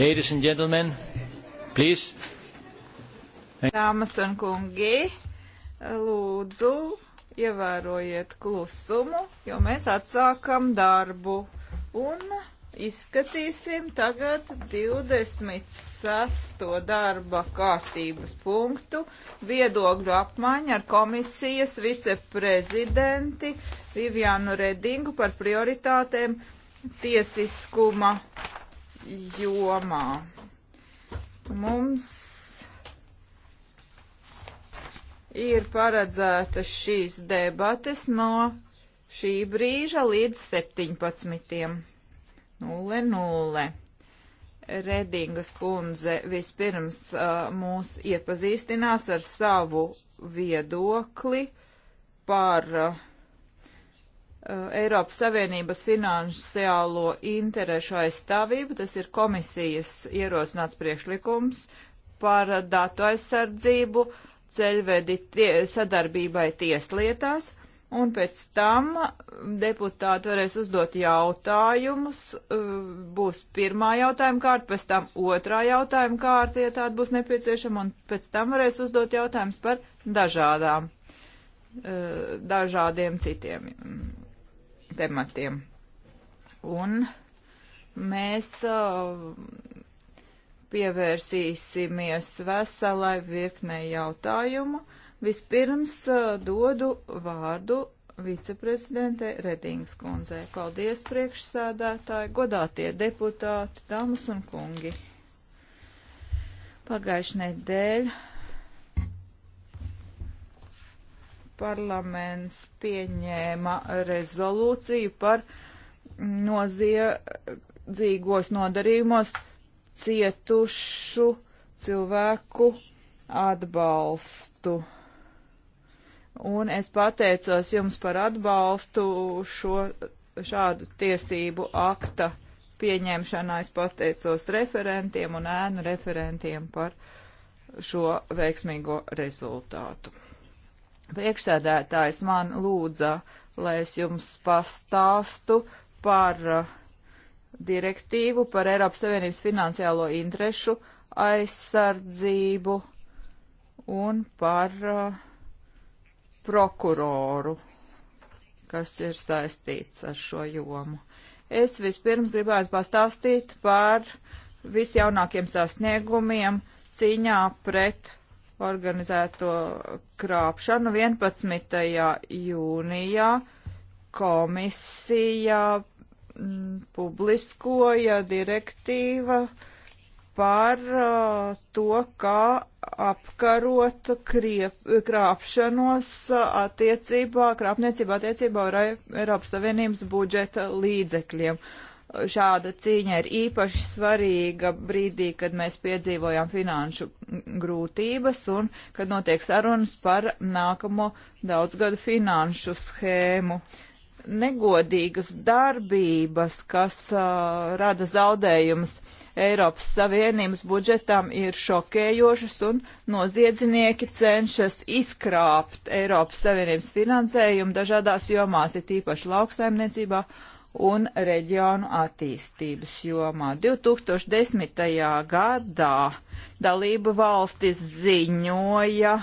Ladies and gentlemen, please. Dāmas un kungi, lūdzu, ievērojiet klusumu, jo mēs atsākam darbu un izskatīsim tagad 26. darba kārtības punktu viedokļu apmaiņu ar komisijas viceprezidenti Vivianu Redingu par prioritātēm tiesiskuma jomā. Mums ir paredzētas šīs debates no šī brīža līdz 17.00. Redingas kundze vispirms uh, mūs iepazīstinās ar savu viedokli par uh, Eh, Eiropas Savienības finansiālo interešu aizstāvību, tas ir komisijas ierosināts priekšlikums par datu aizsardzību ceļvedi tie, sadarbībai tieslietās, un pēc tam deputāti varēs uzdot jautājumus, eh, būs pirmā jautājuma kārta, pēc tam otrā jautājuma kārta, ja tāda būs nepieciešama, un pēc tam varēs uzdot jautājumus par dažādām, eh, dažādiem citiem tematiem. Un mēs uh, pievērsīsimies veselai virknei jautājumu. Vispirms uh, dodu vārdu viceprezidentē Redings kundzē. Paldies priekšsēdētāji, godātie deputāti, dāmas un kungi. Pagājušajā nedēļā parlaments pieņēma rezolūciju par noziedzīgos nodarījumos cietušu cilvēku atbalstu. Un es pateicos jums par atbalstu šo šādu tiesību akta pieņemšanā. Es pateicos referentiem un ēnu referentiem par šo veiksmīgo rezultātu. Priekšsēdētājs man lūdza, lai es jums pastāstu par uh, direktīvu par Eiropas Savienības finansiālo interešu aizsardzību un par uh, prokuroru, kas ir saistīts ar šo jomu. Es vispirms gribētu pastāstīt par visjaunākiem sasniegumiem cīņā pret organizēto krāpšanu 11. jūnijā komisija mm, publiskoja direktīva par uh, to, kā apkarot kriep, krāpšanos uh, attiecībā, krāpniecībā attiecībā ar Eiropas Savienības budžeta līdzekļiem. Uh, šāda cīņa ir īpaši svarīga brīdī, kad mēs piedzīvojam finanšu grūtības un kad notiek sarunas par nākamo daudzgadu finanšu schēmu. Negodīgas darbības, kas uh, rada zaudējumus Eiropas Savienības budžetam, ir šokējošas un noziedznieki cenšas izkrāpt Eiropas Savienības finansējumu dažādās jomās, ir tīpaši lauksaimniecībā un reģionu attīstības jomā. 2010. gadā dalība valstis ziņoja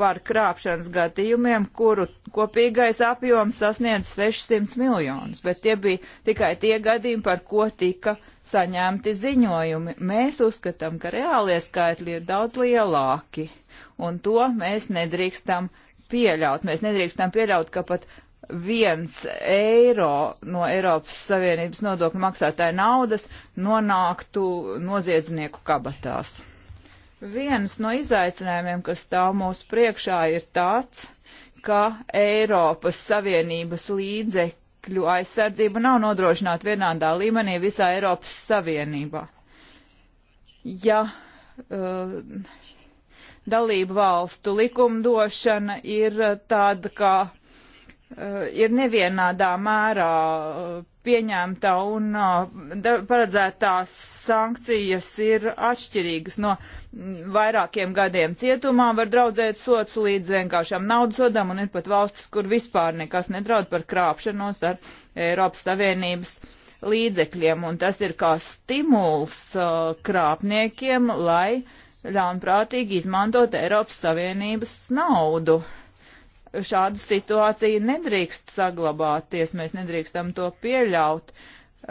par krāpšanas gadījumiem, kuru kopīgais apjoms sasniedz 600 miljonus, bet tie bija tikai tie gadījumi, par ko tika saņemti ziņojumi. Mēs uzskatām, ka reālie skaitļi ir daudz lielāki, un to mēs nedrīkstam pieļaut. Mēs nedrīkstam pieļaut, ka pat viens eiro no Eiropas Savienības nodokļu maksātāja naudas nonāktu noziedznieku kabatās. Viens no izaicinājumiem, kas stāv mūsu priekšā, ir tāds, ka Eiropas Savienības līdzekļu aizsardzība nav nodrošināta vienādā līmenī visā Eiropas Savienībā. Ja uh, dalību valstu likumdošana ir tāda kā Eh, ir nevienādā mērā eh, pieņemta un eh, paredzētās sankcijas ir atšķirīgas. No mm, vairākiem gadiem cietumā var draudzēt sots līdz vienkāršam naudasodam un ir pat valstis, kur vispār nekas nedraud par krāpšanos ar Eiropas Savienības līdzekļiem. Un tas ir kā stimuls uh, krāpniekiem, lai ļaunprātīgi izmantot Eiropas Savienības naudu. Uh, šāda situācija nedrīkst saglabāties, mēs nedrīkstam to pieļaut.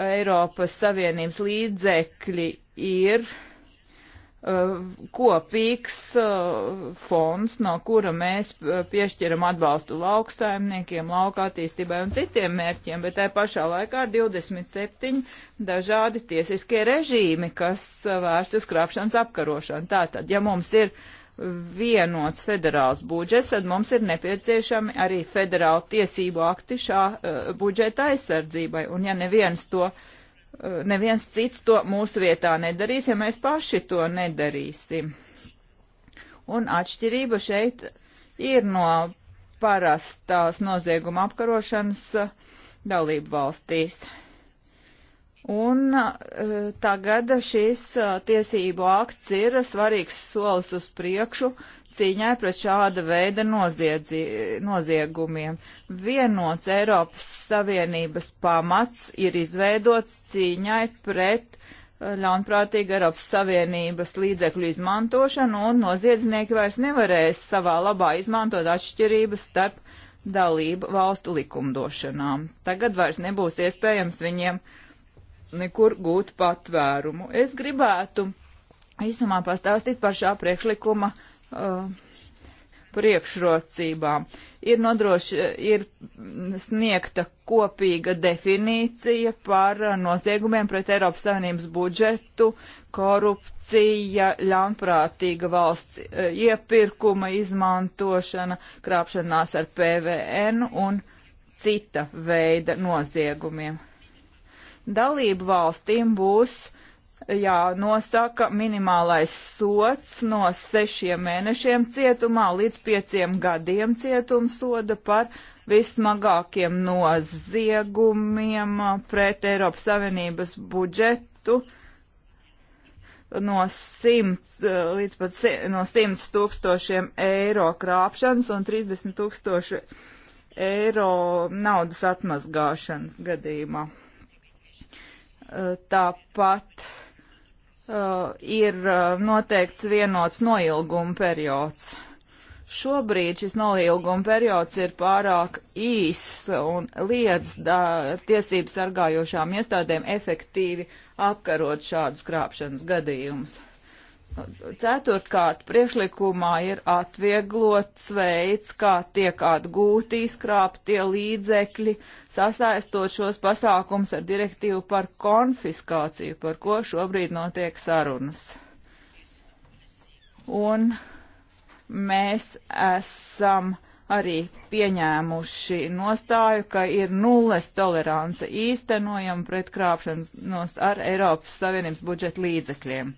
Eiropas Savienības līdzekļi ir uh, kopīgs uh, fonds, no kura mēs uh, piešķiram atbalstu lauksaimniekiem, lauka attīstībai un citiem mērķiem, bet tai pašā laikā ir 27 dažādi tiesiskie režīmi, kas uh, vērst uz krāpšanas apkarošanu. Tātad, ja mums ir uh, vienots federāls budžets, tad mums ir nepieciešami arī federāla tiesību akti šā uh, budžeta aizsardzībai. Un ja neviens to, uh, neviens cits to mūsu vietā nedarīs, ja mēs paši to nedarīsim. Un atšķirība šeit ir no parastās nozieguma apkarošanas eh, dalību valstīs. Un eh, tagad šis eh, tiesību akts ir svarīgs solis uz priekšu cīņai pret šāda veida noziegumiem. Vienots Eiropas Savienības pamats ir izveidots cīņai pret eh, ļaunprātīgu Eiropas Savienības līdzekļu izmantošanu, un noziedznieki vairs nevarēs savā labā izmantot atšķirības starp dalību valstu likumdošanām. Tagad vairs nebūs iespējams viņiem uh, nekur gūt patvērumu. Es gribētu īsumā pastāstīt par šā priekšlikuma uh, priekšrocībām. Ir, nodroši, ir sniegta kopīga definīcija par uh, noziegumiem pret Eiropas Savienības budžetu, korupcija, ļaunprātīga valsts uh, iepirkuma izmantošana, krāpšanās ar PVN un cita veida noziegumiem. Dalību valstīm būs jānosaka minimālais sots no sešiem mēnešiem cietumā līdz pieciem gadiem cietumsoda par vismagākiem noziegumiem pret Eiropas Savienības budžetu no 100 līdz pat no 100 tūkstošiem eiro krāpšanas un 30 tūkstoši eiro naudas atmazgāšanas gadījumā. Tāpat uh, ir uh, noteikts vienots noilguma periods. Šobrīd šis nolīguma periods ir pārāk īss un liedz dā, tiesību sargājošām iestādēm efektīvi apkarot šādus krāpšanas gadījumus. Ceturtkārt, priekšlikumā ir atvieglots veids, kā tiek atgūti izkrāptie līdzekļi, sasaistot šos pasākums ar direktīvu par konfiskāciju, par ko šobrīd notiek sarunas. Un mēs esam arī pieņēmuši nostāju, ka ir nulles tolerance īstenojama pret krāpšanas ar Eiropas Savienības budžeta līdzekļiem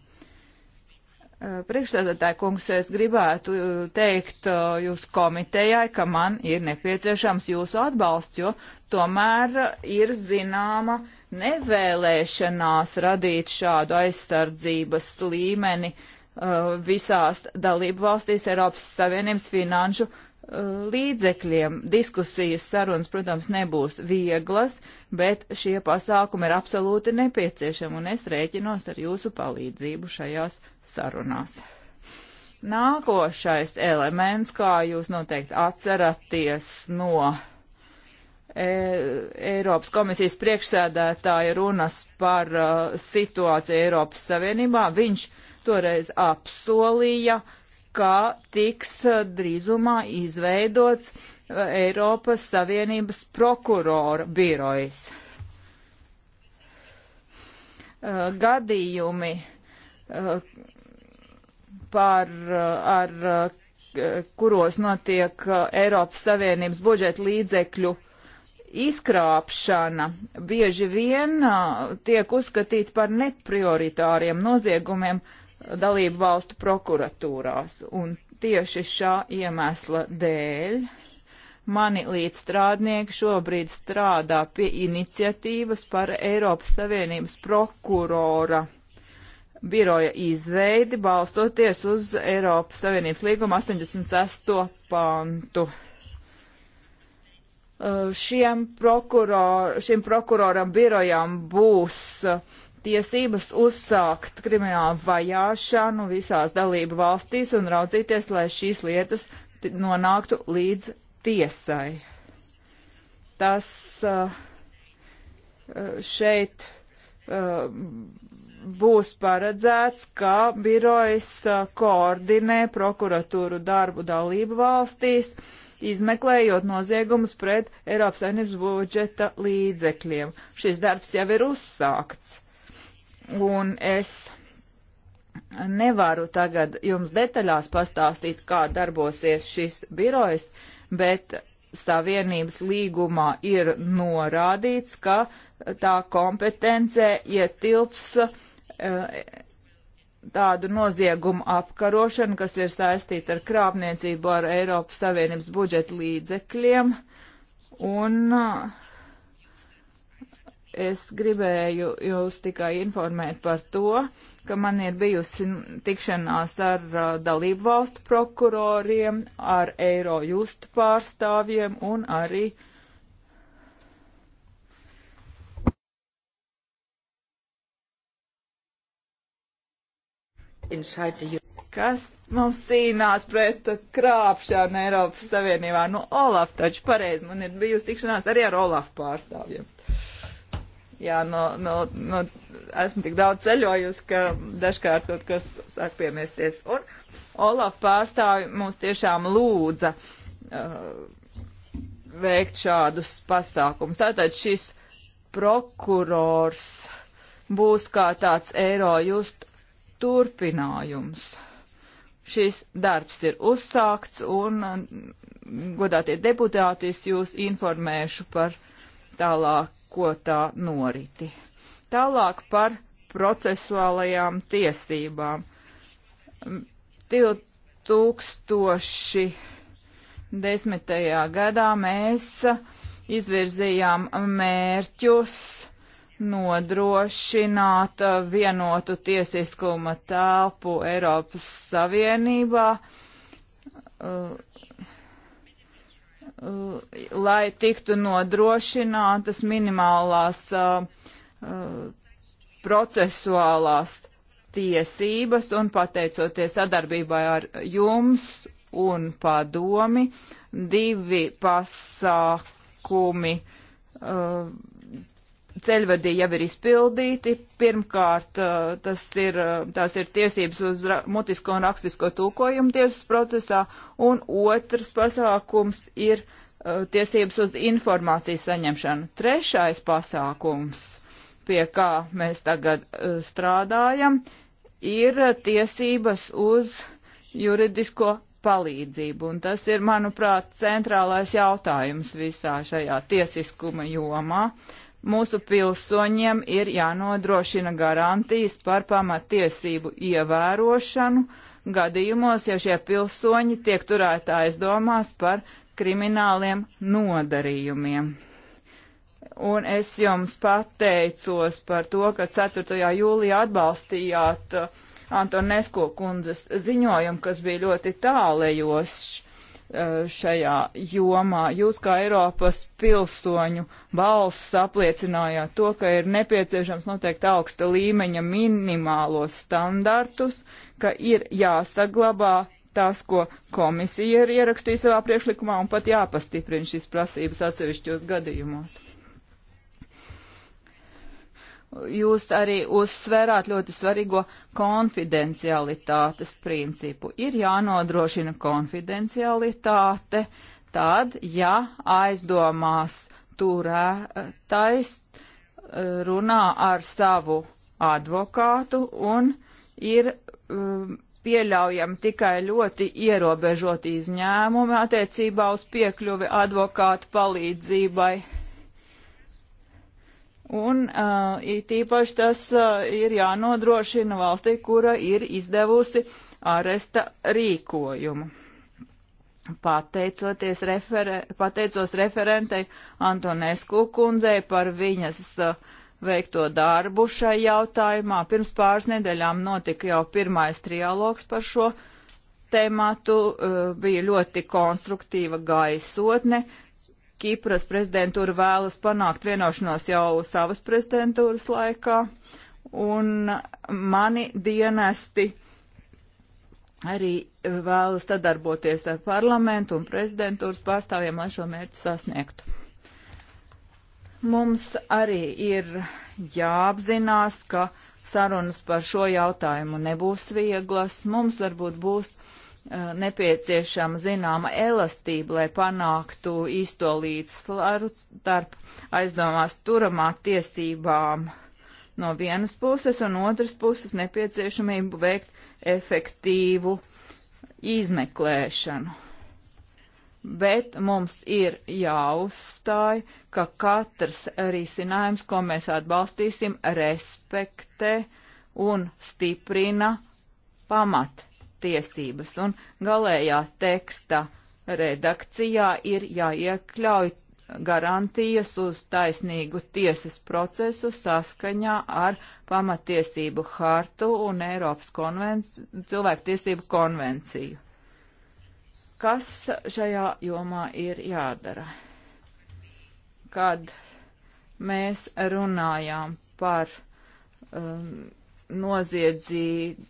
Priekšstādātāji kungs, es gribētu uh, teikt uh, jūsu komitejai, ka man ir nepieciešams jūsu atbalsts, jo tomēr ir zināma nevēlēšanās radīt šādu aizsardzības līmeni uh, visās dalību valstīs Eiropas Savienības finanšu līdzekļiem. Diskusijas sarunas, protams, nebūs vieglas, bet šie pasākumi ir absolūti nepieciešami, un es rēķinos ar jūsu palīdzību šajās sarunās. Nākošais elements, kā jūs noteikti atceraties no e Eiropas komisijas priekšsēdētāja runas par uh, situāciju Eiropas Savienībā, viņš toreiz apsolīja uh, ka tiks eh, drīzumā izveidots eh, Eiropas Savienības prokurora birojs. Eh, gadījumi par, ar, kuros notiek Eiropas Savienības budžeta līdzekļu izkrāpšana bieži vien tiek uzskatīta par neprioritāriem noziegumiem, uh, dalību valstu prokuratūrās. Un tieši šā iemesla dēļ mani līdzstrādnieki šobrīd strādā pie iniciatīvas par Eiropas Savienības prokurora biroja izveidi, balstoties uz Eiropas Savienības līguma 86. pantu. Šiem, prokuror, šiem prokuroram birojam būs uh, tiesības uzsākt kriminālu vajāšanu visās dalību valstīs un raudzīties, lai šīs lietas nonāktu līdz tiesai. Tas uh, uh, šeit uh, būs paredzēts, ka birojas koordinē prokuratūru darbu dalību valstīs, izmeklējot noziegumus pret Eiropas saimnības budžeta līdzekļiem. Šis darbs jau ir uzsākts un es nevaru tagad jums detaļās pastāstīt, kā darbosies šis birojs, bet Savienības līgumā ir norādīts, ka tā kompetencē ietilps eh, tādu noziegumu apkarošanu, kas ir saistīta ar krāpniecību ar Eiropas Savienības budžeta līdzekļiem. Un uh, Es gribēju jūs tikai informēt par to, ka man ir bijusi tikšanās ar uh, dalību valstu prokuroriem, ar eiro justu pārstāvjiem un arī kas mums cīnās pret krāpšanu Eiropas Savienībā. Nu, Olaf taču pareizi, man ir bijusi tikšanās arī ar Olaf pārstāvjiem jā, no, no, no, esmu tik daudz ceļojusi, ka dažkārt kaut kas sāk piemiesties. Un Olaf pārstāvi mūs tiešām lūdza uh, veikt šādus pasākumus. Tātad šis prokurors būs kā tāds eiro just turpinājums. Šis darbs ir uzsākts un, godātie deputātis, jūs informēšu par tālāk ko tā noriti. Tālāk par procesuālajām tiesībām. 2010. gadā mēs izvirzījām mērķus nodrošināt vienotu tiesiskuma telpu Eiropas Savienībā. Uh, Uh, lai tiktu nodrošinātas minimālās uh, uh, procesuālās tiesības un pateicoties sadarbībai ar jums un padomi, divi pasākumi uh, ceļvedī jau ir izpildīti. Pirmkārt, tas ir, tās ir tiesības uz mutisko un rakstisko tūkojumu tiesas procesā, un otrs pasākums ir tiesības uz informācijas saņemšanu. Trešais pasākums, pie kā mēs tagad strādājam, ir tiesības uz juridisko palīdzību, un tas ir, manuprāt, centrālais jautājums visā šajā tiesiskuma jomā. Uh, Mūsu pilsoņiem ir jānodrošina garantijas par pamatiesību ievērošanu gadījumos, ja šie pilsoņi tiek turēti aizdomās par krimināliem nodarījumiem. Un es jums pateicos par to, ka 4. jūlijā atbalstījāt uh, Antonesko kundzes ziņojumu, kas bija ļoti tālējošs Eh, šajā jomā. Jūs kā Eiropas pilsoņu balss apliecinājāt to, ka ir nepieciešams noteikti augsta līmeņa minimālos standartus, ka ir jāsaglabā tas, ko komisija ir ierakstījusi savā priekšlikumā un pat jāpastiprina šīs prasības atsevišķos gadījumos jūs arī uzsvērāt ļoti svarīgo konfidencialitātes principu. Ir jānodrošina konfidencialitāte, tad, ja aizdomās turētais eh, runā ar savu advokātu un ir um, eh, pieļaujami tikai ļoti ierobežoti izņēmumi attiecībā uz piekļuvi advokātu palīdzībai Un uh, it īpaši tas uh, ir jānodrošina valstī, kura ir izdevusi aresta rīkojumu. Pateicoties refere, pateicos referentei Antonesku kundzei par viņas uh, veikto darbu šai jautājumā. Pirms pāris nedēļām notika jau pirmais trialogs par šo tēmatu, uh, bija ļoti konstruktīva gaisotne, Kipras prezidentūra vēlas panākt vienošanos jau savas prezidentūras laikā, un mani dienesti arī vēlas sadarboties ar parlamentu un prezidentūras pārstāvjiem, lai šo mērķu sasniegtu. Mums arī ir jāapzinās, ka sarunas par šo jautājumu nebūs vieglas. Mums varbūt būs uh, Eh, nepieciešama zināma elastība, lai panāktu īsto līdzsvaru starp aizdomās turamā tiesībām no vienas puses un otras puses nepieciešamību veikt efektīvu izmeklēšanu. Bet mums ir jāuzstāj, ka katrs risinājums, ko mēs atbalstīsim, respektē un stiprina pamat tiesības. Un galējā teksta redakcijā ir jāiekļauj garantijas uz taisnīgu tiesas procesu saskaņā ar pamatiesību hartu un Eiropas konvenci cilvēktiesību konvenciju. Kas šajā jomā ir jādara? Kad mēs runājām par um, noziedzīgu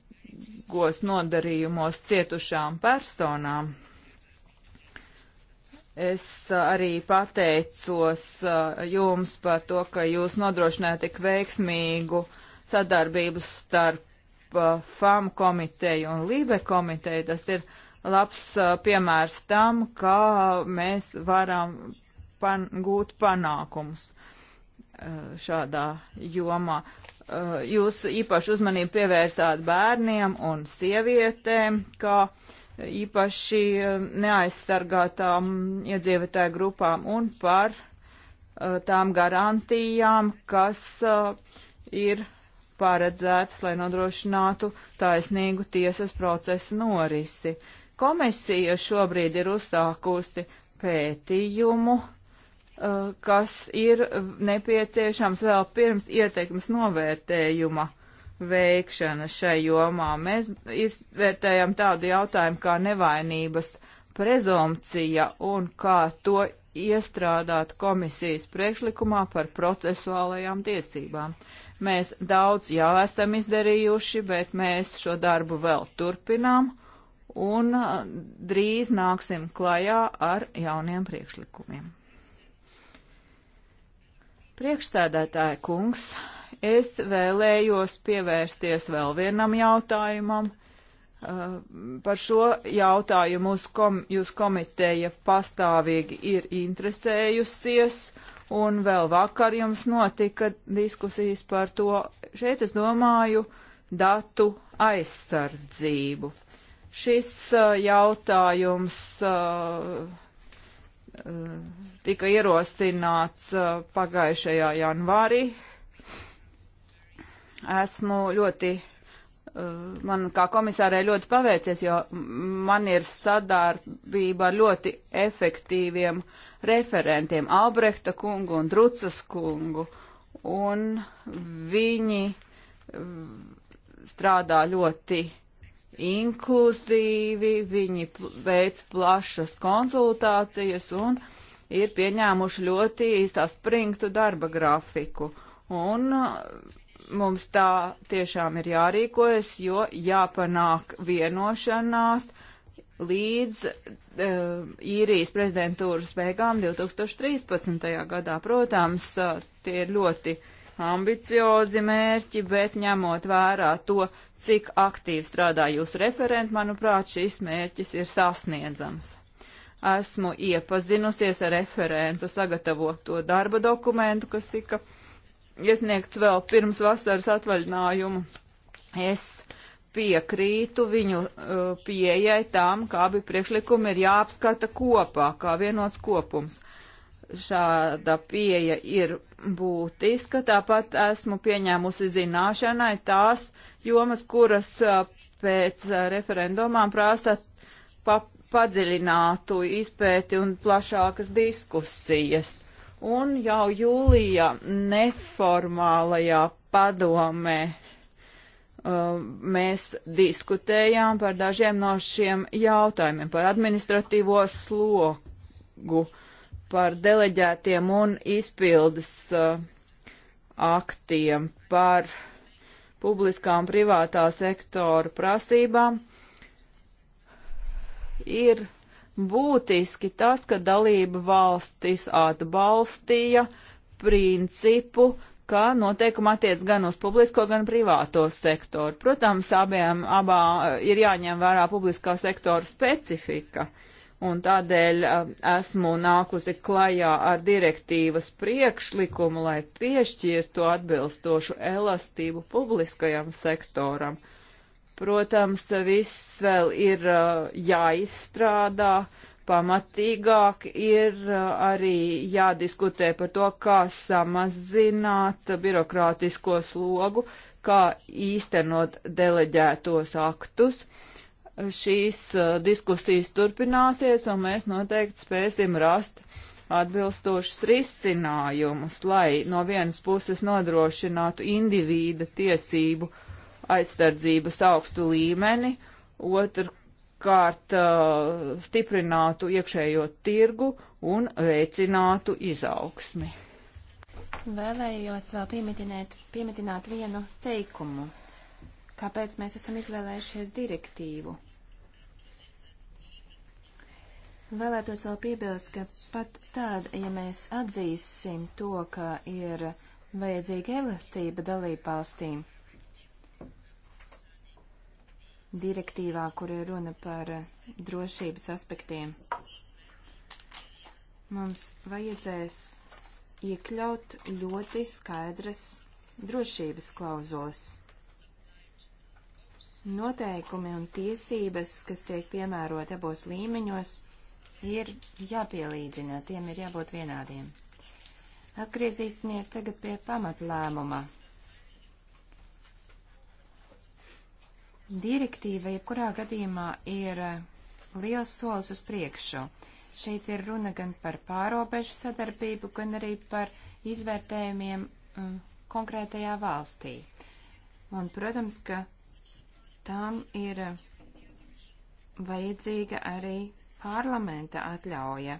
smagos nodarījumos cietušām personām. Es arī pateicos jums par to, ka jūs nodrošinājāt tik veiksmīgu sadarbību starp FAM komiteju un LIBE komiteju. Tas ir labs piemērs tam, kā mēs varam pan gūt panākumus. Eh, šādā jomā. Eh, jūs īpaši uzmanību pievērstāt bērniem un sievietēm, kā īpaši eh, neaizsargātām iedzīvotāju grupām un par tām garantijām, kas ir paredzētas, lai nodrošinātu taisnīgu tiesas procesu norisi. Komisija šobrīd ir uzsākusi pētījumu Eh, kas ir nepieciešams vēl pirms ieteikums novērtējuma veikšana šai jomā. Mēs izvērtējam tādu jautājumu kā nevainības prezumcija un kā to iestrādāt komisijas priekšlikumā par procesuālajām tiesībām. Mēs daudz jau esam izdarījuši, bet mēs šo darbu vēl turpinām un eh, drīz nāksim klajā ar jauniem priekšlikumiem. Priekšstādātāja kungs, es vēlējos pievērsties vēl vienam jautājumam. Uh, par šo jautājumu kom, jūs komiteja pastāvīgi ir interesējusies, un vēl vakar jums notika diskusijas par to. Šeit es domāju datu aizsardzību. Šis uh, jautājums uh, uh tika ierosināts uh, pagājušajā janvārī. Esmu ļoti, uh, man kā komisārai ļoti paveicies, jo man ir sadarbība ar ļoti efektīviem referentiem - Albrehta kungu un Drucas kungu, un viņi uh, strādā ļoti inkluzīvi, viņi veic plašas konsultācijas un uh, ir pieņēmuši ļoti saspringtu darba grafiku. Un uh, mums tā tiešām ir jārīkojas, jo jāpanāk vienošanās līdz uh, īrijas prezidentūras beigām 2013. gadā. Protams, uh, tie ir ļoti ambiciozi mērķi, bet ņemot vērā to, cik aktīvi strādā jūsu referenti, manuprāt, šis mērķis ir sasniedzams esmu iepazinusies ar referentu sagatavoto darba dokumentu, kas tika iesniegts vēl pirms vasaras atvaļinājumu. Es piekrītu viņu uh, pieejai tām, kā abi priekšlikumi ir jāapskata kopā, kā vienots kopums. Šāda pieeja ir būtiska, tāpat esmu pieņēmusi zināšanai tās jomas, kuras uh, pēc uh, referendumām prasa pap padziļinātu izpēti un plašākas diskusijas. Un jau jūlijā neformālajā padomē uh, mēs diskutējām par dažiem no šiem jautājumiem, par administratīvo slogu, par deleģētiem un izpildes uh, aktiem, par publiskā un privātā sektora prasībām ir būtiski tas, ka dalība valstis atbalstīja principu, ka noteikumi attiec gan uz publisko, gan privāto sektoru. Protams, abiem abā ir jāņem vērā publiskā sektora specifika. Un tādēļ esmu nākusi klajā ar direktīvas priekšlikumu, lai piešķirtu atbilstošu elastību publiskajam sektoram Protams, viss vēl ir uh, jāizstrādā, pamatīgāk ir uh, arī jādiskutē par to, kā samazināt birokrātisko slogu, kā īstenot deleģētos aktus. Šīs uh, diskusijas turpināsies, un mēs noteikti spēsim rast atbilstošus risinājumus, lai no vienas puses nodrošinātu indivīda tiesību aizsardzības augstu līmeni, otrkārt uh, stiprinātu iekšējo tirgu un veicinātu izaugsmi. Vēlējos vēl piemetināt, piemetināt vienu teikumu, kāpēc mēs esam izvēlējušies direktīvu. Vēlētos vēl piebilst, ka pat tad, ja mēs atzīsim to, ka ir vajadzīga elastība dalībvalstīm, direktīvā, kur ir runa par eh, drošības aspektiem. Mums vajadzēs iekļaut ļoti skaidras drošības klauzulas. Noteikumi un tiesības, kas tiek piemērot abos līmeņos, ir jāpielīdzina, tiem ir jābūt vienādiem. Atgriezīsimies tagad pie pamatlēmuma, Direktīva jebkurā gadījumā ir eh, liels solis uz priekšu. Šeit ir runa gan par pārobežu sadarbību, gan arī par izvērtējumiem um, konkrētajā valstī. Un, protams, ka tam ir eh, vajadzīga arī parlamenta atļauja.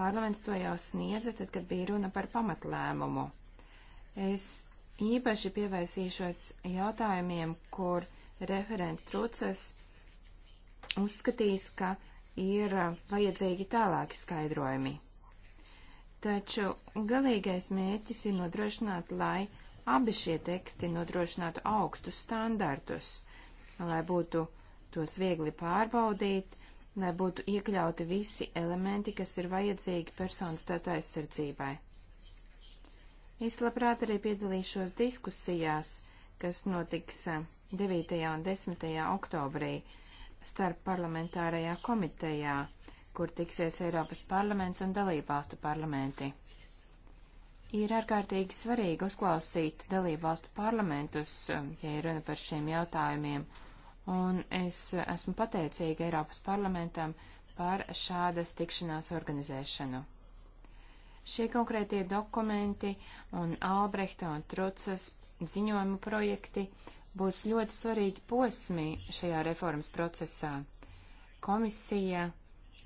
Parlaments to jau sniedza, tad, kad bija runa par pamatlēmumu. Es īpaši pievērsīšos jautājumiem, kur referents Trūcas uzskatīs, ka ir uh, vajadzīgi tālāki skaidrojumi. Taču galīgais mērķis ir nodrošināt, lai abi šie teksti nodrošinātu augstus standartus, lai būtu tos viegli pārbaudīt, lai būtu iekļauti visi elementi, kas ir vajadzīgi personas datu aizsardzībai. Es labprāt arī piedalīšos diskusijās, kas notiks uh, 9. un 10. oktobrī starp parlamentārajā komitejā, kur tiksies Eiropas parlaments un dalībvalstu parlamenti. Ir ārkārtīgi svarīgi uzklausīt dalībvalstu parlamentus, um, ja ir runa par šiem jautājumiem, un es esmu pateicīga Eiropas parlamentam par šādas tikšanās organizēšanu. Šie konkrētie dokumenti un Albrehta un Trucas ziņojumu projekti būs ļoti svarīgi posmi šajā reformas procesā. Komisija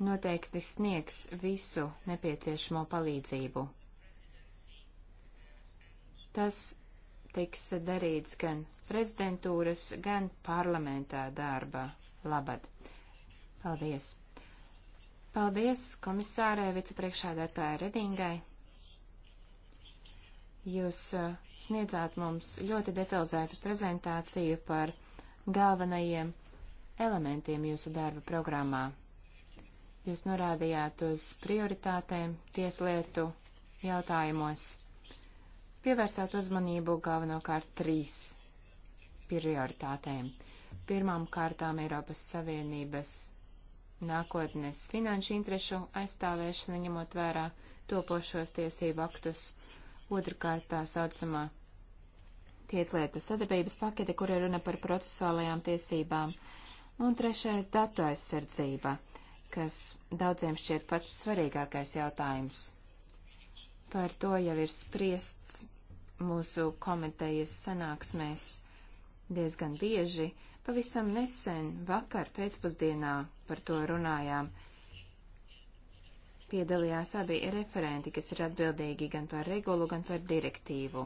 noteikti sniegs visu nepieciešamo palīdzību. Tas tiks darīts gan prezidentūras, gan parlamentā darba labad. Paldies! Paldies komisārai, vicepriekšādātāja Redingai. Jūs sniedzāt mums ļoti detalizētu prezentāciju par galvenajiem elementiem jūsu darba programmā. Jūs norādījāt uz prioritātēm tieslietu jautājumos. Pievērsāt uzmanību galvenokārt trīs prioritātēm. Pirmām kārtām Eiropas Savienības nākotnes finanšu interešu aizstāvēšana, ņemot vērā topošos tiesību aktus. Otrakārt tā saucamā tieslietu sadarbības pakete, kur ir runa par procesuālajām tiesībām. Un trešais - datu aizsardzība, kas daudziem šķiet pats svarīgākais jautājums. Par to jau ir spriests mūsu komitejas sanāksmēs diezgan bieži. Pavisam nesen, vakar pēcpusdienā, par to runājām Piedalījās abi referenti, kas ir atbildīgi gan par regulu, gan par direktīvu.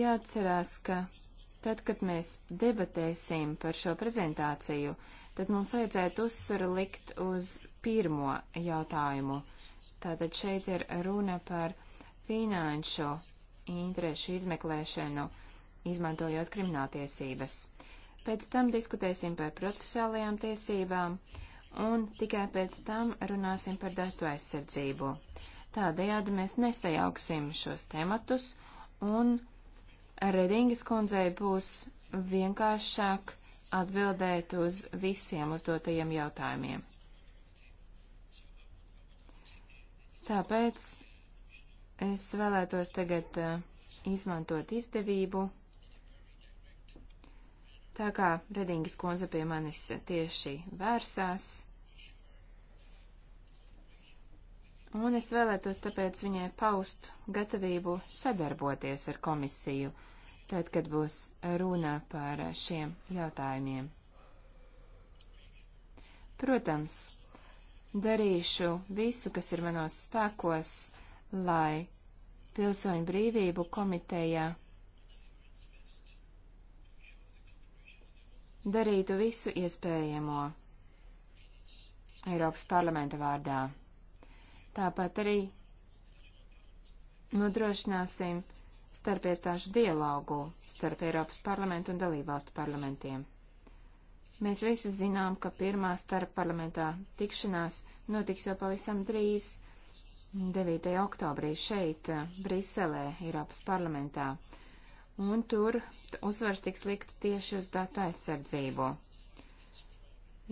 Jāatcerās, ka tad, kad mēs debatēsim par šo prezentāciju, tad mums vajadzētu uzsvaru likt uz pirmo jautājumu. Tātad šeit ir runa par finanšu interešu izmeklēšanu, izmantojot krimināltiesības pēc tam diskutēsim par procesuālajām tiesībām un tikai pēc tam runāsim par datu aizsardzību. Tādējādi mēs nesajauksim šos tematus un Redingas kundzei būs vienkāršāk atbildēt uz visiem uzdotajiem jautājumiem. Tāpēc es vēlētos tagad uh, izmantot izdevību Tā kā Redingas kundze pie manis tieši vērsās, un es vēlētos tāpēc viņai paust gatavību sadarboties ar komisiju, tad, kad būs runa par šiem jautājumiem. Protams, darīšu visu, kas ir manos spēkos, lai pilsoņu brīvību komitejā darītu visu iespējamo Eiropas parlamenta vārdā. Tāpat arī nodrošināsim starpiestāšu dialogu starp Eiropas parlamentu un dalībvalstu parlamentiem. Mēs visi zinām, ka pirmā starpparlamentā tikšanās notiks jau pavisam drīz. 9. oktobrī šeit, Briselē, Eiropas parlamentā, un tur uzsvars tiks likts tieši uz datu aizsardzību.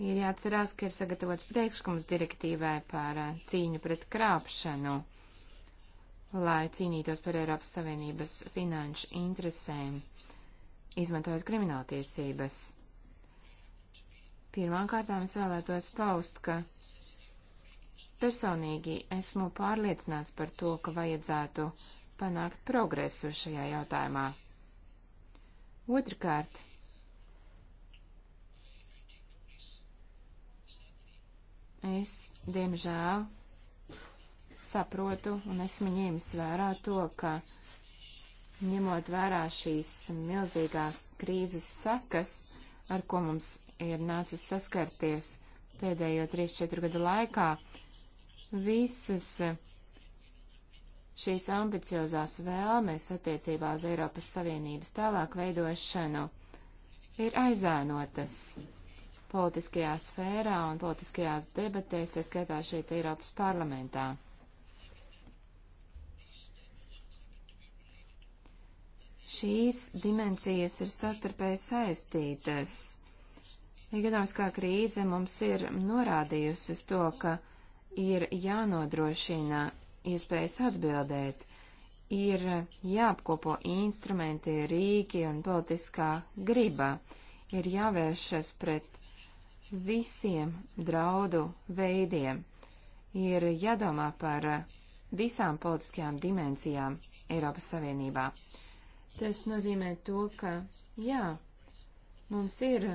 Ir jāatcerās, ka ir sagatavots priekšlikums direktīvai par eh, cīņu pret krāpšanu, lai cīnītos par Eiropas Savienības finanšu interesēm, izmantojot krimināltiesības. Pirmkārtām es vēlētos paust, ka personīgi esmu pārliecināts par to, ka vajadzētu panākt progresu šajā jautājumā. Otrakārt, es, diemžēl, saprotu un esmu ņēmis vērā to, ka ņemot vērā šīs milzīgās krīzes sekas, ar ko mums ir nācis saskarties pēdējo 3-4 gadu laikā, visas Šīs ambiciozās vēlmes attiecībā uz Eiropas Savienības tālāk veidošanu ir aizēnotas politiskajā sfērā un politiskajās debatēs, tā skaitā šeit Eiropas parlamentā. Šīs dimensijas ir sastarpēji saistītas. Ekonomiskā krīze mums ir norādījusi uz to, ka ir jānodrošina iespējas atbildēt. Ir jāapkopo instrumenti, rīki un politiskā griba. Ir jāvēršas pret visiem draudu veidiem. Ir jādomā par visām politiskajām dimensijām Eiropas Savienībā. Tas nozīmē to, ka jā, mums ir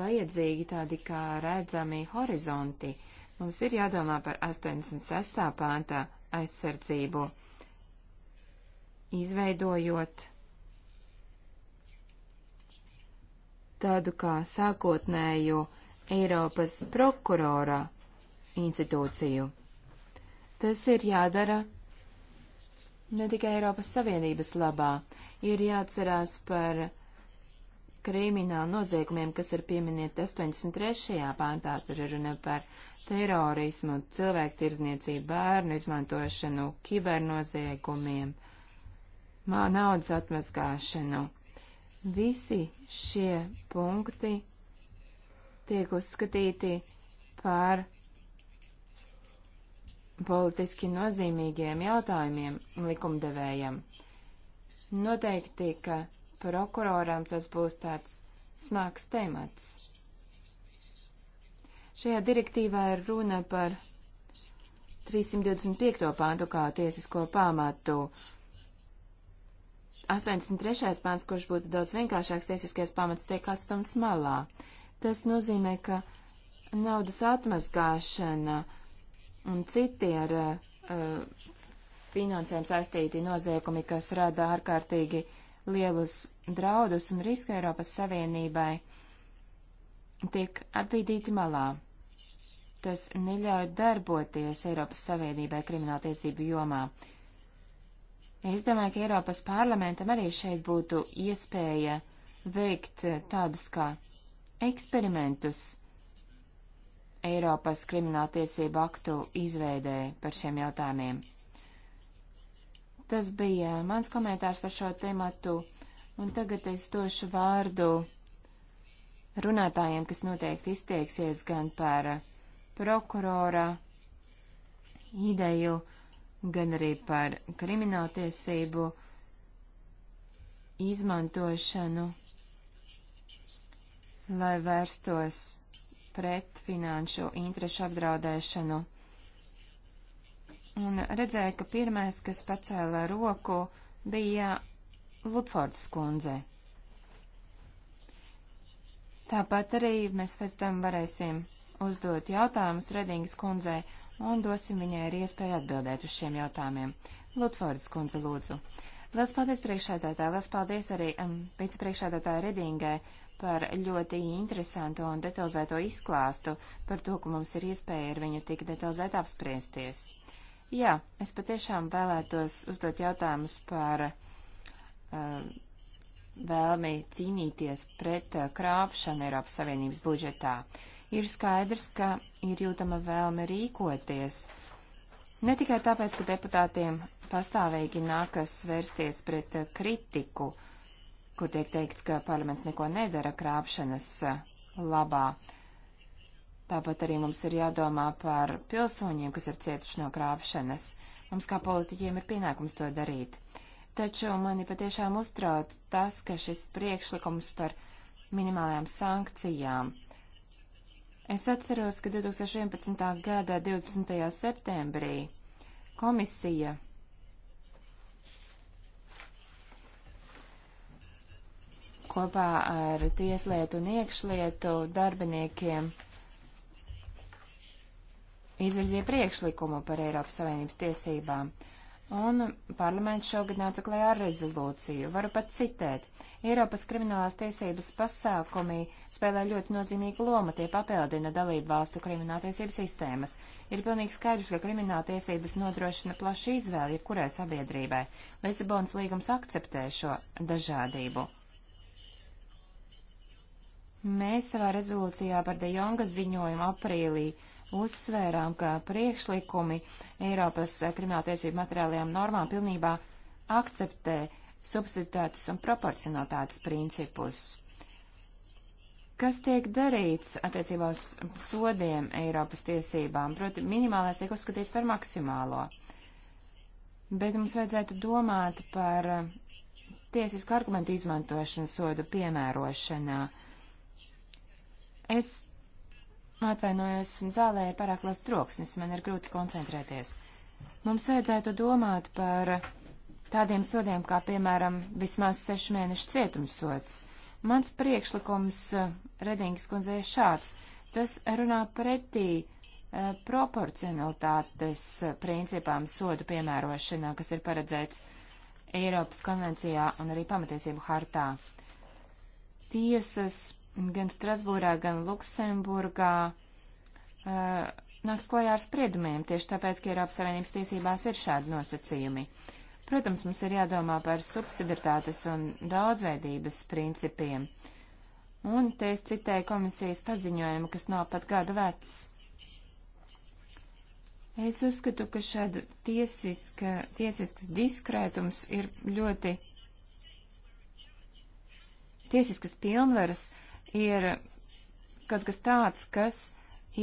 vajadzīgi tādi kā redzami horizonti, uh, Mums ir jādomā par 86. pāntā aizsardzību, izveidojot tādu kā sākotnēju Eiropas prokurora institūciju. Tas ir jādara ne tikai Eiropas Savienības labā, ir jāatcerās par kriminālu noziegumiem, kas ir pieminēti 83. pāntā, tur ir runa par terorismu, cilvēktirzniecību, bērnu izmantošanu, kibernoziegumiem, naudas atmazgāšanu. Visi šie punkti tiek uzskatīti par politiski nozīmīgiem jautājumiem likumdevējam. Noteikti, ka prokuroram tas būs tāds smags temats. Šajā direktīvā ir runa par 325. pāntu kā tiesisko pamatu. 83. pāns, kurš būtu daudz vienkāršāks tiesiskais pamats, tiek atstumts malā. Tas nozīmē, ka naudas atmazgāšana un citi ar uh, finansēm saistīti noziegumi, kas rada ārkārtīgi uh, lielus draudus un risku Eiropas Savienībai, tiek atbīdīti malā. Tas neļauj darboties Eiropas Savienībai krimināltiesību jomā. Es domāju, ka Eiropas parlamentam arī šeit būtu iespēja veikt tādus kā eksperimentus Eiropas krimināltiesību aktu izveidē par šiem jautājumiem. Tas bija mans komentārs par šo tematu, un tagad es došu vārdu runātājiem, kas noteikti izteiksies gan par prokurora ideju, gan arī par krimināltiesību izmantošanu, lai vērstos pret finanšu interešu apdraudēšanu un redzēju, ka pirmais, kas pacēla roku, bija Lutfords kundze. Tāpat arī mēs pēc tam varēsim uzdot jautājumus Redingas kundzei un dosim viņai arī iespēju atbildēt uz šiem jautājumiem. Lutfords kundze lūdzu. Lielas paldies priekšādātāji, lielas paldies arī um, vicepriekšādātāji Redingai par ļoti interesantu un detalizēto izklāstu, par to, ka mums ir iespēja ar viņu tik detalizēt apspriesties. Jā, es patiešām vēlētos uzdot jautājumus par uh, vēlmi cīnīties pret uh, krāpšanu Eiropas Savienības budžetā. Ir skaidrs, ka ir jūtama vēlme rīkoties. Ne tikai tāpēc, ka deputātiem pastāvīgi nākas vērsties pret uh, kritiku, kur tiek teikts, ka parlaments neko nedara krāpšanas labā. Tāpat arī mums ir jādomā par pilsoņiem, kas ir cietuši no krāpšanas. Mums kā politiķiem ir pienākums to darīt. Taču mani patiešām uztrauc tas, ka šis priekšlikums par minimālajām sankcijām. Es atceros, ka 2011. gada 20. septembrī komisija kopā ar tieslietu un iekšlietu darbiniekiem izvirzīja priekšlikumu par Eiropas Savienības tiesībām. Un parlaments šogad nāca klajā ar rezolūciju. Varu pat citēt. Eiropas kriminālās tiesības pasākumi spēlē ļoti nozīmīgu lomu, tie papildina dalību valstu krimināltiesību sistēmas. Ir pilnīgi skaidrs, ka krimināltiesības nodrošina plašu izvēli jebkurai sabiedrībai. Lisabonas līgums akceptē šo dažādību. Mēs savā rezolūcijā par De Jonga ziņojumu aprīlī uh, uzsvērām, ka priekšlikumi Eiropas krimināltiesību materiālajām normām pilnībā akceptē subsiditātes un proporcionalitātes principus. Kas tiek darīts attiecībā uz sodiem Eiropas tiesībām? Proti, minimālais tiek uzskatīts par maksimālo. Bet mums vajadzētu domāt par tiesisku argumentu izmantošanu sodu piemērošanā. Es Atvainojos, zālē ir pārāk liels troksnis, man ir grūti koncentrēties. Mums vajadzētu domāt par tādiem sodiem, kā piemēram vismaz sešu mēnešu cietumsots. Mans priekšlikums eh, Redingas kundzei ir šāds. Tas runā pretī eh, proporcionalitātes eh, principām sodu piemērošanā, kas ir paredzēts Eiropas konvencijā un arī pamatiesību hartā tiesas gan Strasbūrā, gan Luksemburgā uh, nāks klajā ar spriedumiem, tieši tāpēc, ka Eiropas Savienības tiesībās ir šādi nosacījumi. Protams, mums ir jādomā par subsidiritātes un daudzveidības principiem. Un te es citēju komisijas paziņojumu, kas nav pat gadu vecs. Es uzskatu, ka šāda tiesiska, tiesisks diskrētums ir ļoti Tiesiskas pilnvaras ir kaut kas tāds, kas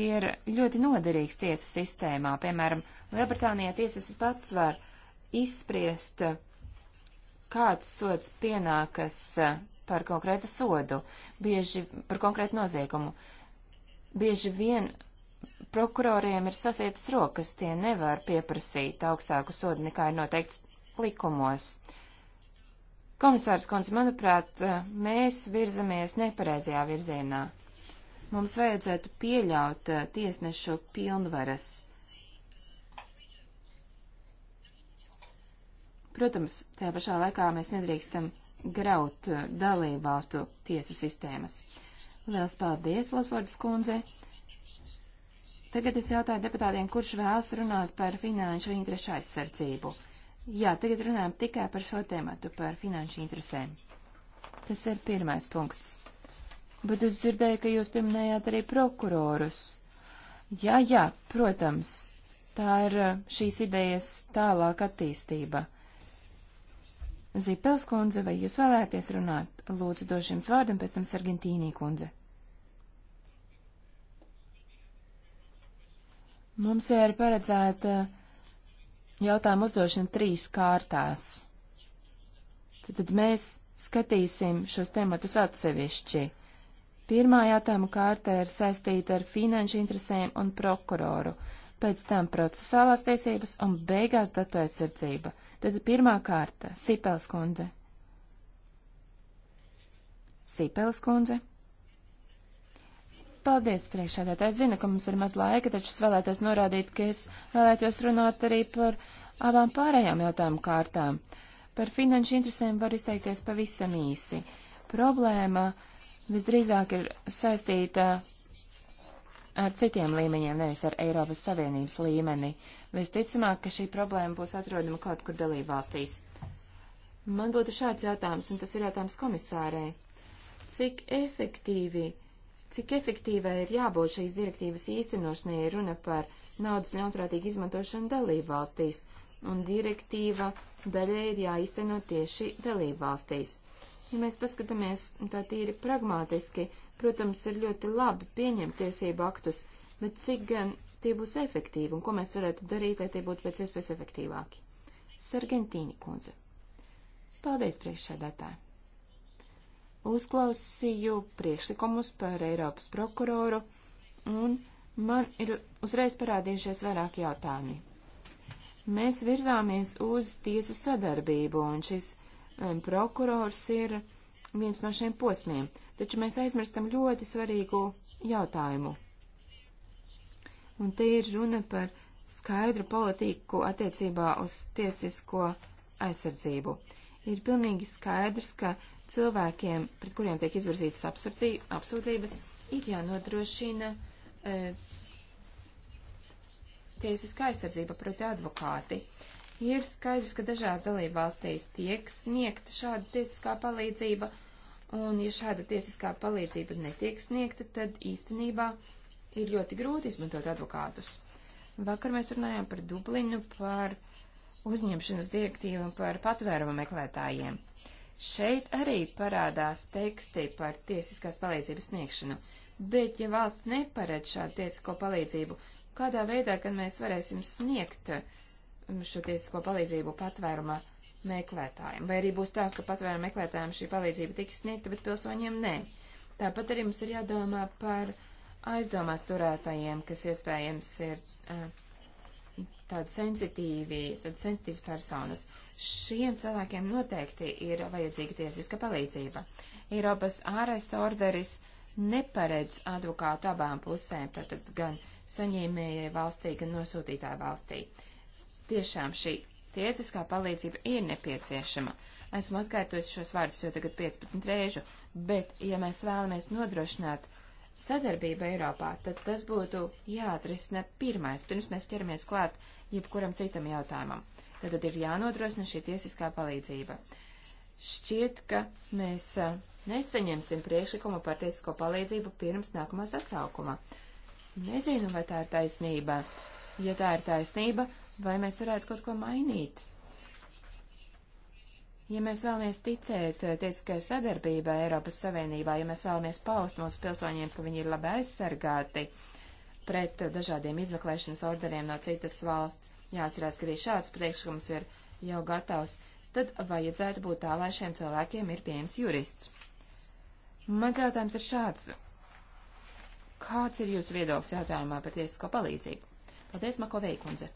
ir ļoti noderīgs tiesu sistēmā. Piemēram, Lielbritānijā tiesas pats var izspriest, kāds sods pienākas eh, par konkrētu sodu, bieži par konkrētu noziegumu. Bieži vien prokuroriem ir sasietas rokas, tie nevar pieprasīt augstāku sodu nekā ir noteikts likumos. Uh, Komisārs Kons, manuprāt, mēs virzamies nepareizajā virzienā. Mums vajadzētu pieļaut eh, tiesnešu pilnvaras. Protams, tajā pašā laikā mēs nedrīkstam graut eh, dalību valstu tiesu sistēmas. Liels paldies, Lotfordas kundze! Tagad es jautāju deputātiem, kurš vēlas runāt par finanšu interešu aizsardzību. Jā, tagad runājam tikai par šo tēmatu, par finanšu interesēm. Tas ir pirmais punkts. Bet es dzirdēju, ka jūs pieminējāt arī prokurorus. Jā, jā, protams, tā ir eh, šīs idejas tālāk attīstība. Zīpels kundze, vai jūs vēlēties runāt? Lūdzu, došu jums vārdu, un pēc tam Sargentīnī kundze. Mums ir paredzēta uh, jautājumu uzdošana trīs kārtās. Tad, tad mēs skatīsim šos tematus atsevišķi. Pirmā jautājuma kārta ir saistīta ar finanšu interesēm un prokuroru, pēc tam procesālās tiesības un beigās datu aizsardzība. Tad pirmā kārta - Sipels kundze. Sipels kundze. Paldies, priekšādātāji. Zinu, ka mums ir maz laika, taču es vēlētos norādīt, ka es vēlētos runāt arī par abām pārējām jautājumu kārtām. Par finanšu interesēm var izteikties pavisam īsi. Problēma visdrīzāk ir saistīta ar citiem līmeņiem, nevis ar Eiropas Savienības līmeni. Visticamāk, ka šī problēma būs atrodama kaut kur dalībvalstīs. Man būtu šāds jautājums, un tas ir jautājums komisārei. Cik efektīvi Cik efektīvai ir jābūt šīs direktīvas īstenošanai, ir runa par naudas ļaunprātīgu izmantošanu dalību valstīs, un direktīva daļai ir jāīsteno tieši dalību valstīs. Ja mēs paskatāmies tā tīri pragmatiski, protams, ir ļoti labi pieņemt tiesību aktus, bet cik gan tie būs efektīvi un ko mēs varētu darīt, lai tie būtu pēc iespējas efektīvāki. Sargentīni kundze. Paldies, priekšsēdētāji! uzklausīju priekšlikumus par Eiropas prokuroru, un man ir uzreiz parādījušies vairāk jautājumi. Mēs virzāmies uz tiesu sadarbību, un šis um, prokurors ir viens no šiem posmiem, taču mēs aizmirstam ļoti svarīgu jautājumu. Un te ir runa par skaidru politiku attiecībā uz tiesisko aizsardzību. Ir pilnīgi skaidrs, ka uh, cilvēkiem, pret kuriem tiek izvirzītas apsūdzības, ir jānodrošina e, tiesiskā aizsardzība proti advokāti. Ir skaidrs, ka dažās dalībvalstīs tiek sniegta šāda tiesiskā palīdzība, un ja šāda tiesiskā palīdzība netiek sniegta, tad īstenībā ir ļoti grūti izmantot advokātus. Vakar mēs runājām par Dublinu, par uzņemšanas direktīvu un par patvērumu meklētājiem. Šeit arī parādās teksti par tiesiskās palīdzības sniegšanu, bet ja valsts neparedz šādu tiesisko palīdzību, kādā veidā, kad mēs varēsim sniegt um, šo tiesisko palīdzību patvēruma meklētājiem? Vai arī būs tā, ka patvēruma meklētājiem šī palīdzība tiks sniegta, bet pilsoņiem nē? Tāpat arī mums ir jādomā par aizdomās turētajiem, kas iespējams ir uh, tādi sensitīvi, tādi sensitīvas personas. Šiem cilvēkiem noteikti ir vajadzīga tiesiska palīdzība. Eiropas āresta orderis neparedz advokātu abām pusēm, tātad gan saņēmējai valstī, gan nosūtītāju valstī. Tiešām šī tiesiskā palīdzība ir nepieciešama. Esmu atkārtojis šos vārdus jau tagad 15 reižu, bet ja mēs vēlamies nodrošināt sadarbība Eiropā, tad tas būtu jāatrisina pirmais, pirms mēs ķeramies klāt jebkuram citam jautājumam. Tad, tad ir jānodrošina šī tiesiskā palīdzība. Šķiet, ka mēs nesaņemsim priekšlikumu par tiesisko palīdzību pirms nākamā sasaukuma. Nezinu, vai tā ir taisnība. Ja tā ir taisnība, vai mēs varētu kaut ko mainīt Ja mēs vēlamies ticēt eh, tiesiskai sadarbībai Eiropas Savienībā, ja mēs vēlamies paust mūsu pilsoņiem, ka viņi ir labi aizsargāti pret dažādiem izmeklēšanas orderiem no citas valsts, jāatcerās, ka arī šāds priekšlikums ir jau gatavs, tad vajadzētu būt tā, lai šiem cilvēkiem ir pieejams jurists. Mans jautājums ir šāds. Kāds ir jūsu viedoklis jautājumā par tiesisko palīdzību? Paldies, Makovei kundze!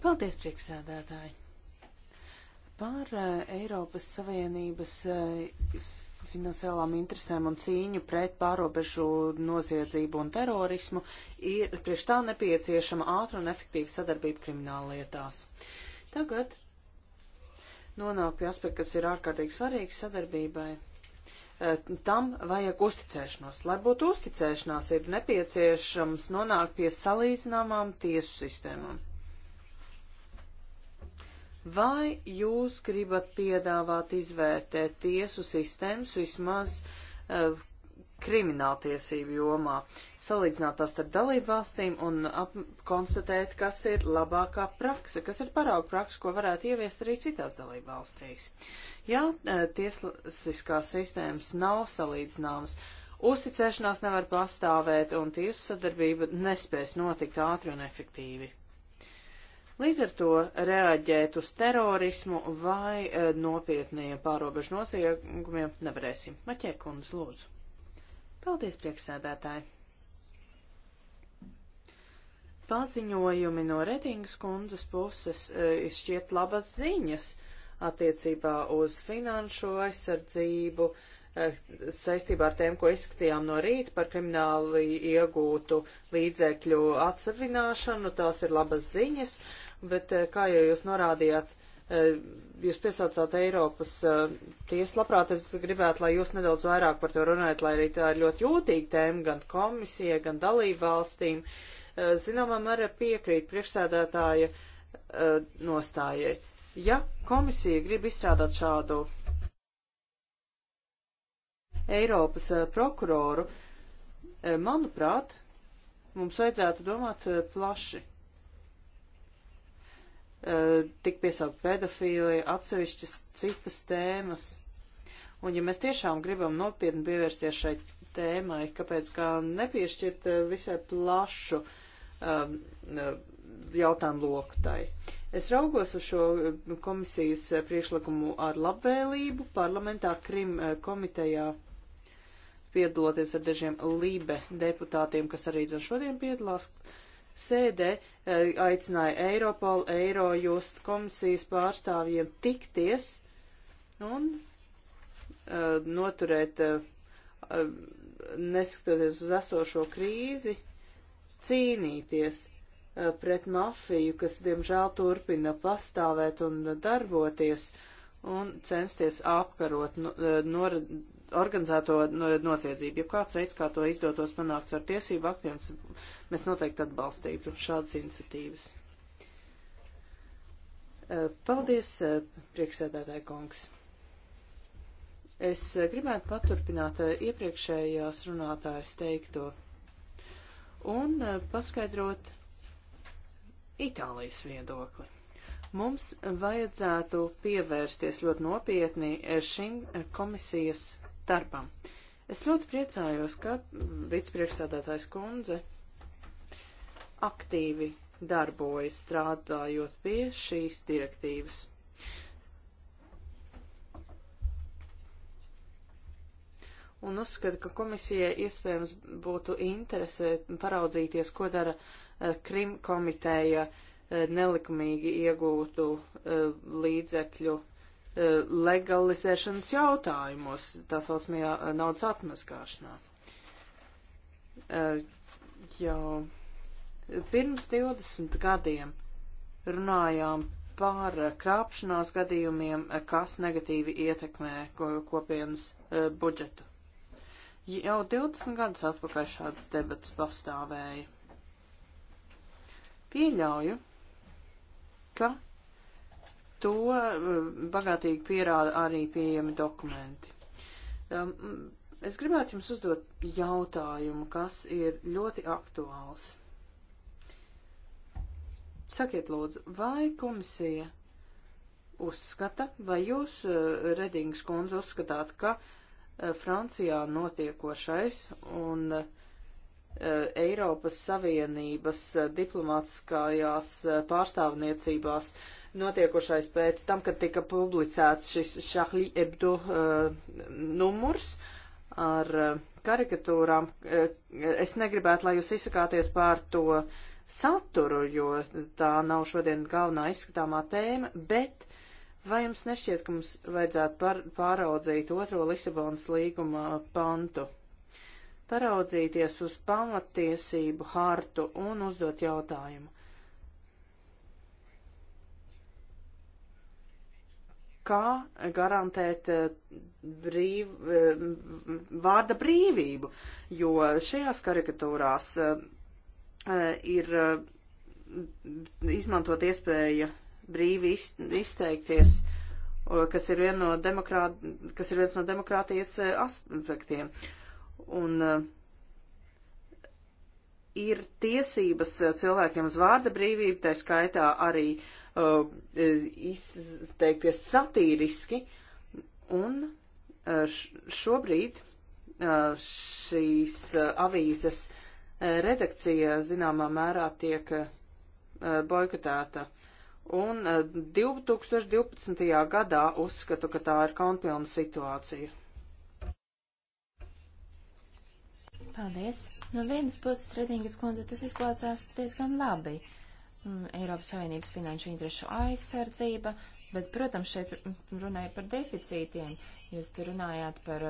Paldies, priekšsēdētāji! Par e, Eiropas Savienības e, finansiālām interesēm un cīņu pret pārobežu noziedzību un terorismu ir priekš tā nepieciešama ātra un efektīva sadarbība krimināllietās. Tagad nonāk pie aspekta, kas ir ārkārtīgi svarīgs sadarbībai. E, tam vajag uzticēšanos. Lai būtu uzticēšanās, ir nepieciešams nonākt pie salīdzināmām tiesu sistēmām. Vai jūs gribat piedāvāt izvērtēt tiesu sistēmas vismaz uh, eh, krimināltiesību jomā, salīdzināt tās ar dalību valstīm un ap, konstatēt, kas ir labākā praksa, kas ir parauga praksa, ko varētu ieviest arī citās dalību valstīs? Jā, uh, tiesiskās sistēmas nav salīdzināmas. Uzticēšanās nevar pastāvēt, un tiesu sadarbība nespēs notikt ātri un efektīvi. Līdz ar to reaģēt uz terorismu vai uh, nopietniem pārobežu noziegumiem nevarēsim. Maķēkundz, lūdzu. Paldies, prieksēdētāji. Paziņojumi no Redingas kundzes puses uh, eh, izšķiet labas ziņas attiecībā uz finanšu aizsardzību, uh, saistībā ar tēm, ko izskatījām no rīta par krimināli iegūtu līdzekļu atsevināšanu. Tās ir labas ziņas, bet eh, kā jau jūs norādījāt, eh, jūs piesaucāt Eiropas eh, tiesu, labprāt es gribētu, lai jūs nedaudz vairāk par to runājat, lai arī tā ir ļoti jūtīga tēma gan komisija, gan dalību valstīm. Zināmā mērā piekrīt priekšsēdētāja nostājai. Ja komisija grib izstrādāt šādu Eiropas prokuroru, manuprāt, mums vajadzētu domāt plaši Eh, tik piesaukt pedofīlija, atsevišķas citas tēmas. Un ja mēs tiešām gribam nopietni pievērsties šai tēmai, kāpēc kā nepiešķirt eh, visai plašu um, jautājumu loktai. Es raugos uz šo komisijas priekšlikumu ar labvēlību parlamentā Krim komitejā piedaloties ar dažiem lībe deputātiem, kas arī dzird šodien piedalās. Uh, sēdē eh, aicināja Eiropolu, Eirojust komisijas pārstāvjiem tikties un eh, noturēt, eh, neskatoties uz esošo krīzi, cīnīties pret mafiju, kas diemžēl turpina pastāvēt un darboties un censties apkarot nor organizēto nosiedzību, ja kāds veids, kā to izdotos panākt ar tiesību aktiem, mēs noteikti atbalstītu šādas iniciatīvas. Eh, paldies, eh, prieksēdētāji kungs. Es eh, gribētu paturpināt iepriekšējās runātājas teikto un paskaidrot Itālijas viedokli. Mums vajadzētu pievērsties ļoti nopietni šim komisijas darbam. Es ļoti priecājos, ka vicepriekšsādātājs kundze aktīvi darbojas strādājot pie šīs direktīvas. Un uzskata, ka komisijai iespējams būtu interese paraudzīties, ko dara e, krim komiteja e, nelikumīgi iegūtu e, līdzekļu E, legalizēšanas jautājumos, tā saucamajā e, naudas atmaskāšanā. E, Jau pirms 20 gadiem runājām par krāpšanās gadījumiem, kas negatīvi ietekmē kopienas budžetu. Jau 20 gadus atpakaļ šādas debats pastāvēja. Pieļauju, ka to eh, bagātīgi pierāda arī pieejami dokumenti. Mm, es gribētu jums uzdot jautājumu, kas ir ļoti aktuāls. Sakiet, lūdzu, vai komisija uzskata, vai jūs, eh, Redings kundze, uzskatāt, ka eh, Francijā notiekošais un Eiropas Savienības diplomātiskajās pārstāvniecībās uh, notiekušais pēc tam, kad tika publicēts šis Šahli Ebdo uh, eh, numurs ar uh, karikatūrām. Uh, es negribētu, lai jūs izsakāties pār to saturu, jo tā nav šodien galvenā izskatāmā tēma, bet vai jums nešķiet, ka mums vajadzētu par, pāraudzīt otro Lisabonas līguma pantu? Paraudzīties uz pamatiesību hartu un uzdot jautājumu kā garantēt eh, brīv, eh, vārda brīvību, jo šajās karikatūrās eh, ir izmantot iespēja brīvi izteikties, kas ir, vien no demokrāt, kas ir viens no demokrātijas aspektiem. Un ir tiesības cilvēkiem uz vārda brīvību, tā skaitā arī uh, Uh, izteikties satīriski, un uh, šobrīd uh, šīs avīzes redakcija zināmā mērā tiek boikotēta. Un 2012. gadā uzskatu, ka tā ir kaunpilna situācija. Paldies. No vienas puses, Redingas kundze, tas izklausās diezgan labi. Uh, Mm, Eiropas Savienības finanšu interesu aizsardzība, bet, protams, šeit runāja par deficītiem. Jūs te runājāt par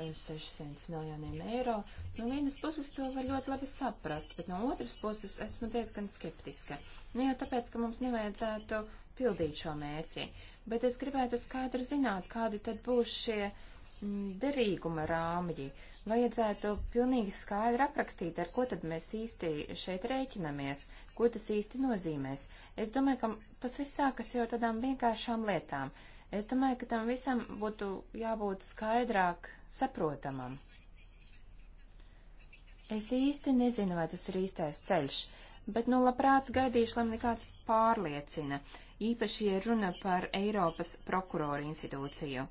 600 eh, miljoniem eiro. No vienas puses to var ļoti labi saprast, bet no otras puses esmu diezgan skeptiska. Ne nu, jau tāpēc, ka mums nevajadzētu pildīt šo mērķi, bet es gribētu skaidri zināt, kādi tad būs šie uh, derīguma rāmji. Vajadzētu pilnīgi skaidri aprakstīt, ar ko tad mēs īsti šeit rēķinamies, ko tas īsti nozīmēs. Es domāju, ka tas viss sākas jau tādām vienkāršām lietām. Es domāju, ka tam visam būtu jābūt skaidrāk saprotamam. Es īsti nezinu, vai tas ir īstais ceļš, bet nu labprāt gaidīšu, lai man kāds pārliecina, īpaši, ja runa par Eiropas prokuroru institūciju.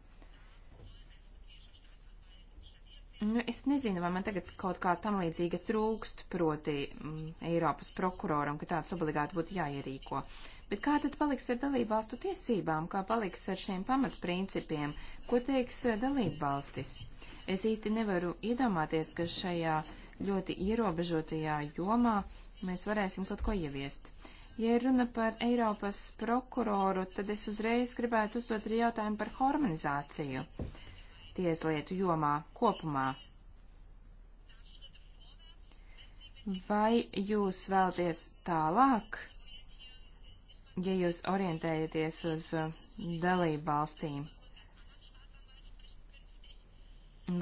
Nu, es nezinu, vai man tagad kaut kā tam līdzīga trūkst, proti mm, Eiropas prokuroram, ka tāds obligāti būtu jāierīko. Bet kā tad paliks ar dalībvalstu tiesībām, kā paliks ar šiem pamatprincipiem, ko teiks eh, dalībvalstis? Es īsti nevaru iedomāties, ka šajā ļoti ierobežotajā jomā mēs varēsim kaut ko ieviest. Ja runa par Eiropas prokuroru, tad es uzreiz gribētu uzdot arī jautājumu par harmonizāciju. Uh, tieslietu jomā kopumā. Vai jūs vēlaties tālāk, ja jūs orientējaties uz uh, dalību valstīm?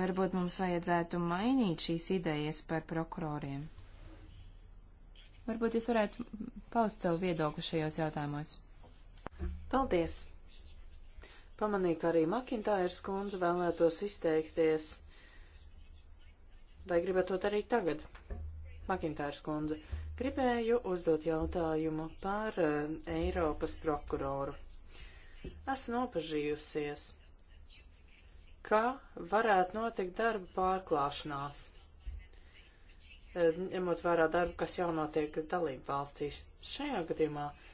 Varbūt mums vajadzētu mainīt šīs idejas par prokuroriem. Varbūt jūs varētu paust savu viedokli šajos jautājumos. Paldies! Pamanīju, ka arī Makintājas kundze vēlētos izteikties. Vai gribat to darīt tagad? Makintājas kundze, gribēju uzdot jautājumu par uh, Eiropas prokuroru. Esmu nopažījusies, ka varētu notikt darba pārklāšanās, eh, ņemot vērā darbu, kas jau notiek dalību valstīs. Šajā gadījumā uh,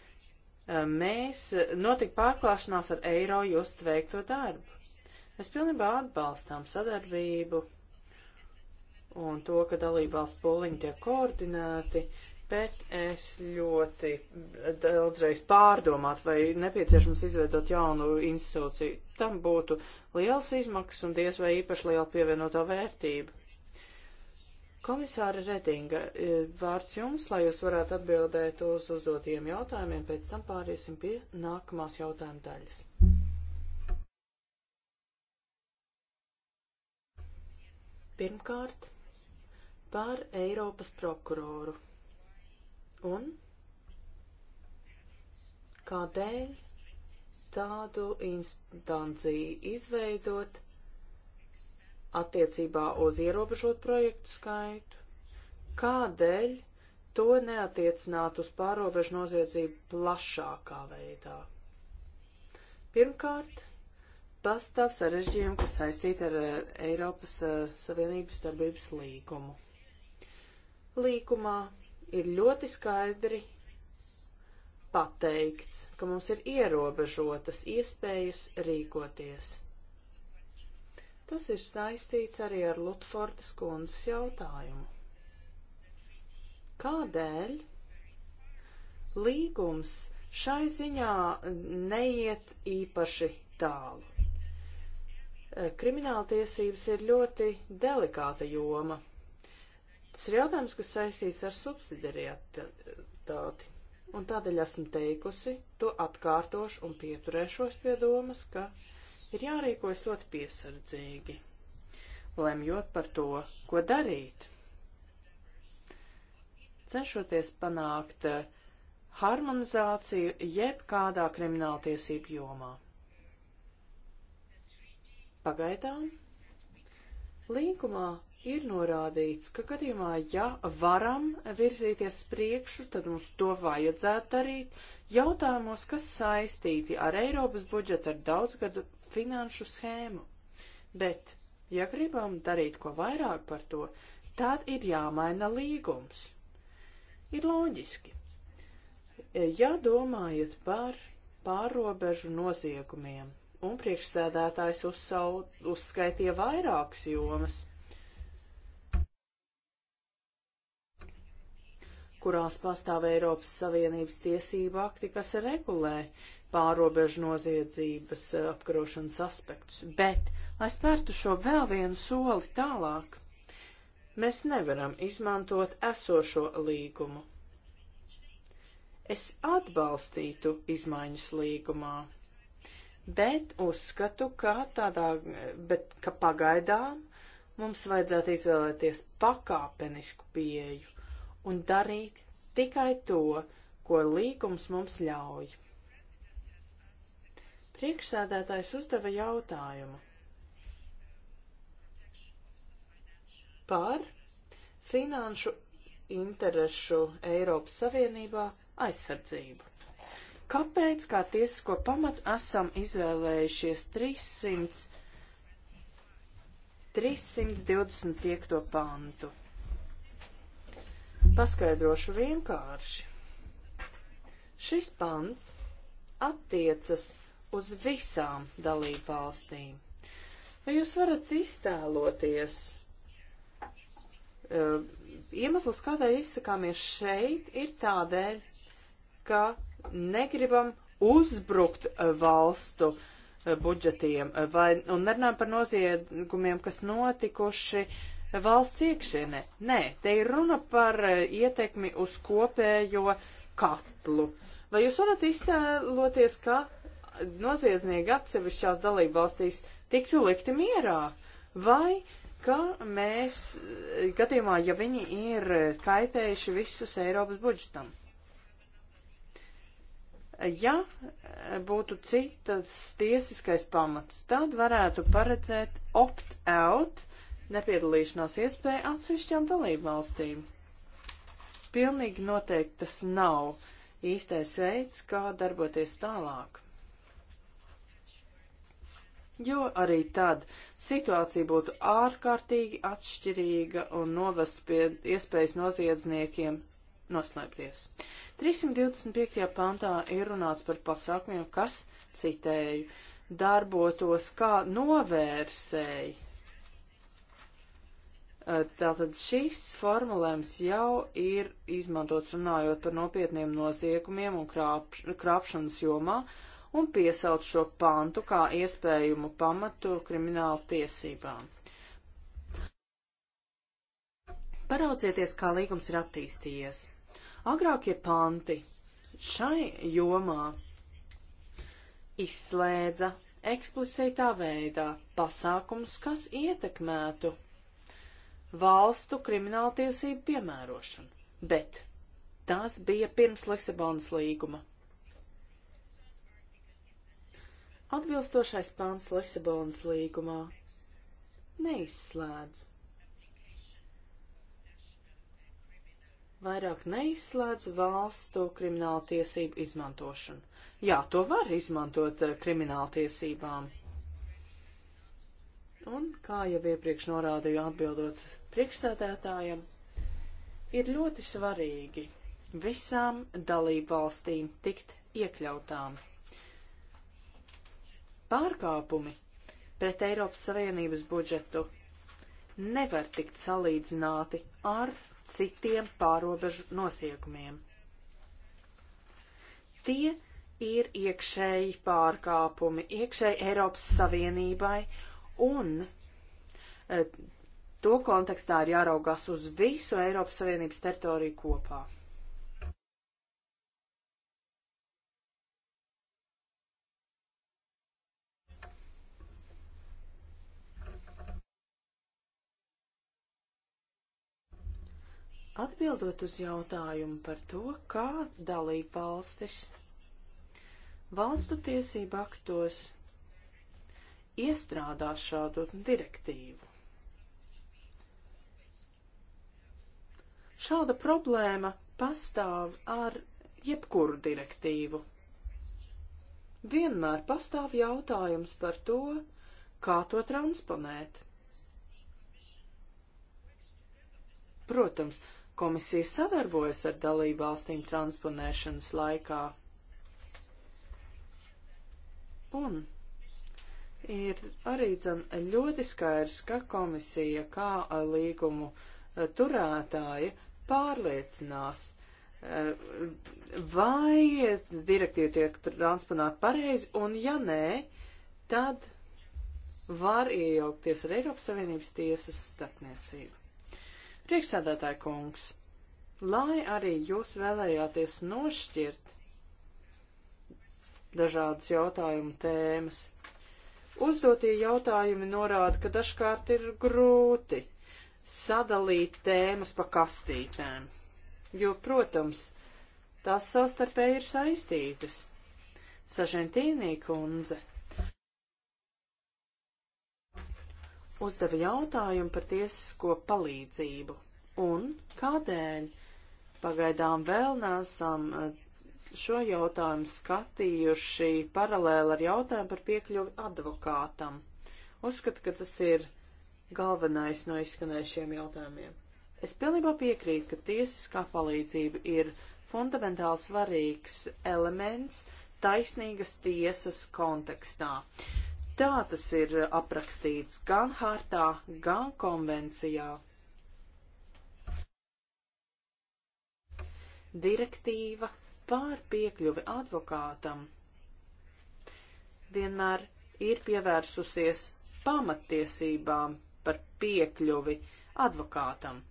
mēs notika pārklāšanās ar eiro just veikto darbu. Mēs pilnībā atbalstām sadarbību un to, ka dalībvalsts poliņi tiek koordinēti, bet es ļoti daudzreiz pārdomātu, vai nepieciešams izveidot jaunu institūciju. Tam būtu liels izmaksas un diez vai īpaši liela pievienotā vērtība. Komisāra Redinga, e, vārds jums, lai jūs varētu atbildēt uz uzdotiem jautājumiem, pēc tam pāriesim pie nākamās jautājuma daļas. Pirmkārt, par Eiropas prokuroru. Un kādēļ tādu instanciju izveidot? attiecībā uz ierobežot projektu skaitu? Kādēļ to neatiecināt uz pārobežu noziedzību plašākā veidā? Pirmkārt, pastāv sarežģījumi, kas saistīti ar eh, Eiropas uh, Savienības darbības līgumu. Līgumā ir ļoti skaidri pateikts, ka mums ir ierobežotas iespējas rīkoties. Tas ir saistīts arī ar Lutfordas kundzes jautājumu. Kādēļ līgums šai ziņā neiet īpaši tālu? Krimināltiesības ir ļoti delikāta joma. Tas ir jautājums, kas saistīts ar subsidiarietāti. Un tādēļ esmu teikusi, to atkārtošu un pieturēšos pie domas, ka ir jārīkojas ļoti piesardzīgi, lemjot par to, ko darīt. Cenšoties panākt eh, harmonizāciju jebkādā krimināltiesību jomā. Pagaidām līgumā ir norādīts, ka gadījumā, ja varam virzīties priekšu, tad mums to vajadzētu darīt jautājumos, kas saistīti ar Eiropas budžetu, ar daudzgadu finanšu schēmu. Bet, ja gribam darīt ko vairāk par to, tad ir jāmaina līgums. Ir loģiski. Ja domājat par pārobežu noziegumiem, un priekšsēdētājs uzsau, uzskaitīja vairākas jomas, kurās pastāv Eiropas Savienības tiesība akti, kas regulē pārobežu noziedzības eh, apkarošanas aspektus. Bet, lai spērtu šo vēl vienu soli tālāk, mēs nevaram izmantot esošo līgumu. Es atbalstītu izmaiņas līgumā, bet uzskatu, ka tādā, bet ka pagaidām mums vajadzētu izvēlēties pakāpenisku pieeju un darīt tikai to, ko līgums mums ļauj. Priekšsēdētājs uzdeva jautājumu par finanšu interešu Eiropas Savienībā aizsardzību. Kāpēc kā tiesisko pamatu esam izvēlējušies 300, 325. pantu? Paskaidrošu vienkārši. Šis pants attiecas uz visām dalību valstīm. Vai jūs varat iztēloties uh, iemesls, kādēļ izsakāmies šeit, ir tādēļ, ka negribam uzbrukt eh, valstu eh, budžetiem vai, un nerunājam par noziegumiem, kas notikuši valsts iekšienē. Nē, te ir runa par ietekmi uz kopējo katlu. Vai jūs varat iztēloties, ka noziedznieki atsevišķās dalībvalstīs tiktu likti mierā? Vai ka mēs, gadījumā, ja viņi ir kaitējuši visas Eiropas budžetam? Ja būtu citas tiesiskais pamats, tad varētu paredzēt opt-out nepiedalīšanās iespēju atsevišķām dalībvalstīm. Pilnīgi noteikti tas nav īstais veids, kā darboties tālāk jo arī tad situācija būtu ārkārtīgi atšķirīga un novest pie iespējas noziedzniekiem noslēpties. 325. pantā ir runāts par pasākumiem, kas, citēju, darbotos kā novērsēji. Eh, tātad šis formulējums jau ir izmantots runājot par nopietniem noziegumiem un krāpš krāpšanas jomā, uh, un piesaukt šo pantu kā iespējumu pamatu kriminālu tiesībām. Paraudzieties, kā līgums ir attīstījies. Agrākie panti šai jomā izslēdza eksplicitā veidā pasākums, kas ietekmētu valstu krimināltiesību piemērošanu, bet tas bija pirms Lisabonas līguma. Atbilstošais pants Lisabonas līgumā neizslēdz. Vairāk neizslēdz valstu krimināla tiesību izmantošanu. Jā, to var izmantot eh, krimināla tiesībām. Un, kā jau iepriekš norādīju atbildot priekšsēdētājam, ir ļoti svarīgi visām dalību valstīm tikt iekļautām Pārkāpumi pret Eiropas Savienības budžetu nevar tikt salīdzināti ar citiem pārobežu nosiegumiem. Tie ir iekšēji pārkāpumi iekšēji Eiropas Savienībai, un e, to kontekstā ir jāraugās uz visu Eiropas Savienības teritoriju kopā. Atbildot uz jautājumu par to, kā dalība valstis valstu tiesību aktos iestrādās šādu direktīvu. Šāda problēma pastāv ar jebkuru direktīvu. Vienmēr pastāv jautājums par to, kā to transponēt. Protams, Komisija sadarbojas ar dalību valstīm transponēšanas laikā. Un ir arī dzen, ļoti skaidrs, ka komisija kā līgumu e, turētāja pārliecinās, e, vai direktīva tiek transponēta pareizi, un ja nē, tad var iejaukties ar Eiropas Savienības tiesas starpniecību. Priekšsēdētāja kungs, lai arī jūs vēlējāties nošķirt dažādas jautājumu tēmas, uzdotie jautājumi norāda, ka dažkārt ir grūti sadalīt tēmas pa kastītēm, jo, protams, tās savstarpēji ir saistītas. Sažentīnī kundze uzdeva jautājumu par tiesisko palīdzību un kādēļ pagaidām vēl nesam eh, šo jautājumu skatījuši paralēli ar jautājumu par piekļuvi advokātam. Uzskatu, ka tas ir galvenais no izskanējušiem jautājumiem. Es pilnībā piekrītu, ka tiesiskā palīdzība ir fundamentāli svarīgs elements taisnīgas tiesas kontekstā. Uh, Tā tas ir aprakstīts gan hartā, gan konvencijā. Direktīva pār piekļuvi advokātam vienmēr ir pievērsusies pamattiesībām par piekļuvi advokātam.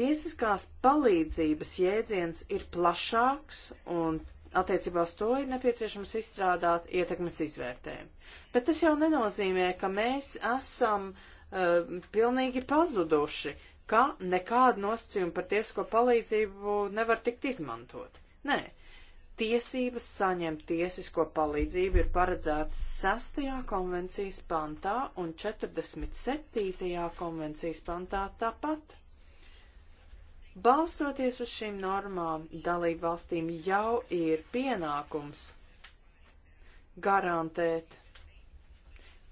Tiesiskās palīdzības jēdziens ir plašāks un Attiecībā uz to ir nepieciešams izstrādāt ietekmes izvērtējumu. Bet tas jau nenozīmē, ka mēs esam uh, pilnīgi pazuduši, ka nekāda nosacījuma par tiesisko palīdzību nevar tikt izmantot. Nē, tiesības saņemt tiesisko palīdzību ir paredzētas 6. konvencijas pantā un 47. konvencijas pantā tāpat. Balstoties uz šīm normām, dalību valstīm jau ir pienākums garantēt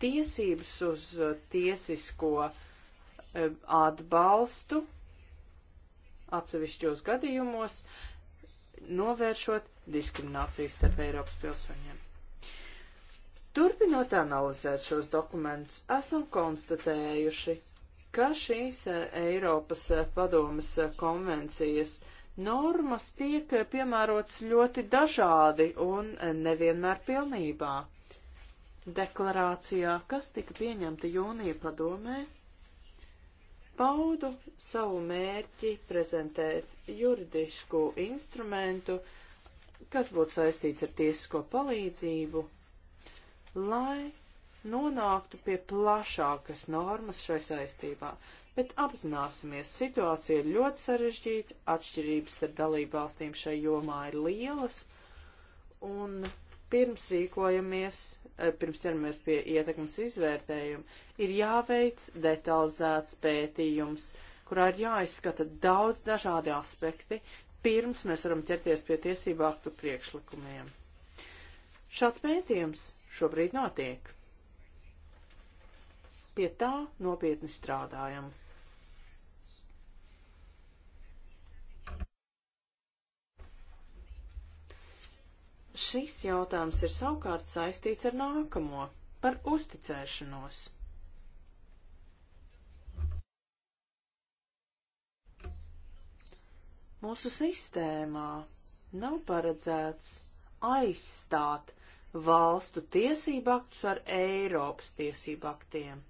tiesības uz uh, tiesisko uh, atbalstu atsevišķos gadījumos, novēršot diskrimināciju starp Eiropas pilsoņiem. Turpinot analizēt šos dokumentus, esam konstatējuši, ka šīs eh, Eiropas eh, padomas eh, konvencijas normas tiek piemērotas ļoti dažādi un nevienmēr pilnībā. Deklarācijā, kas tika pieņemta jūnija padomē, paudu savu mērķi prezentēt juridisku instrumentu, kas būtu saistīts ar tiesisko palīdzību, lai nonāktu pie plašākas normas šai saistībā, bet apzināsimies, situācija ir ļoti sarežģīta, atšķirības starp dalību valstīm šai jomā ir lielas, un pirms rīkojamies, eh, pirms ķeramies pie ietekmes izvērtējuma, ir jāveic detalizēts pētījums, kurā ir jāizskata daudz dažādi aspekti, pirms mēs varam ķerties pie tiesību aktu priekšlikumiem. Šāds pētījums šobrīd notiek pie tā nopietni strādājam. Šis jautājums ir savukārt saistīts ar nākamo - par uzticēšanos. Mūsu sistēmā nav paredzēts aizstāt valstu tiesību aktus ar Eiropas tiesību aktiem.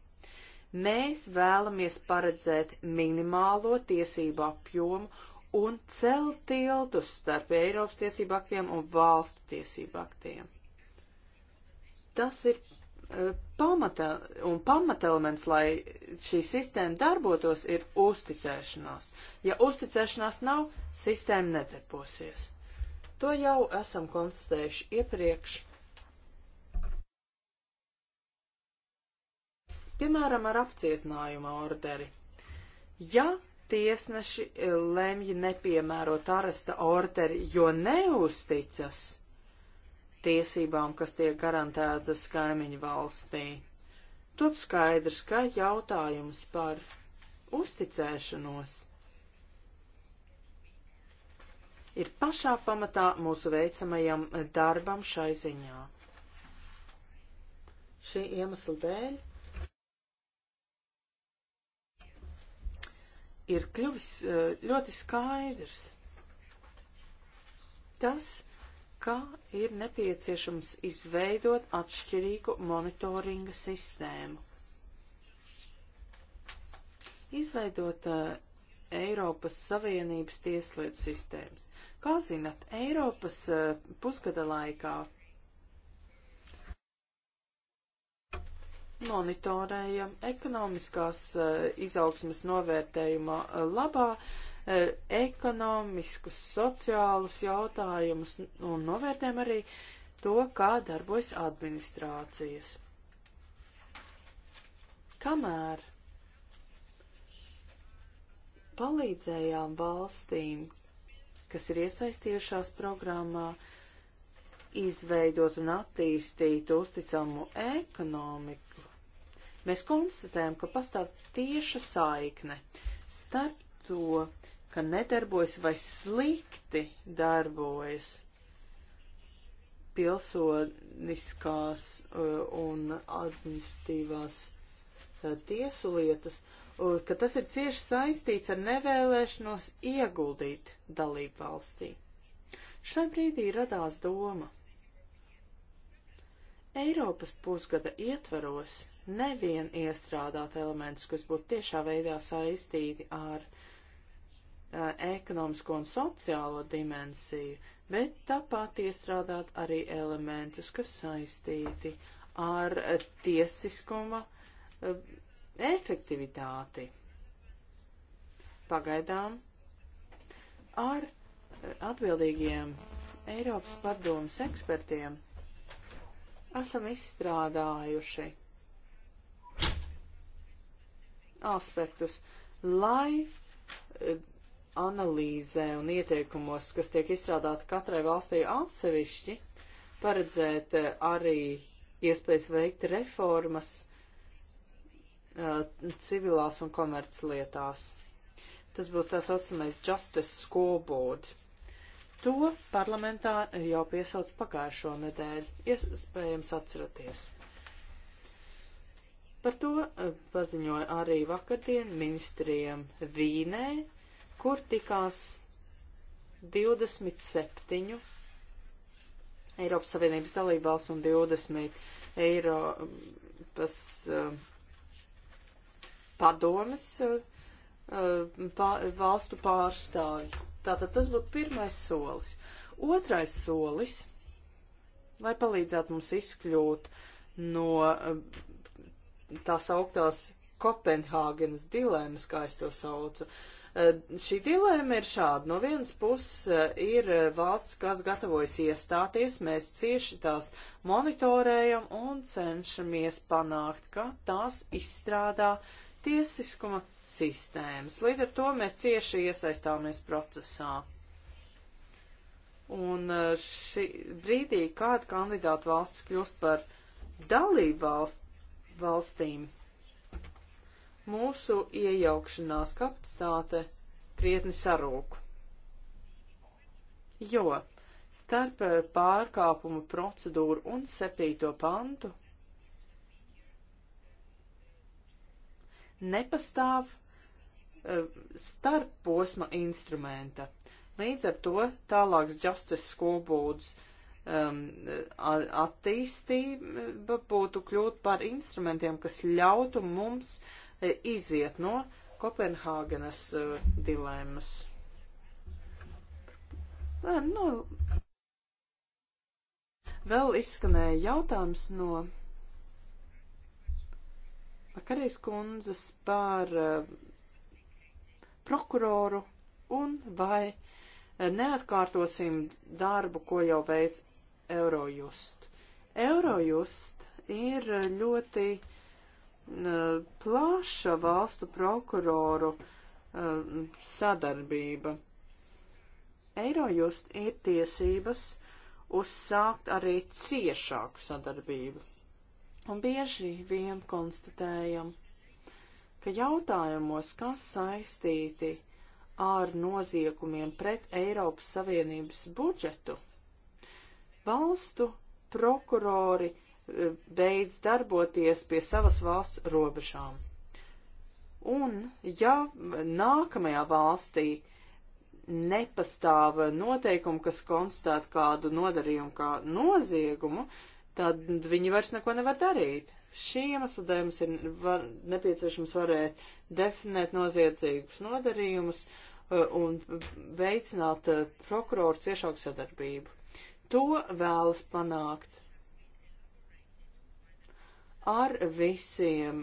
Mēs vēlamies paredzēt minimālo tiesību apjomu un celt tiltus starp Eiropas tiesību aktiem un valstu tiesību aktiem. Tas ir uh, pamata un pamatelements, lai šī sistēma darbotos, ir uzticēšanās. Ja uzticēšanās nav, sistēma nedarbosies. To jau esam konstatējuši iepriekš piemēram, ar apcietinājuma orderi. Ja tiesneši lemj nepiemērot aresta orderi, jo neusticas tiesībām, kas tiek garantētas kaimiņu valstī, top skaidrs, ka jautājums par uzticēšanos ir pašā pamatā mūsu veicamajam darbam šai ziņā. Šī iemesla dēļ ir kļuvis eh, ļoti skaidrs tas, ka ir nepieciešams izveidot atšķirīgu monitoringa sistēmu. Izveidot uh, Eiropas Savienības tieslietu sistēmas. Kā zinat, Eiropas uh, pusgada laikā monitorēja ekonomiskās eh, izaugsmas novērtējuma eh, labā eh, ekonomiskus, sociālus jautājumus un novērtējam arī to, kā darbojas administrācijas. Kamēr palīdzējām valstīm, kas ir iesaistījušās programmā, izveidot un attīstīt uzticamu ekonomiku, Mēs konstatējam, ka pastāv tieša saikne starp to, ka nedarbojas vai slikti darbojas pilsoniskās uh, un administratīvās uh, tiesu lietas, uh, ka tas ir cieši saistīts ar nevēlēšanos ieguldīt dalību valstī. Šai brīdī radās doma. Eiropas pusgada ietvaros nevien iestrādāt elementus, kas būtu tiešā veidā saistīti ar uh, ekonomisko un sociālo dimensiju, bet tāpat iestrādāt arī elementus, kas saistīti ar uh, tiesiskuma uh, efektivitāti. Pagaidām ar eh, atbildīgiem Eiropas padomas ekspertiem esam izstrādājuši aspektus, lai e, analīzē un ieteikumos, kas tiek izstrādāti katrai valstī atsevišķi, paredzēt e, arī iespējas veikt reformas uh, civilās un komerclietās. Tas būs tās saucamais Justice Scoreboard. To parlamentā jau piesauc pagājušo nedēļu, iespējams atceraties. Par to e, paziņoja arī vakardien ministriem Vīnē, kur tikās 27 Eiropas Savienības dalību valsts un 20 Eiropas uh, padomes uh, e, e, pā, valstu pārstāvju. Tātad tas būtu pirmais solis. Otrais solis, lai palīdzētu mums izkļūt no uh, tās augtās Kopenhāgenes dilemmas, kā es to saucu. E, šī dilēma ir šāda. No vienas puses e, ir valsts, kas gatavojas iestāties, mēs cieši tās monitorējam un cenšamies panākt, ka tās izstrādā tiesiskuma sistēmas. Līdz ar to mēs cieši iesaistāmies procesā. Un e, šī brīdī, kad kandidāta valsts kļūst par dalību valsts, valstīm. Mūsu iejaukšanās kapacitāte krietni sarūk, jo starp pārkāpumu procedūru un septīto pantu nepastāv e, starp posma instrumenta. Līdz ar to tālāks Justice School būdus um, attīstība būtu kļūt par instrumentiem, kas ļautu mums e, iziet no Kopenhāgenes uh, dilemmas. E, nu, vēl izskanēja jautājums no Makarijas kundzes par uh, prokuroru un vai neatkārtosim darbu, ko jau veic Eurojust. Eurojust ir ļoti plaša valstu prokuroru sadarbība. Eurojust ir tiesības uzsākt arī ciešāku sadarbību. Un bieži vien konstatējam, ka jautājumos, kas saistīti ar noziegumiem pret Eiropas Savienības budžetu, valstu prokurori e, beidz darboties pie savas valsts robežām. Un, ja nākamajā valstī nepastāv noteikumi, kas konstatē kādu nodarījumu kā noziegumu, tad viņi vairs neko nevar darīt. Šī iemesla dēļ mums ir var, nepieciešams varēt definēt noziedzīgus nodarījumus e, un veicināt e, prokuroru ciešāku sadarbību. To vēlas panākt ar visiem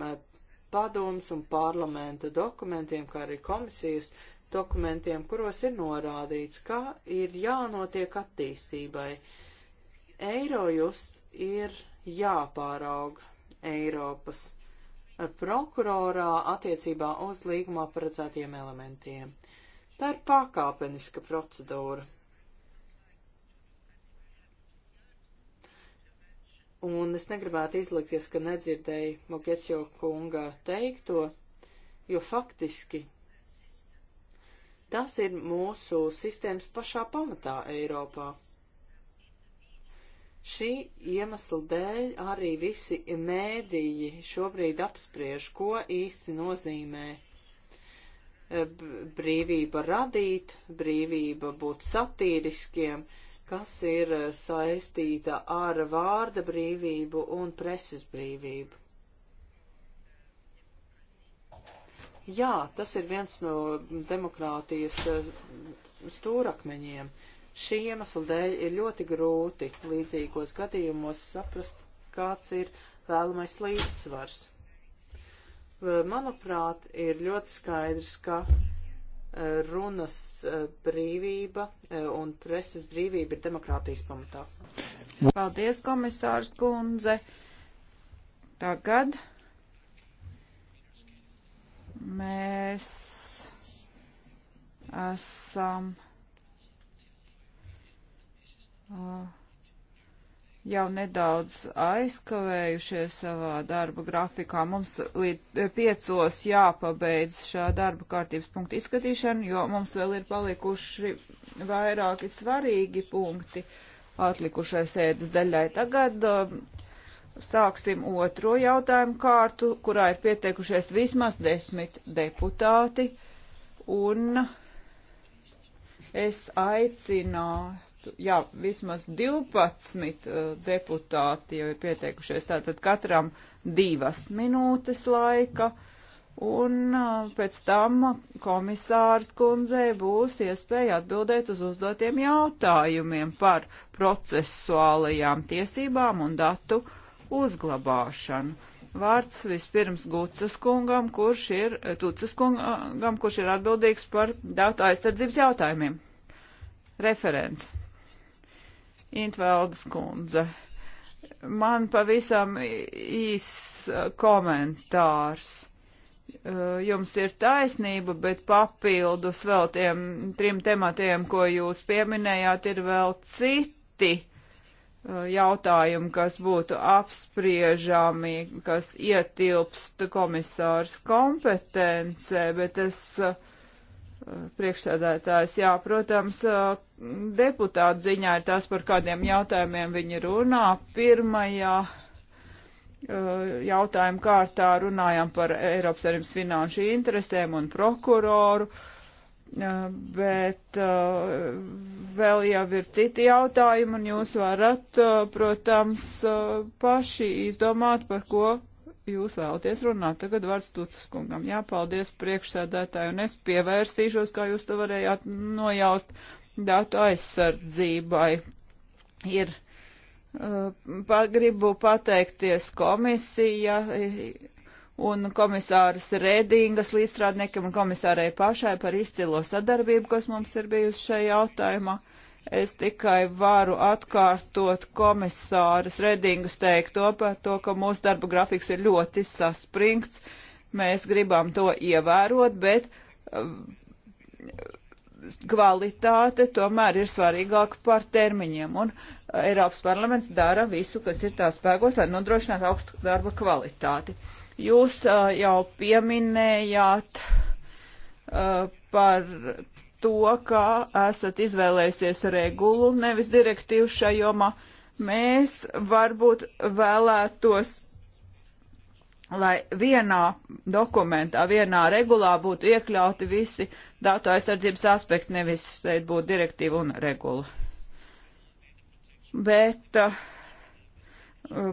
padomus un parlamenta dokumentiem, kā arī komisijas dokumentiem, kuros ir norādīts, ka ir jānotiek attīstībai. Eirojust ir jāpārauga Eiropas prokurorā attiecībā uz līgumā paredzētiem elementiem. Tā ir pakāpeniska procedūra. Un es negribētu izlikties, ka nedzirdēju Mogetsjo kunga teikto, jo faktiski tas ir mūsu sistēmas pašā pamatā Eiropā. Šī iemesla dēļ arī visi mēdīji šobrīd apspriež, ko īsti nozīmē eh, brīvība radīt, brīvība būt satīriskiem, uh, kas ir eh, saistīta ar vārda brīvību un preses brīvību. Jā, tas ir viens no demokrātijas eh, stūrakmeņiem. Šī iemesla dēļ ir ļoti grūti līdzīgos gadījumos saprast, kāds ir vēlamais līdzsvars. Eh, manuprāt, ir ļoti skaidrs, ka runas eh, brīvība eh, un preses brīvība ir demokrātijas pamatā. Paldies, komisārs Kundze. Tagad mēs esam. Uh, jau nedaudz aizkavējušies savā darba grafikā. Mums līdz piecos jāpabeidz šā darba kārtības punktu izskatīšana, jo mums vēl ir palikuši vairāki svarīgi punkti atlikušai sēdes daļai. Tagad um, sāksim otro jautājumu kārtu, kurā ir pieteikušies vismaz desmit deputāti. Un es aicināju jā, vismaz 12 uh, eh, deputāti jau ir pieteikušies, tātad katram divas minūtes laika, un uh, pēc tam komisārs kundzei būs iespēja atbildēt uz uzdotiem jautājumiem par procesuālajām tiesībām un datu uzglabāšanu. Vārds vispirms Gucas kungam, kurš ir, eh, Tucas kungam, kurš ir atbildīgs par datu aizsardzības jautājumiem. Referents. Intveldes kundze. Man pavisam īs uh, komentārs. Uh, jums ir taisnība, bet papildus vēl tiem trim tematiem, ko jūs pieminējāt, ir vēl citi uh, jautājumi, kas būtu apspriežami, kas ietilpst komisārs kompetencē, bet es uh, priekšsēdētājs. Jā, protams, deputātu ziņā ir tas, par kādiem jautājumiem viņi runā. Pirmajā jautājuma kārtā runājām par Eiropas Savienības finanšu interesēm un prokuroru, bet vēl jau ir citi jautājumi, un jūs varat, protams, paši izdomāt, par ko jūs vēlaties runāt. Tagad vārds Tucis kungam. Jā, paldies priekšsēdētāju, un es pievērsīšos, kā jūs to varējāt nojaust, datu aizsardzībai. Ir, uh, pa, gribu pateikties komisija un komisāras Redingas līdzstrādniekiem un komisārai pašai par izcilo sadarbību, kas mums ir bijusi šajā jautājumā. Uh, Es tikai varu atkārtot komisāras Redingas teikto par to, ka mūsu darba grafiks ir ļoti saspringts. Mēs gribam to ievērot, bet um, kvalitāte tomēr ir svarīgāka par termiņiem. Un uh, Eiropas parlaments dara visu, kas ir tās spēkos, lai nodrošinātu augstu darba kvalitāti. Jūs uh, jau pieminējāt uh, par to, ka esat izvēlējusies regulu, nevis direktīvu šajā jomā. Mēs varbūt vēlētos, lai vienā dokumentā, vienā regulā būtu iekļauti visi datu aizsardzības aspekti, nevis šeit būtu direktīva un regula. Bet uh,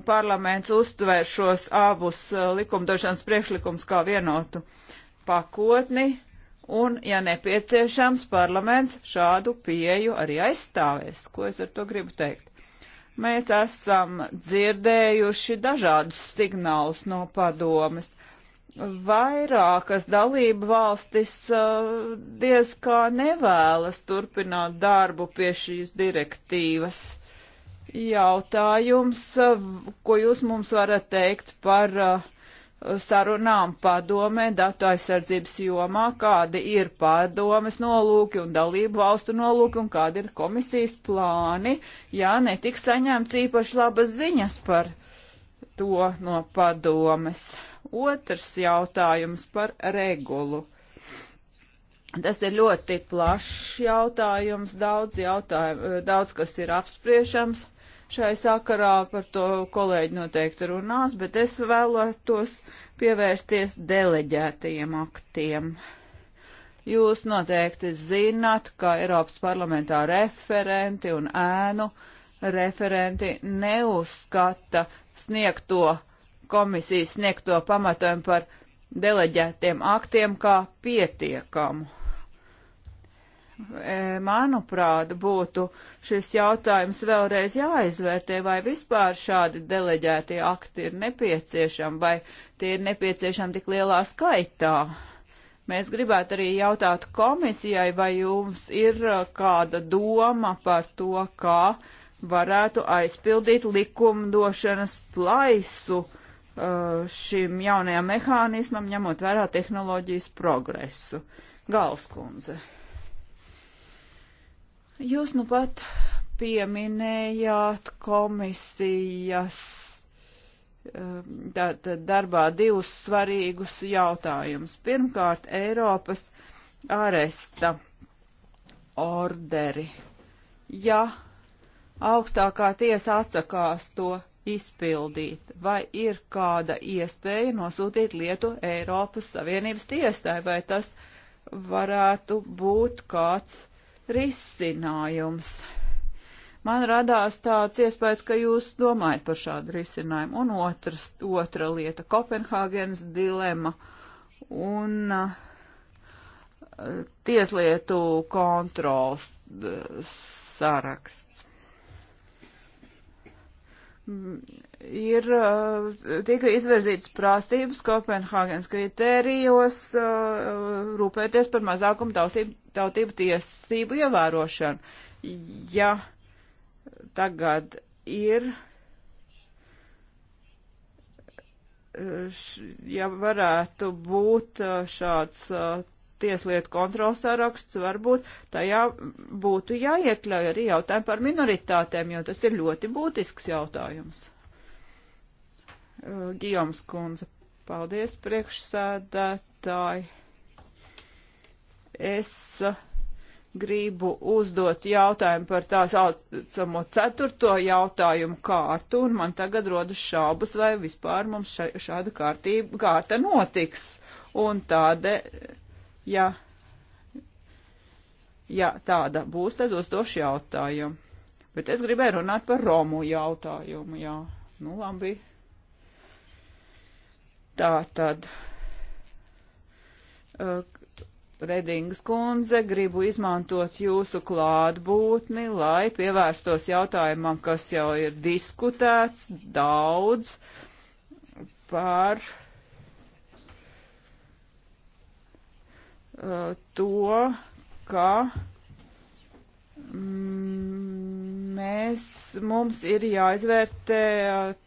parlaments uztver šos abus uh, likumdošanas priekšlikums kā vienotu pakotni, un, ja nepieciešams, parlaments šādu pieju arī aizstāvēs. Ko es ar to gribu teikt? Mēs esam dzirdējuši dažādus signālus no padomas. Vairākas dalību valstis uh, diez kā nevēlas turpināt darbu pie šīs direktīvas. Jautājums, uh, ko jūs mums varat teikt par uh, sarunām padomē datu aizsardzības jomā, kādi ir padomes nolūki un dalību valstu nolūki un kādi ir komisijas plāni, ja netiks saņemts īpaši labas ziņas par to no padomes. Otrs jautājums par regulu. Tas ir ļoti plašs jautājums, daudz, jautājumu, daudz kas ir apspriešams šai sakarā, par to kolēģi noteikti runās, bet es vēlētos pievērsties deleģētajiem aktiem. Jūs noteikti zināt, ka Eiropas parlamentā referenti un ēnu referenti neuzskata sniegto komisijas sniegto pamatojumu par deleģētiem aktiem kā pietiekamu. E, manuprāt, būtu šis jautājums vēlreiz jāizvērtē, vai vispār šādi deleģētie akti ir nepieciešami, vai tie ir nepieciešami tik lielā skaitā. Mēs gribētu arī jautāt komisijai, vai jums ir e, kāda doma par to, kā varētu aizpildīt likumdošanas plaisu e, šim jaunajam mehānismam, ņemot vērā tehnoloģijas progresu. Galskundze. Jūs nu pat pieminējāt komisijas um, tātad darbā divus svarīgus jautājumus. Pirmkārt, Eiropas aresta orderi. Ja augstākā tiesa atsakās to izpildīt, vai ir kāda iespēja nosūtīt lietu Eiropas Savienības tiesai, vai tas varētu būt kāds risinājums. Man radās tāds iespējas, ka jūs domājat par šādu risinājumu. Un otrs, otra lieta - Kopenhāgenes dilema un uh, tieslietu kontrols uh, saraksts ir eh, tika izvirzītas prasības Kopenhāgenes kritērijos eh, rūpēties par mazākumu tausību, tautību tiesību ievērošanu. Ja tagad ir, eh, ja varētu būt šāds tieslietu kontrols saraksts, varbūt tajā būtu jāiekļauj arī jautājumi par minoritātēm, jo tas ir ļoti būtisks jautājums. Uh, Gijoms kundze, paldies priekšsēdētāji. Es uh, gribu uzdot jautājumu par tā saucamo ceturto jautājumu kārtu, un man tagad rodas šaubas, vai vispār mums šāda kārtība, kārta notiks. Un tāda Ja, ja tāda būs, tad uzdošu jautājumu. Bet es gribēju runāt par Romu jautājumu, jā. Nu, labi. Tā tad. Uh, Redingas kundze, gribu izmantot jūsu klātbūtni, lai pievērstos jautājumam, kas jau ir diskutēts daudz par uh, Uh, to, ka mm, mēs, mums ir jāizvērtē uh,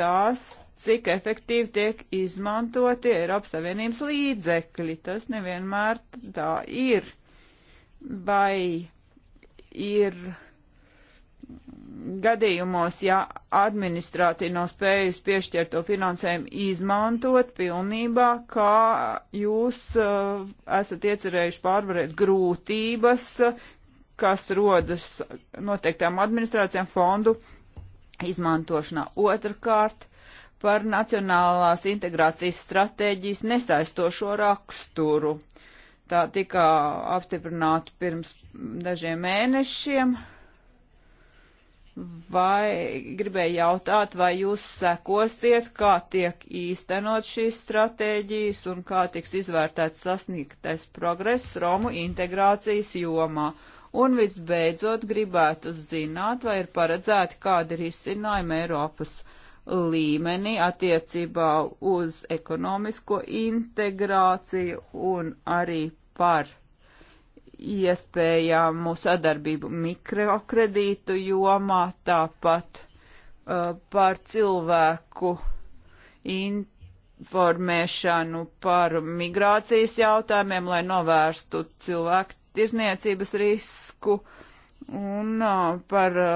tās, cik efektīvi tiek izmantoti Eiropas Savienības līdzekļi. Tas nevienmēr tā ir. Vai ir gadījumos, ja administrācija nav spējusi piešķirt to finansējumu izmantot pilnībā, kā jūs uh, esat iecerējuši pārvarēt grūtības, kas rodas noteiktām administrācijām fondu izmantošanā. Otrakārt, par nacionālās integrācijas stratēģijas nesaistošo raksturu. Tā tika apstiprināta pirms dažiem mēnešiem, Vai gribēju jautāt, vai jūs sekosiet, kā tiek īstenot šīs stratēģijas un kā tiks izvērtēts sasniegtais progress Romu integrācijas jomā? Un visbeidzot gribētu zināt, vai ir paredzēti kādi risinājumi Eiropas līmenī attiecībā uz ekonomisko integrāciju un arī par iespējamu sadarbību mikrokredītu jomā, tāpat uh, par cilvēku informēšanu par migrācijas jautājumiem, lai novērstu cilvēku tirzniecības risku un uh, par uh,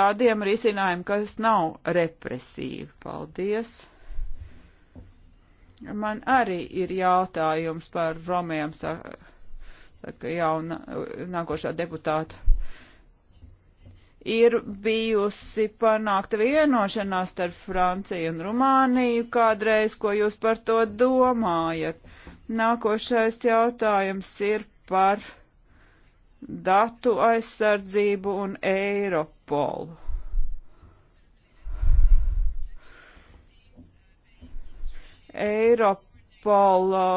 tādiem risinājumiem, kas nav represīvi. Paldies! Man arī ir jautājums par Romiem. Saka, saka jauna nākošā deputāta. Ir bijusi panākta vienošanās starp Franciju un Rumāniju kādreiz, ko jūs par to domājat. Nākošais jautājums ir par datu aizsardzību un Eiropolu. Eiropa Eiropola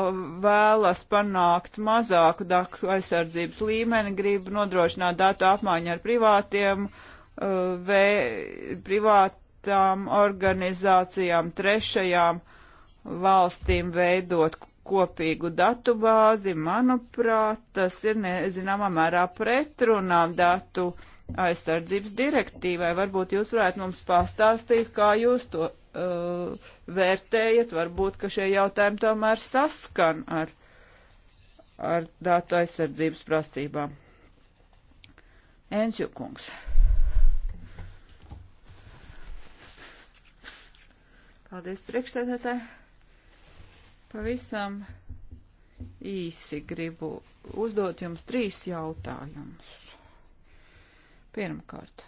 vēlas panākt mazāku datu aizsardzības līmeni, grib nodrošināt datu apmaiņu ar privātiem, uh, vē, privātām organizācijām, trešajām valstīm veidot kopīgu datubāzi, manuprāt, tas ir nezināmā mērā pretrunā datu aizsardzības direktīvai. Varbūt jūs varētu mums pastāstīt, kā jūs to uh, vērtējat, varbūt, ka šie jautājumi tomēr saskan ar, ar datu aizsardzības prasībām. Enču kungs. Paldies priekšsēdētāji. Pavisam īsi gribu uzdot jums trīs jautājumus. Pirmkārt.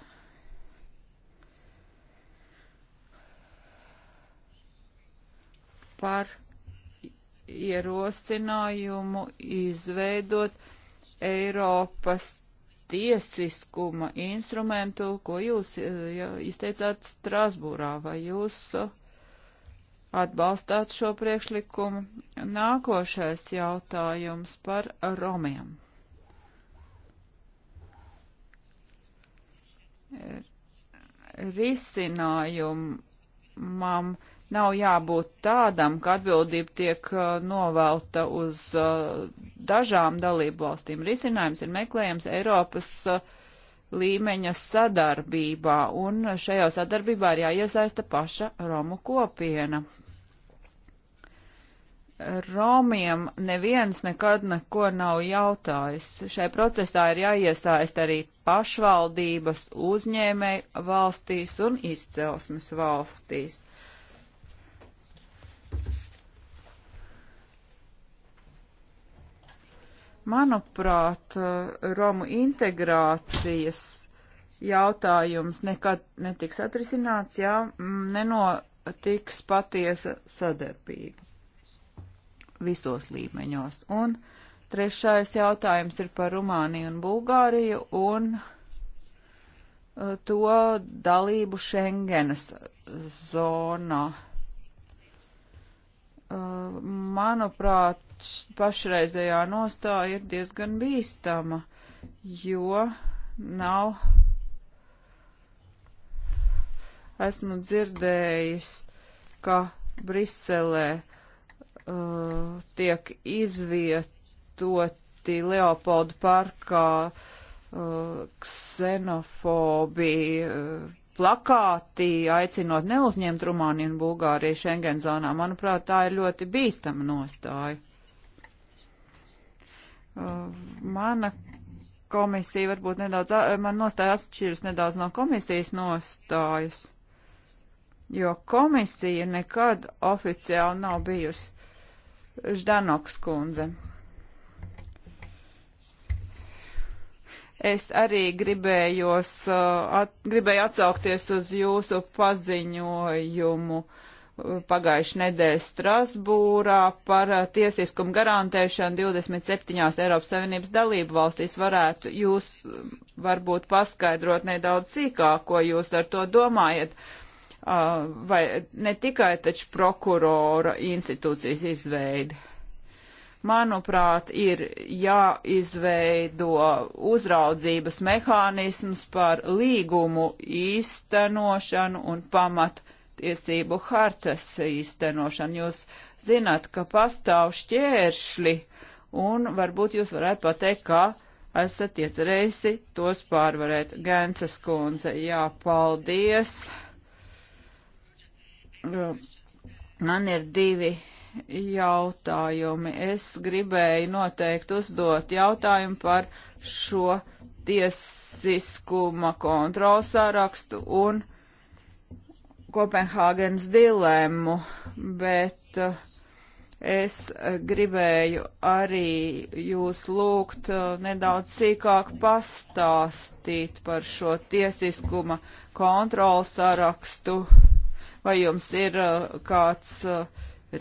par ierosinājumu izveidot Eiropas tiesiskuma instrumentu, ko jūs e, ja, izteicāt Strasbūrā. Vai jūs e, atbalstāt šo priekšlikumu? Nākošais jautājums par Romiem. E, risinājumam. Nav jābūt tādam, ka atbildība tiek uh, novelta uz uh, dažām dalību valstīm. Risinājums ir meklējams Eiropas uh, līmeņa sadarbībā, un šajā sadarbībā ir jāiesaista paša Romu kopiena. Romiem neviens nekad neko nav jautājis. Šai procesā ir jāiesaist arī pašvaldības uzņēmēji valstīs un izcelsmes valstīs. Manuprāt, eh, Romu integrācijas jautājums nekad netiks atrisināts, ja mm, nenotiks patiesa sadarbība visos līmeņos. Un trešais jautājums ir par Rumāniju un Bulgāriju un eh, to dalību Schengenas zonā. Uh, manuprāt, pašreizējā nostāja ir diezgan bīstama, jo nav. Esmu dzirdējis, ka Briselē uh, tiek izvietoti Leopoldu parkā uh, ksenofobi. Uh, plakāti aicinot neuzņemt Rumāniju un Bulgāriju Schengen zonā. Manuprāt, tā ir ļoti bīstama nostāja. Uh, mana komisija varbūt nedaudz, man nostāja atšķiras nedaudz no komisijas nostājas, jo komisija nekad oficiāli nav bijusi Ždanoks kundze. Es arī gribējos, uh, at, gribēju atsaukties uz jūsu paziņojumu uh, pagājušajā nedēļā Strasbūrā par uh, tiesiskumu garantēšanu 27. Eiropas Savienības dalību valstīs. Varētu jūs varbūt paskaidrot nedaudz sīkāk, ko jūs ar to domājat, vai ne tikai taču prokurora institūcijas izveidi manuprāt, ir jāizveido uzraudzības mehānisms par līgumu īstenošanu un pamattiesību hartas īstenošanu. Jūs zināt, ka pastāv šķēršļi, un varbūt jūs varētu pateikt, ka esat iecerējusi tos pārvarēt. Gēnces kundze, jā, paldies. Man ir divi jautājumi. Es gribēju noteikti uzdot jautājumu par šo tiesiskuma kontrols sārakstu un Kopenhāgenes dilemmu, bet uh, es gribēju arī jūs lūgt uh, nedaudz sīkāk pastāstīt par šo tiesiskuma kontrols sārakstu. Vai jums ir uh, kāds uh,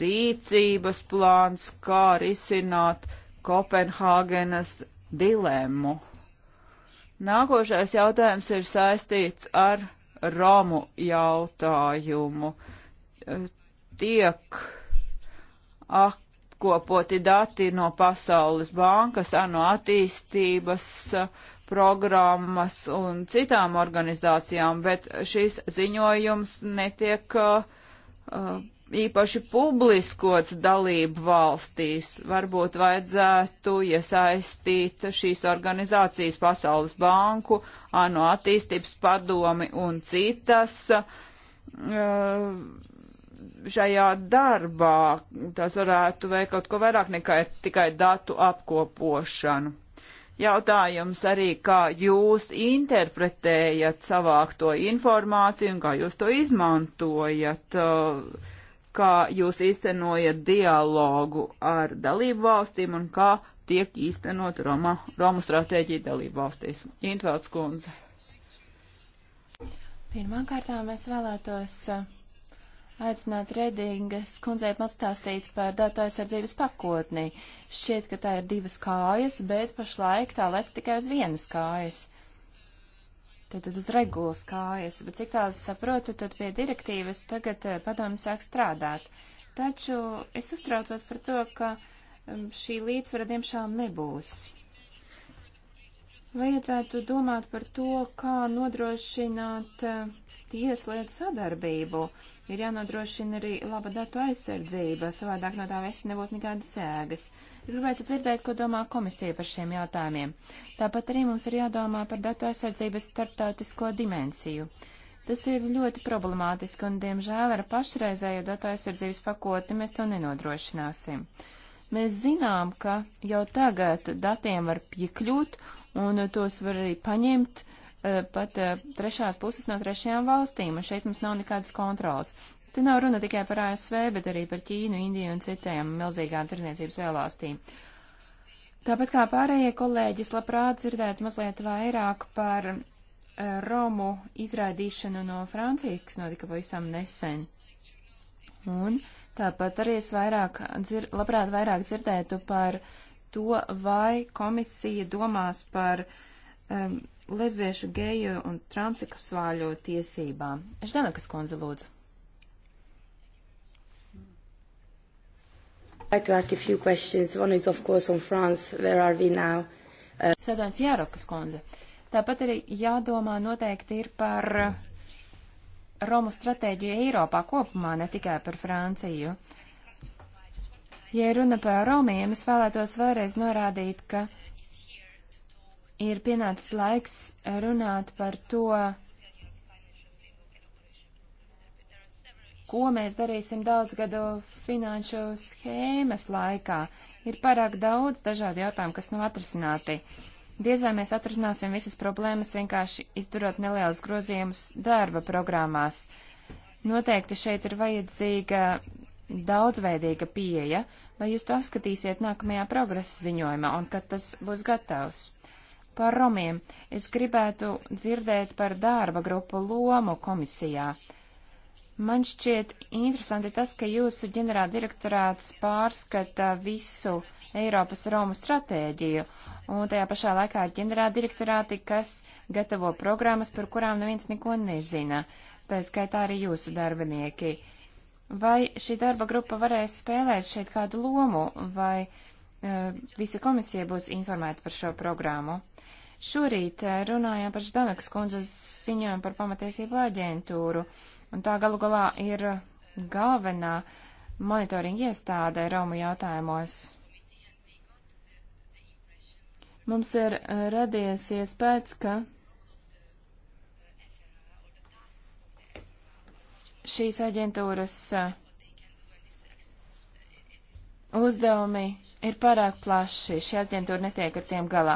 rīcības plāns, kā risināt Kopenhāgenes dilemmu. Nākošais jautājums ir saistīts ar Romu jautājumu. Tiek apkopoti dati no Pasaules bankas, ANO attīstības programmas un citām organizācijām, bet šis ziņojums netiek uh, uh īpaši publiskots dalību valstīs. Varbūt vajadzētu iesaistīt šīs organizācijas Pasaules banku, ANO attīstības padomi un citas eh, šajā darbā. Tas varētu veikt kaut ko vairāk nekā tikai datu apkopošanu. Jautājums arī, kā jūs interpretējat savākto informāciju un kā jūs to izmantojat. Uh, kā jūs īstenojat dialogu ar dalību valstīm un kā tiek īstenot Roma, Romu stratēģija dalību valstīs. Intvelds kundze. Pirmkārtām es vēlētos uh, aicināt Redingas kundzei pastāstīt par datu aizsardzības pakotni. Šķiet, ka tā ir divas kājas, bet pašlaik tā lec tikai uz vienas kājas. Tātad uz regulas kājas, bet cik tās saprotu, tad pie direktīvas tagad eh, padomi sāk strādāt. Taču es uztraucos par to, ka mm, šī līdzsvara diemžēl nebūs. Vajadzētu domāt par to, kā nodrošināt uh, tieslietu sadarbību. Ir jānodrošina arī laba datu aizsardzība, savādāk no tā visi nebūs nekādas sēgas. Es gribētu dzirdēt, ko domā komisija par šiem jautājumiem. Tāpat arī mums ir jādomā par datu aizsardzības starptautisko dimensiju. Tas ir ļoti problemātiski, un, diemžēl, ar pašreizējo datu aizsardzības pakoti mēs to nenodrošināsim. Mēs zinām, ka jau tagad datiem var piekļūt, un tos var arī paņemt Eh, pat eh, trešās puses no trešajām valstīm, un šeit mums nav nekādas kontrolas. Te nav runa tikai par ASV, bet arī par Ķīnu, Indiju un citām milzīgām tirdzniecības vēlāstīm. Tāpat kā pārējie kolēģis, labprāt dzirdētu mazliet vairāk par uh, Romu izraidīšanu no Francijas, kas notika pavisam nesen. Un tāpat arī es vairāk dzir, labprāt vairāk dzirdētu par to, vai komisija domās par um, lesbiešu, geju un transseksuāļu tiesībām. Ždanakas kundze lūdzu. like to ask a few questions. One is, of course, on France. Where are we now? Uh... Sēdās Jārokas kundze. Tāpat arī jādomā noteikti ir par Romu stratēģiju Eiropā kopumā, ne tikai par Franciju. Ja runa par Romiem, es vēlētos vēlreiz norādīt, ka ir pienācis laiks runāt par to, ko mēs darīsim daudzgadu finanšu schēmas laikā. Ir pārāk daudz dažādu jautājumu, kas nav atrisināti. Diez vai mēs atrisināsim visas problēmas vienkārši izdarot nelielus grozījumus darba programmās. Noteikti šeit ir vajadzīga daudzveidīga pieeja, vai jūs to apskatīsiet nākamajā progresa ziņojumā, un kad tas būs gatavs. Par romiem es gribētu dzirdēt par darba grupu lomu komisijā. Man šķiet interesanti tas, ka jūsu ģenerāldirektorāts pārskata visu Eiropas Romu stratēģiju, un tajā pašā laikā ir ģenerāldirektorāti, kas gatavo programmas, par kurām neviens neko nezina. Tā skaitā arī jūsu darbinieki. Vai šī darba grupa varēs spēlēt šeit kādu lomu, vai Eh, visa komisija būs informēta par šo programmu. Šorīt eh, runājām par Ždanakas kundzes ziņojumu par pamatiesību aģentūru, un tā galu galā ir galvenā monitoringa iestāde Romu jautājumos. Mums ir eh, radies iespējas, ka šīs aģentūras uh, uzdevumi ir pārāk plaši, šī aģentūra netiek ar tiem galā.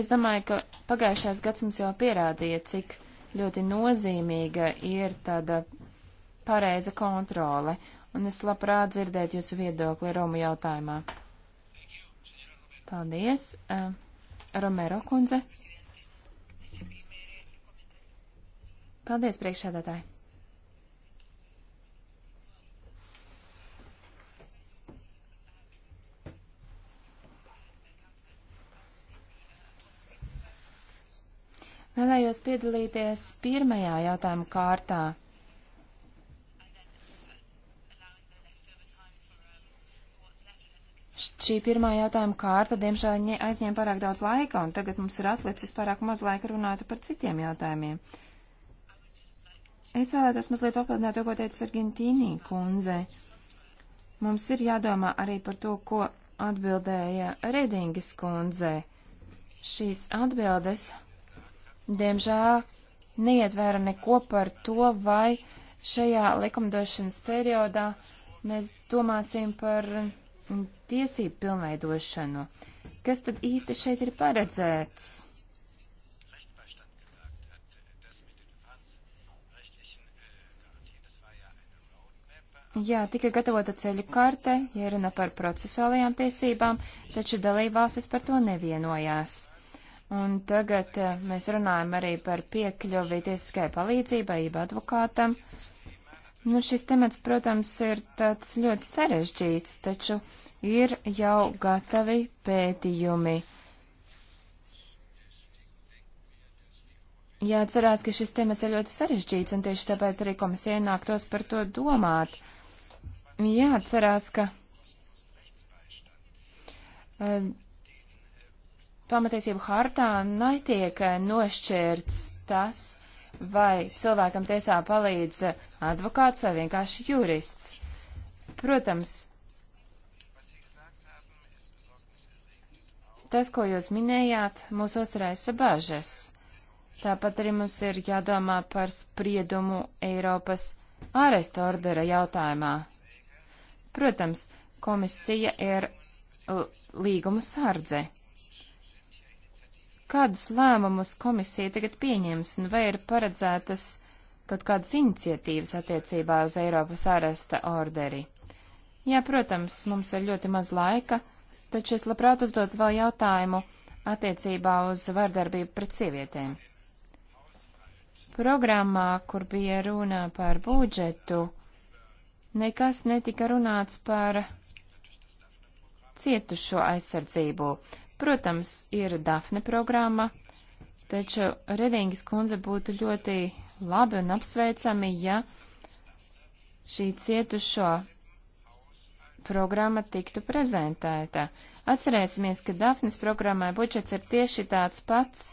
Es domāju, ka pagājušās gads mums jau pierādīja, cik ļoti nozīmīga ir tāda pareiza kontrole, un es labprāt dzirdētu jūsu viedokli Romu jautājumā. Paldies, uh, Romero kundze. Paldies, priekšsēdētāji. Vēlējos piedalīties pirmajā jautājuma kārtā. Šī pirmā jautājuma kārta, diemžēl, aizņēma pārāk daudz laika, un tagad mums ir atlicis pārāk maz laika runāt par citiem jautājumiem. Es vēlētos mazliet papildināt to, ko teica Argentīnī kundze. Mums ir jādomā arī par to, ko atbildēja Redingas kundze. Šīs atbildes diemžēl neietvēra neko par to, vai šajā likumdošanas periodā mēs domāsim par tiesību pilnveidošanu. Kas tad īsti šeit ir paredzēts? Jā, tika gatavota ceļu karte, ja runa par procesuālajām tiesībām, taču dalībvalstis par to nevienojās. Un tagad eh, mēs runājam arī par piekļuvi tiesiskai palīdzībai, jeb advokātam. Nu, šis temats, protams, ir tāds ļoti sarežģīts, taču ir jau gatavi pētījumi. Jāatcerās, ka šis temats ir ļoti sarežģīts, un tieši tāpēc arī komisija nāktos par to domāt. Jāatcerās, ka. Uh, pamatiesību hartā netiek nošķirts tas, vai cilvēkam tiesā palīdz advokāts vai vienkārši jurists. Protams, tas, ko jūs minējāt, mūs uzturēsa bažas. Tāpat arī mums ir jādomā par spriedumu Eiropas ārestu ordera jautājumā. Protams, komisija ir līgumu sardze. Kādus lēmumus komisija tagad pieņems un vai ir paredzētas kaut kādas iniciatīvas attiecībā uz Eiropas āresta orderi? Jā, protams, mums ir ļoti maz laika, taču es labprāt uzdot vēl jautājumu attiecībā uz vardarbību pret sievietēm. Programmā, kur bija runa par budžetu, nekas netika runāts par cietušo aizsardzību. Protams, ir Dafne programma, taču Redingis kundze būtu ļoti labi un apsveicami, ja šī cietušo programma tiktu prezentēta. Atcerēsimies, ka Dafnes programmai budžets ir tieši tāds pats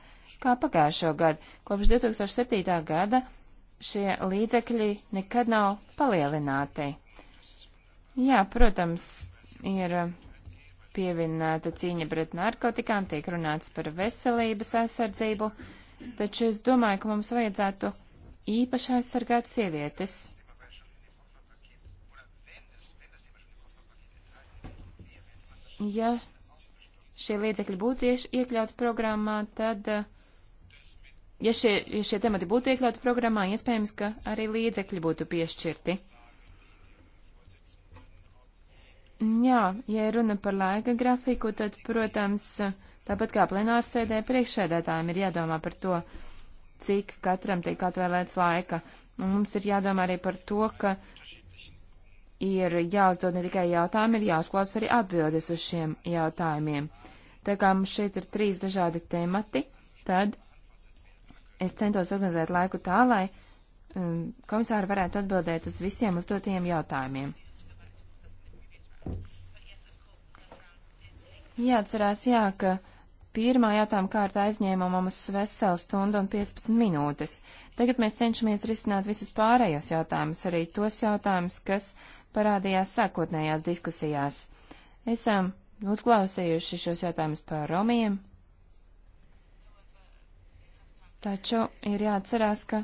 kā pagājušo gadu. Kopš 2007. gada šie līdzekļi nekad nav palielināti. Jā, protams, ir pievienāta cīņa pret narkotikām, tiek runāts par veselības aizsardzību, taču es domāju, ka mums vajadzētu īpaši aizsargāt sievietes. Ja šie līdzekļi būtu iekļauti programmā, tad, ja šie, ja šie temati būtu iekļauti programmā, iespējams, ka arī līdzekļi būtu piešķirti. Jā, ja runa par laika grafiku, tad, protams, tāpat kā plenārsēdē, priekšsēdētājiem ir jādomā par to, cik katram tiek atvēlēts laika. Un mums ir jādomā arī par to, ka ir jāuzdod ne tikai jautājumi, ir jāuzklaus arī atbildes uz šiem jautājumiem. Tā kā mums šeit ir trīs dažādi temati, tad es centos organizēt laiku tā, lai um, komisāri varētu atbildēt uz visiem uzdotajiem jautājumiem. Jāatcerās, jā, ka pirmā jātām kārta aizņēma mums veselu stundu un 15 minūtes. Tagad mēs cenšamies risināt visus pārējos jautājumus, arī tos jautājumus, kas parādījās sākotnējās diskusijās. Esam uzklausījuši šos jautājumus par romiem, taču ir jāatcerās, ka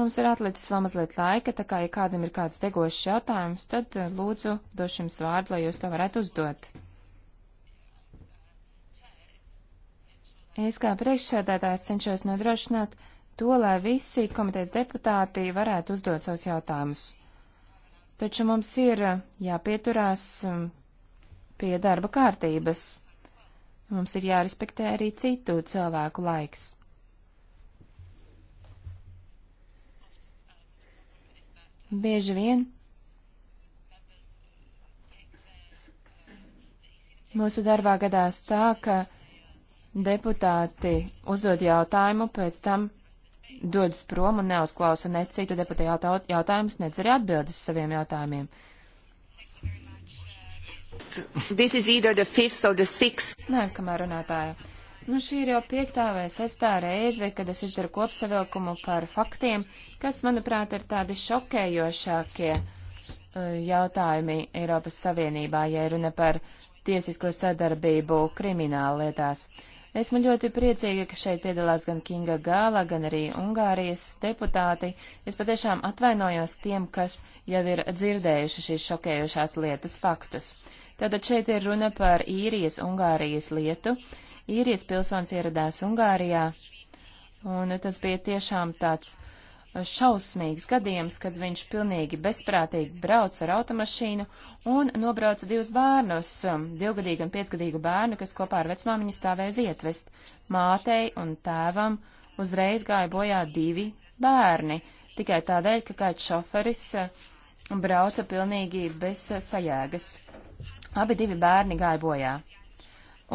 Mums ir atlicis vēl mazliet laika, tā kā, ja kādam ir kāds degošs jautājums, tad eh, lūdzu došu jums vārdu, lai jūs to varētu uzdot. Es kā priekšsēdētājs cenšos nodrošināt to, lai visi komitejas deputāti varētu uzdot savus jautājumus. Taču mums ir eh, jāpieturās mm, pie darba kārtības. Mums ir jārespektē arī citu cilvēku laiks. Bieži vien mūsu darbā gadās tā, ka deputāti uzdod jautājumu, pēc tam dodas prom un neuzklausa ne citu deputātu jautājumus, ne arī atbildes saviem jautājumiem. Nē, kamēr runātāja. Nu, šī ir jau piektā vai sestā reize, kad es izdaru kopsavilkumu par faktiem, kas, manuprāt, ir tādi šokējošākie uh, jautājumi Eiropas Savienībā, ja runa par tiesisko sadarbību krimināllietās. lietās. Esmu ļoti priecīga, ka šeit piedalās gan Kinga Gāla, gan arī Ungārijas deputāti. Es patiešām atvainojos tiem, kas jau ir dzirdējuši šīs šokējošās lietas faktus. Tātad šeit ir runa par īrijas Ungārijas lietu. Īrijas pilsonis ieradās Ungārijā, un tas bija tiešām tāds uh, šausmīgs gadījums, kad viņš pilnīgi bezprātīgi brauc ar automašīnu un nobrauca divus bērnus, um, divgadīgu un piecgadīgu bērnu, kas kopā ar vecmāmiņu stāvēja uz ietvest. Mātei un tēvam uzreiz gāja bojā divi bērni, tikai tādēļ, ka kāds šoferis uh, brauca pilnīgi bez uh, sajēgas. Abi divi bērni gāja bojā.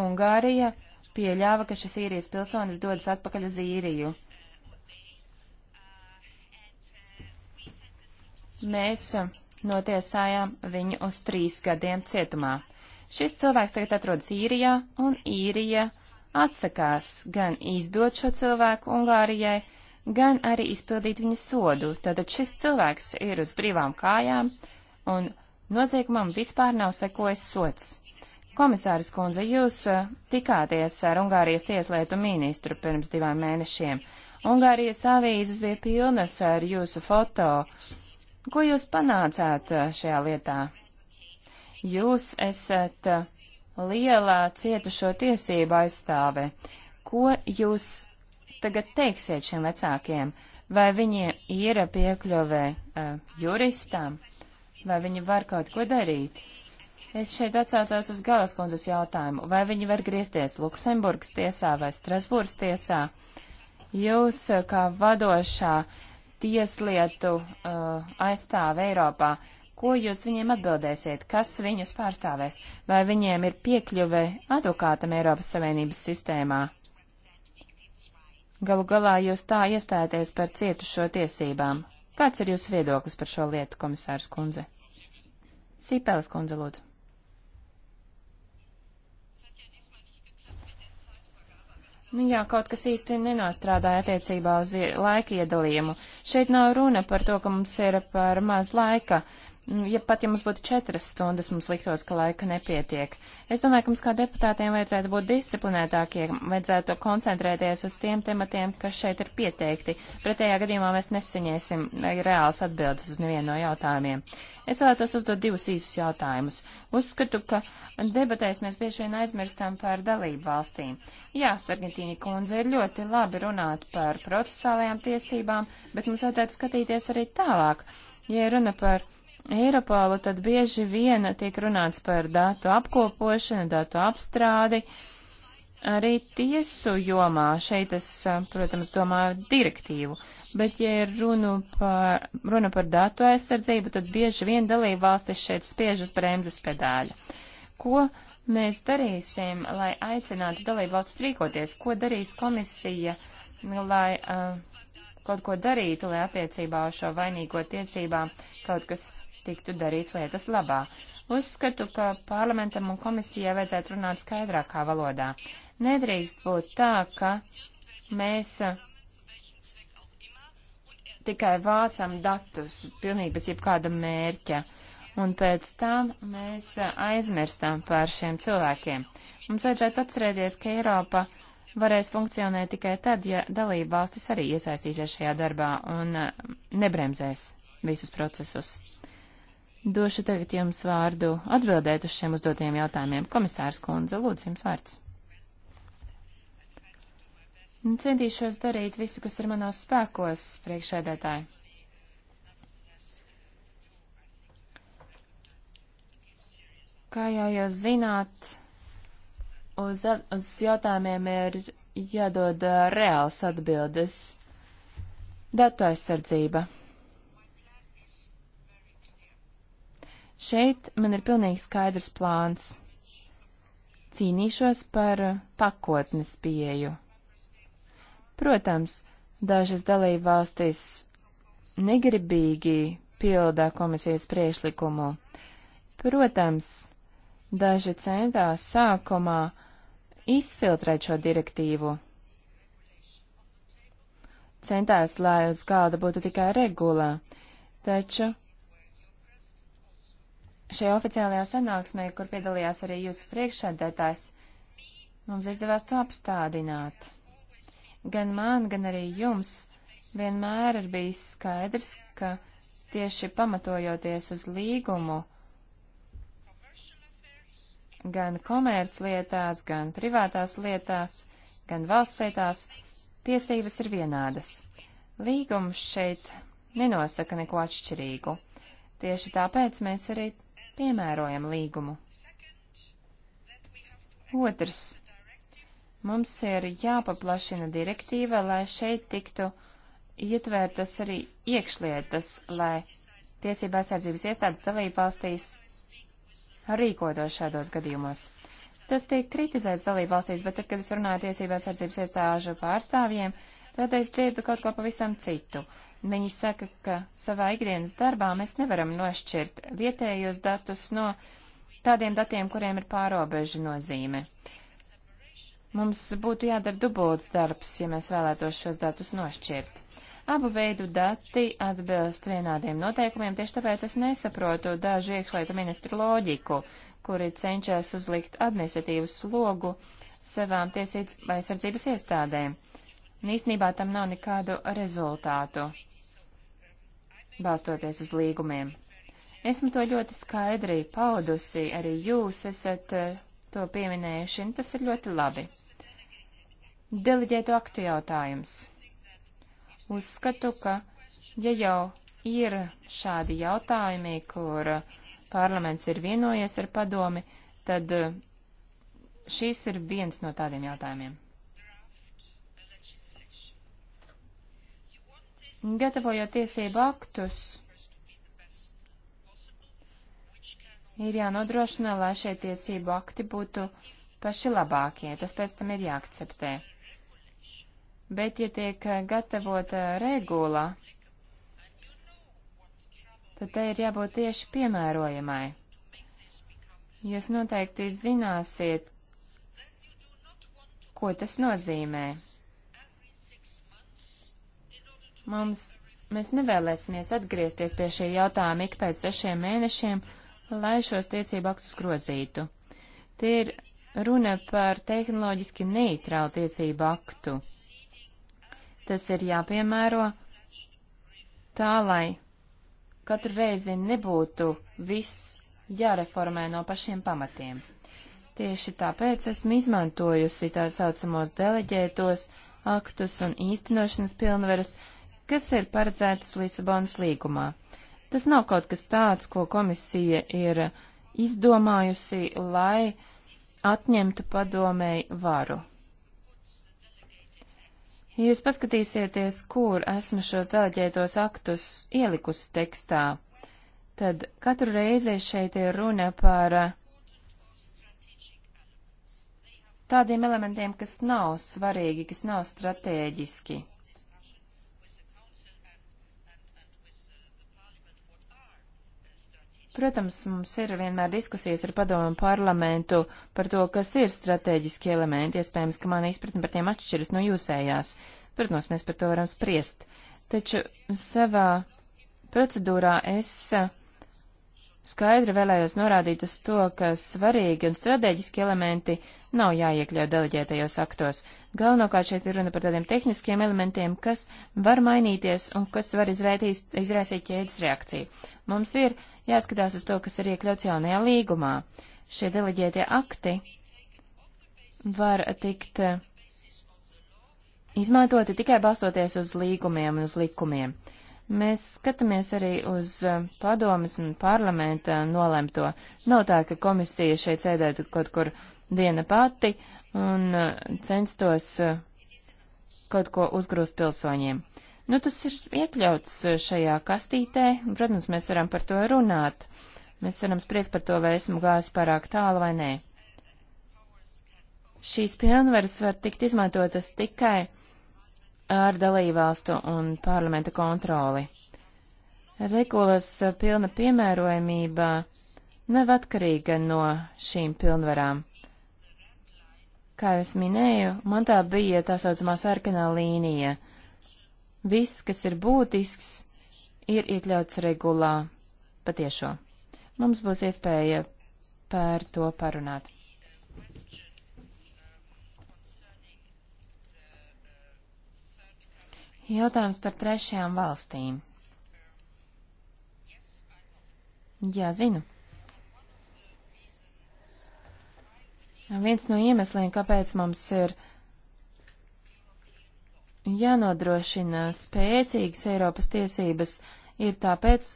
Ungārija pieļāva, ka šis īrijas pilsonis dodas atpakaļ uz īriju. mēs eh, notiesājām viņu uz trīs gadiem cietumā. Šis cilvēks tagad atrodas īrijā, un īrija atsakās gan izdot šo cilvēku Ungārijai, gan arī izpildīt viņa sodu. Tātad šis cilvēks ir uz brīvām kājām, un noziegumam vispār nav sekojis sots. Komisāris kundze, jūs eh, tikāties ar Ungārijas tieslietu ministru pirms divām mēnešiem. Ungārijas avīzes bija pilnas ar jūsu foto Ko jūs panācāt eh, šajā lietā? Jūs esat eh, lielā cietušo tiesību aizstāve. Ko jūs tagad teiksiet šiem vecākiem? Vai viņiem ir piekļuvē uh, eh, juristām? Vai viņi var kaut ko darīt? Es šeit atsaucos uz Galas kundzes jautājumu, vai viņi var griezties Luksemburgas tiesā vai Strasbūras tiesā. Jūs, kā vadošā tieslietu uh, aizstāve Eiropā, ko jūs viņiem atbildēsiet, kas viņus pārstāvēs, vai viņiem ir piekļuve advokātam Eiropas Savienības sistēmā? Galu galā jūs tā iestājaties par cietušo tiesībām. Kāds ir jūsu viedoklis par šo lietu, komisārs kundze? Sīpēles kundze, lūdzu. Nu, jā, kaut kas īsti nenostrādāja attiecībā uz laika iedalījumu. Šeit nav runa par to, ka mums ir par maz laika. Nu, ja pat ja mums būtu četras stundas, mums liktos, ka laika nepietiek. Es domāju, ka mums kā deputātiem vajadzētu būt disciplinētākiem, vajadzētu koncentrēties uz tiem tematiem, kas šeit ir pieteikti. Pretējā gadījumā mēs nesaņēsim eh, reāls atbildes uz nevienu no jautājumiem. Es vēlētos uzdot divus īsus jautājumus. Uzskatu, ka debatēs mēs bieži vien aizmirstam par dalību valstīm. Jā, Sargentīni kundze ir ļoti labi runāt par procesālajām tiesībām, bet mums vajadzētu skatīties arī tālāk. Ja runa par Eiropolu, tad bieži viena tiek runāts par datu apkopošanu, datu apstrādi, arī tiesu jomā. Šeit es, protams, domāju direktīvu. Bet, ja ir runu par, runa par datu aizsardzību, tad bieži vien dalība valstis šeit spiež uz bremzes pedāļa. Ko mēs darīsim, lai aicinātu dalību valstis rīkoties? Ko darīs komisija, lai uh, kaut ko darītu, lai attiecībā uz šo vainīgo tiesībām kaut kas tiktu darīts lietas labā. Uzskatu, ka parlamentam un komisijai vajadzētu runāt skaidrākā valodā. Nedrīkst būt tā, ka mēs uh, tikai vācam datus pilnības jebkāda mērķa, un pēc tam mēs uh, aizmirstam par šiem cilvēkiem. Mums vajadzētu atcerēties, ka Eiropa varēs funkcionēt tikai tad, ja dalība valstis arī iesaistīsies šajā darbā un uh, nebremzēs visus procesus. Došu tagad jums vārdu atbildēt uz šiem uzdotiem jautājumiem. Komisārs Kundze, lūdzu, jums vārds. Centīšos darīt visu, kas ir manos spēkos, priekšēdētāji. Kā jau jūs zināt, uz, uz jautājumiem ir jādod reāls atbildes. Datu aizsardzība. Šeit man ir pilnīgi skaidrs plāns. Cīnīšos par pakotnes pieju. Protams, dažas dalībvalstis negribīgi pilda komisijas priešlikumu. Protams, daži centās sākumā izfiltrēt šo direktīvu. Centās, lai uz galda būtu tikai regula, taču šajā oficiālajā sanāksmē, kur piedalījās arī jūsu priekšsēdētājs, mums izdevās to apstādināt. Gan man, gan arī jums vienmēr ir bijis skaidrs, ka tieši pamatojoties uz līgumu, gan komērclietās, gan privātās lietās, gan valsts lietās, tiesības ir vienādas. Līgums šeit nenosaka neko atšķirīgu. Tieši tāpēc mēs arī piemērojam līgumu. Otrs. Mums ir jāpaplašina direktīva, lai šeit tiktu ietvērtas arī iekšlietas, lai tiesība aizsardzības iestādes dalībvalstīs rīkotos šādos gadījumos. Tas tiek kritizēts dalībvalstīs, bet tad, kad es runāju tiesībās sardzības iestāžu pārstāvjiem, tad es dzirdu kaut ko pavisam citu. Viņi saka, ka savā ikdienas darbā mēs nevaram nošķirt vietējos datus no tādiem datiem, kuriem ir pārobežu nozīme. Mums būtu jādara dubults darbs, ja mēs vēlētos šos datus nošķirt. Abu veidu dati atbilst vienādiem noteikumiem, tieši tāpēc es nesaprotu dažu iekšlietu ministru loģiku, kuri cenšas uzlikt administratīvu slogu savām tiesības aizsardzības iestādēm. Īsnībā tam nav nekādu rezultātu balstoties uz līgumiem. Esmu to ļoti skaidri paudusi, arī jūs esat eh, to pieminējuši, un tas ir ļoti labi. Deliģēto aktu jautājums. Uzskatu, ka, ja jau ir šādi jautājumi, kur parlaments ir vienojies ar padomi, tad eh, šis ir viens no tādiem jautājumiem. Gatavojot tiesību aktus, ir jānodrošina, lai šie tiesību akti būtu paši labākie. Tas pēc tam ir jāakceptē. Bet, ja tiek gatavota regula, tad te ir jābūt tieši piemērojamai. Jūs noteikti zināsiet, ko tas nozīmē. Mums, mēs nevēlēsimies atgriezties pie šī jautājuma ik pēc sešiem mēnešiem, lai šos tiesību aktus grozītu. Tie ir runa par tehnoloģiski neitrālu tiesību aktu. Tas ir jāpiemēro tā, lai katru reizi nebūtu viss jāreformē no pašiem pamatiem. Tieši tāpēc esmu izmantojusi tā saucamos deleģētos aktus un īstenošanas pilnveres, kas ir paredzētas Lisabonas līgumā. Tas nav kaut kas tāds, ko komisija ir izdomājusi, lai atņemtu padomēji varu. Ja jūs paskatīsieties, kur esmu šos deleģētos aktus ielikusi tekstā, tad katru reizi šeit ir runa par eh, tādiem elementiem, kas nav svarīgi, kas nav stratēģiski. Protams, mums ir vienmēr diskusijas ar padomu parlamentu par to, kas ir strateģiski elementi. Iespējams, ka mana izpratne par tiem atšķiras no jūsējās. Protams, mēs par to varam spriest. Taču savā procedūrā es skaidri vēlējos norādīt uz to, ka svarīgi un strateģiski elementi nav jāiekļaut deleģētajos aktos. Galvenokārt šeit ir runa par tādiem tehniskiem elementiem, kas var mainīties un kas var izraisīt ķēdes reakciju. Mums ir jāskatās uz to, kas ir iekļauts jaunajā līgumā. Šie deleģētie akti var tikt eh, izmantoti tikai balstoties uz līgumiem un uz likumiem. Mēs skatāmies arī uz eh, padomas un parlamenta nolemto. Nav tā, ka komisija šeit sēdētu kaut kur viena pati un eh, censtos kaut ko uzgrūst pilsoņiem. Uh, Nu, tas ir iekļauts eh, šajā kastītē, un, protams, mēs varam par to runāt. Mēs varam spriest par to, vai esmu gājis pārāk tālu vai nē. Šīs pilnvaras var tikt izmantotas tikai ar dalībvalstu un parlamenta kontroli. Regulas eh, pilna piemērojamība nav atkarīga no šīm pilnvarām. Kā jau es minēju, man tā bija tā saucamā sarkanā līnija, Viss, kas ir būtisks, ir iekļauts regulā patiešo. Mums būs iespēja par to parunāt. Jautājums par trešajām valstīm. Jā, zinu. Viens no iemesliem, kāpēc mums ir jānodrošina spēcīgas Eiropas tiesības ir tāpēc,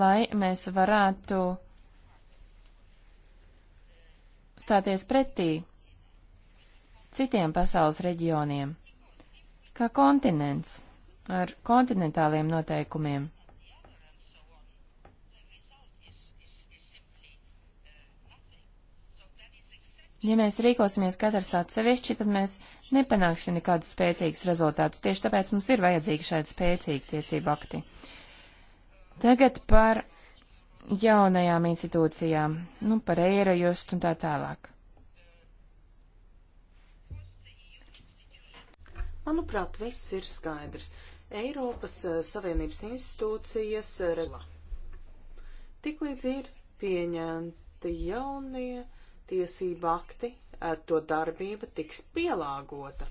lai mēs varētu stāties pretī citiem pasaules reģioniem, kā kontinents ar kontinentāliem noteikumiem. Ja mēs rīkosimies katrs atsevišķi, tad mēs nepanāksim nekādus spēcīgus rezultātus. Tieši tāpēc mums ir vajadzīgi šādi spēcīgi tiesību akti. Tagad par jaunajām institūcijām, nu, par eiro just un tā tālāk. Manuprāt, viss ir skaidrs. Eiropas eh, Savienības institūcijas eh, regulā. Tiklīdz ir pieņemti jaunie tiesība akti, to darbība tiks pielāgota.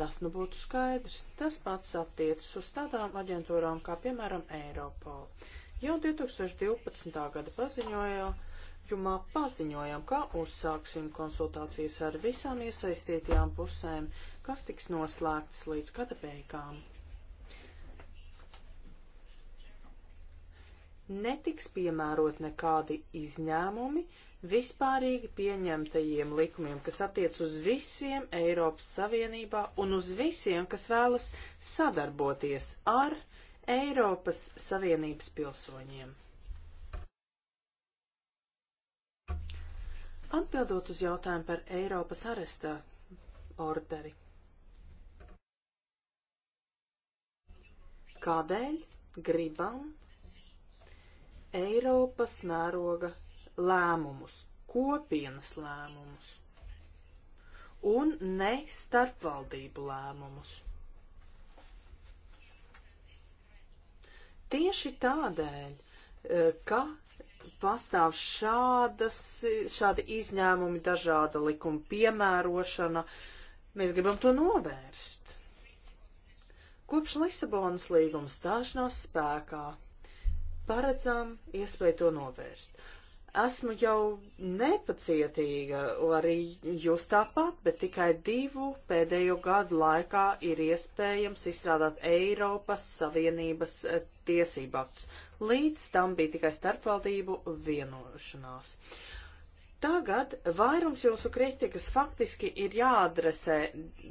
Tas nu būtu skaidrs. Tas pats attiecas uz tādām aģentūrām kā, piemēram, Eiropol. Jau 2012. gada paziņojumā paziņojam, ka uzsāksim konsultācijas ar visām iesaistītajām pusēm, kas tiks noslēgtas līdz gada beigām. Netiks piemērot nekādi izņēmumi, vispārīgi pieņemtajiem likumiem, kas attiec uz visiem Eiropas Savienībā un uz visiem, kas vēlas sadarboties ar Eiropas Savienības pilsoņiem. Atbildot uz jautājumu par Eiropas arestā orderi. Kādēļ gribam Eiropas mēroga lēmumus, kopienas lēmumus un ne starpvaldību lēmumus. Tieši tādēļ, e, ka pastāv šādas, šādi izņēmumi, dažāda likuma piemērošana, mēs gribam to novērst. Kopš Lisabonas līguma stāšanās spēkā paredzām iespēju to novērst. Esmu jau nepacietīga, arī jūs tāpat, bet tikai divu pēdējo gadu laikā ir iespējams izstrādāt Eiropas Savienības eh, tiesību aktus. Līdz tam bija tikai starpvaldību vienošanās. Tagad vairums jūsu kritikas faktiski ir jāadresē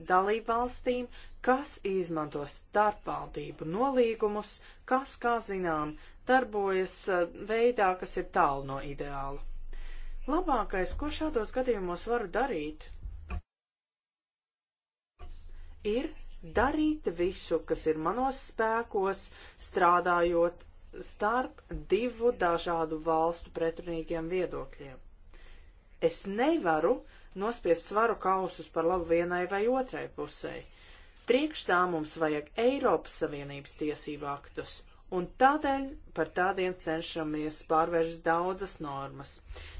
dalībvalstīm, kas izmanto starpvaldību nolīgumus, kas, kā zinām, uh, darbojas eh, veidā, kas ir tālu no ideāla. Labākais, ko šādos gadījumos varu darīt, ir darīt visu, kas ir manos spēkos, strādājot starp divu dažādu valstu pretrunīgiem viedokļiem. Es nevaru nospiest svaru kausus par labu vienai vai otrai pusē. Priekš tā mums vajag Eiropas Savienības tiesību aktus un tādēļ par tādiem cenšamies pārvērst daudzas normas.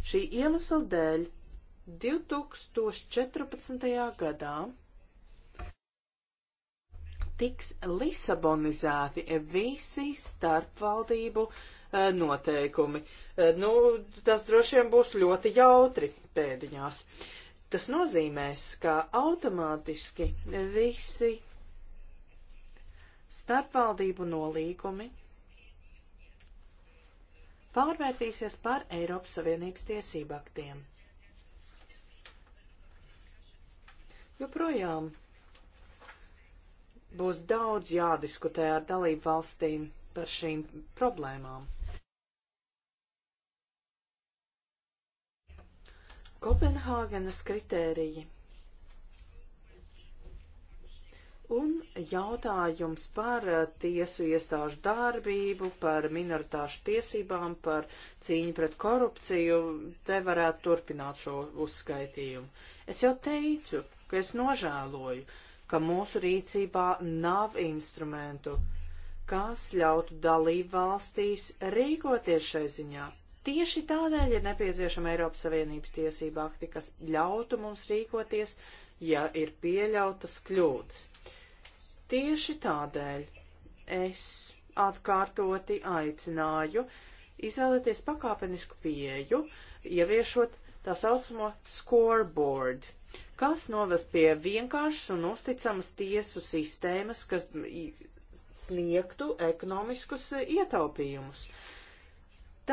Šī iemesla dēļ 2014. gadā tiks lisabonizēti visi starpvaldību eh, noteikumi. Eh, nu, tas droši vien būs ļoti jautri pēdiņās. Tas nozīmēs, ka automātiski visi starpvaldību nolīgumi pārvērtīsies par Eiropas Savienības tiesību aktiem. Joprojām būs daudz jādiskutē ar dalību valstīm par šīm problēmām. Kopenhāgenes kritēriji Un jautājums par eh, tiesu iestāžu darbību, par minoritāšu tiesībām, par cīņu pret korupciju, te varētu turpināt šo uzskaitījumu. Es jau teicu, ka es nožēloju, ka mūsu rīcībā nav instrumentu, kas ļautu dalību valstīs rīkoties šai ziņā. Tieši tādēļ ir nepieciešama Eiropas Savienības tiesība akti, kas ļautu mums rīkoties, ja ir pieļautas kļūdas Tieši tādēļ es atkārtoti aicināju izvēlēties pakāpenisku pieju, ieviešot tā saucamo scoreboard, kas novest pie vienkāršas un uzticamas tiesu sistēmas, kas sniegtu ekonomiskus ietaupījumus.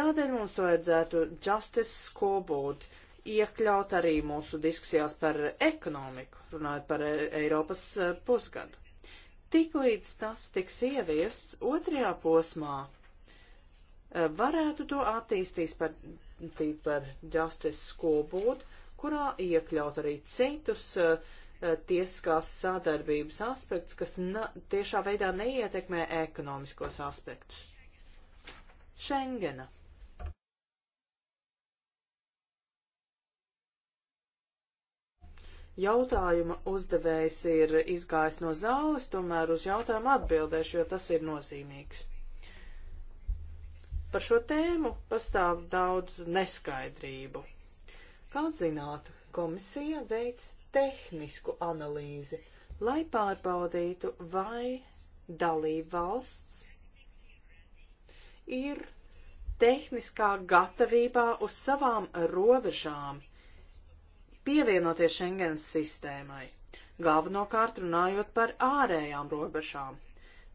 Tādēļ mums vajadzētu Justice Scoreboard iekļaut arī mūsu diskusijās par ekonomiku, runājot par Eiropas eh, pusgadu. Tiklīdz tas tiks ieviests otrajā posmā, eh, varētu to attīstīt par, par Justice Scoreboard, kurā iekļaut arī citus uh, tiesiskās sadarbības aspektus, kas na, tiešā veidā neietekmē ekonomiskos aspektus. Šengena. jautājuma uzdevējs ir izgājis no zāles, tomēr uz jautājumu atbildēšu, jo tas ir nozīmīgs. Par šo tēmu pastāv daudz neskaidrību. Kā zināt, komisija veic tehnisku analīzi, lai pārbaudītu, vai dalība valsts ir tehniskā gatavībā uz savām robežām pievienoties Schengens sistēmai, galvenokārt runājot par ārējām robežām.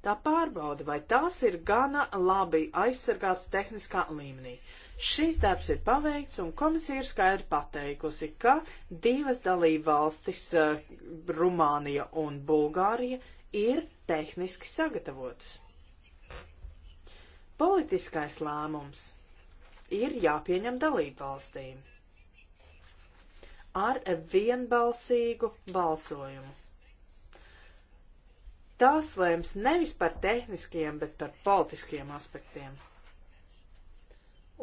Tā pārbauda, vai tās ir gana labi aizsargāts tehniskā līmenī. Šīs darbs ir paveikts, un komisija ir skaidri pateikusi, ka divas dalība valstis, eh, Rumānija un Bulgārija, ir tehniski sagatavotas. Politiskais lēmums ir jāpieņem dalību valstīm ar vienbalsīgu balsojumu. Tas lēms nevis par tehniskiem, bet par politiskiem aspektiem.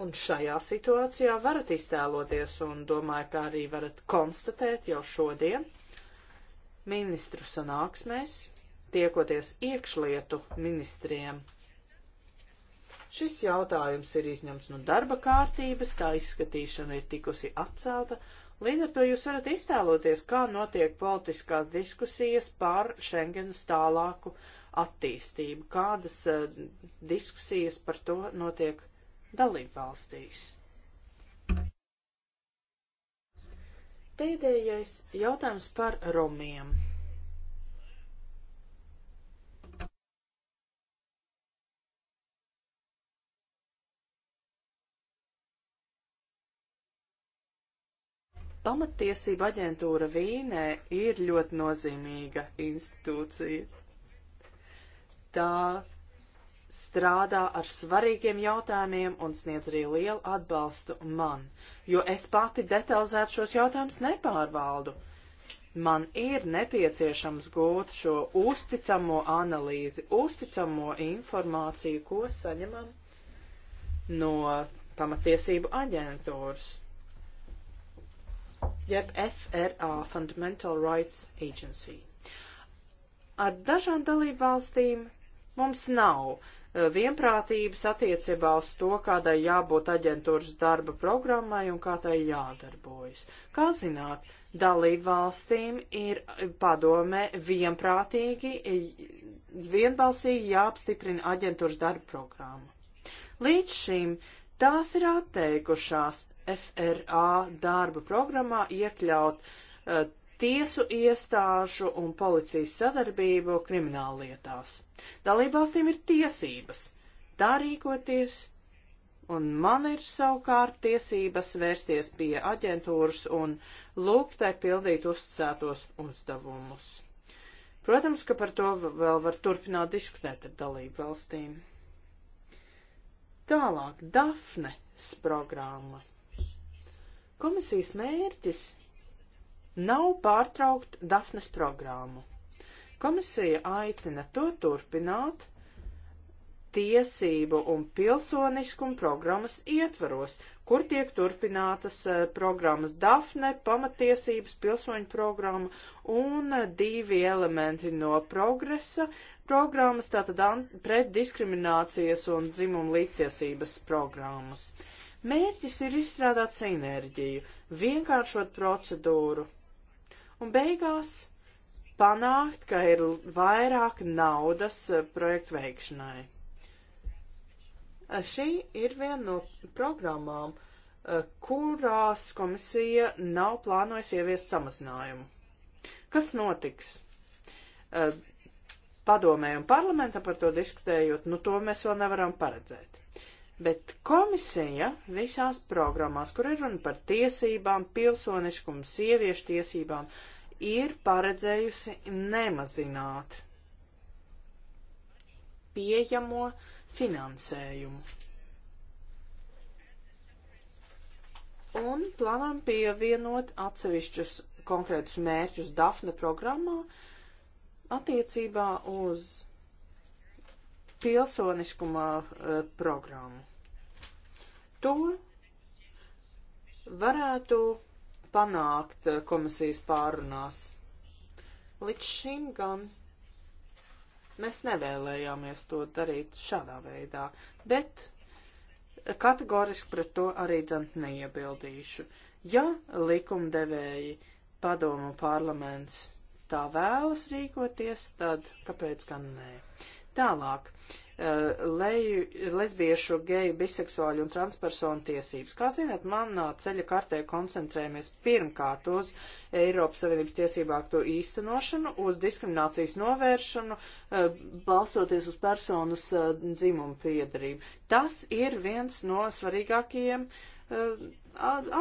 Un šajā situācijā varat iztēloties, un domāju, ka arī varat konstatēt jau šodien ministru sanāksmēs, tiekoties iekšlietu ministriem Šis jautājums ir izņemts no darba kārtības, tā izskatīšana ir tikusi atcelta, Līdz ar to jūs varat iztēloties, kā notiek politiskās diskusijas par Schengenas tālāku attīstību, kādas uh, diskusijas par to notiek dalību valstīs. Pēdējais jautājums par romiem. Pamatiesība aģentūra Vīnē ir ļoti nozīmīga institūcija. Tā strādā ar svarīgiem jautājumiem un sniedz arī lielu atbalstu man, jo es pati detalizēt šos jautājumus nepārvaldu. Man ir nepieciešams gūt šo uzticamo analīzi, uzticamo informāciju, ko saņemam no pamatiesību aģentūras jeb FRA Fundamental Rights Agency. Ar dažām dalībvalstīm mums nav eh, vienprātības attiecībā uz to, kādai jābūt aģentūras darba programmai un kā tai jādarbojas. Kā zināt, dalību valstīm ir eh, padomē vienprātīgi, eh, vienbalsīgi jāapstiprina aģentūras darba programma. Līdz šim tās ir atteikušās FRA darba programmā iekļaut uh, tiesu iestāžu un policijas sadarbību krimināllietās. Dalībvalstīm ir tiesības tā rīkoties, un man ir savukārt tiesības vērsties pie aģentūras un lūgtai pildīt uzticētos uzdevumus. Protams, ka par to vēl var turpināt diskutēt ar dalību valstīm. Tālāk Dafnes programma. Komisijas mērķis nav pārtraukt Dafnes programmu. Komisija aicina to turpināt tiesību un pilsoniskumu programmas ietvaros, kur tiek turpinātas eh, programmas Dafne, pamatiesības, pilsoņu programma un eh, divi elementi no progresa programmas, tātad pret diskriminācijas un dzimumu līdztiesības programmas. Uh, Mērķis ir izstrādāt sinerģiju, vienkāršot procedūru un beigās panākt, ka ir vairāk naudas eh, projektu veikšanai. Šī ir viena no programmām, eh, kurās komisija nav plānojusi ieviest samazinājumu. Kas notiks? Eh, padomē un parlamenta par to diskutējot, nu to mēs vēl nevaram paredzēt. Bet komisija visās programmās, kur ir runa par tiesībām, pilsoniskumu, sieviešu tiesībām, ir paredzējusi nemazināt pieejamo finansējumu. Un plānojam pievienot atsevišķus konkrētus mērķus Dafne programmā attiecībā uz pilsoniskuma uh, programmu to varētu panākt komisijas pārunās. Līdz šim gan mēs nevēlējāmies to darīt šādā veidā, bet kategoriski pret to arī dzant neiebildīšu. Ja likumdevēji padomu parlaments tā vēlas rīkoties, tad kāpēc gan nē? Tālāk. Eh, leju, lesbiešu, geju, biseksuāļu un transpersonu tiesības. Kā zināt, manā ceļa kartē koncentrējamies pirmkārt uz Eiropas Savienības tiesību aktu īstenošanu, uz diskriminācijas novēršanu, eh, balstoties uz personas eh, dzimumu piedarību. Tas ir viens no svarīgākajiem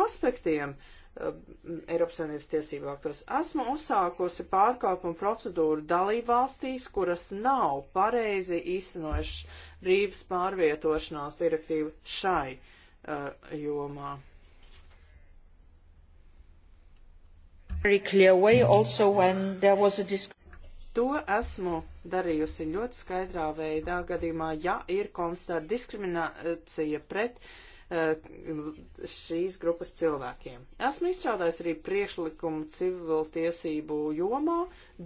aspektiem. Uh, Um, Eiropas Savienības tiesību aktos. Esmu uzsākusi pārkāpumu procedūru dalībvalstīs, kuras nav pareizi īstenojušas brīvas pārvietošanās direktīvu šai uh, jomā. To esmu darījusi ļoti skaidrā veidā gadījumā, ja ir konstatēta diskriminācija pret uh, Eh, šīs grupas cilvēkiem. Esmu izstrādājis arī priekšlikumu civiltiesību jomā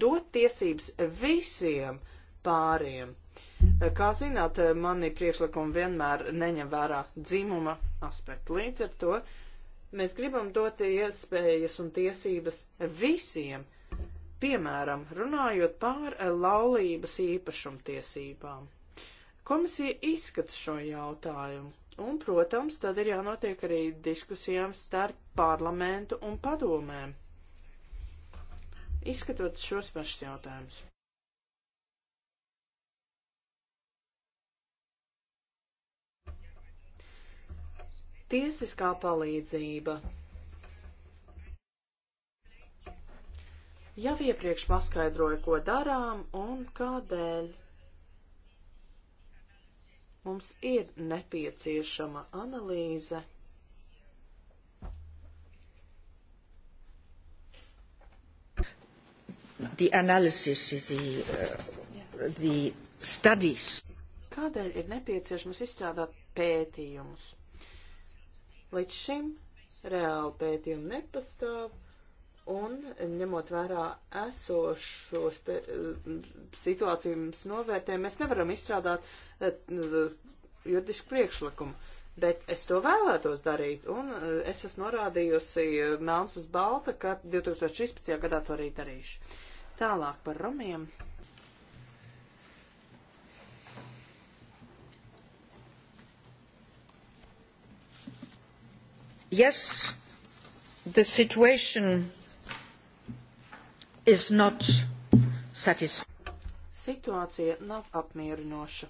dot tiesības visiem pāriem. Eh, kā zināt, eh, mani priekšlikumi vienmēr neņem vērā dzimuma aspektu. Līdz ar to mēs gribam dot iespējas un tiesības visiem, piemēram, runājot pār laulības īpašumtiesībām. Komisija izskata šo jautājumu Un, protams, tad ir jānotiek arī diskusijām starp parlamentu un padomēm, izskatot šos pašus jautājumus. Tiesiskā palīdzība. Jau iepriekš paskaidroju, ko darām un kādēļ. Mums ir nepieciešama analīze. The analysis, the, uh, the studies. Kādēļ ir nepieciešams izstrādāt pētījumus? Līdz šim reāli pētījumi nepastāv, Un, ņemot vērā esošo situāciju mums novērtē, mēs nevaram izstrādāt eh, eh, juridisku priekšlikumu. Bet es to vēlētos darīt, un eh, es esmu norādījusi melns uz balta, ka 2016. gadā to arī darīšu. Tālāk par romiem. Yes, the situation is not satisfying. Situācija nav apmierinoša.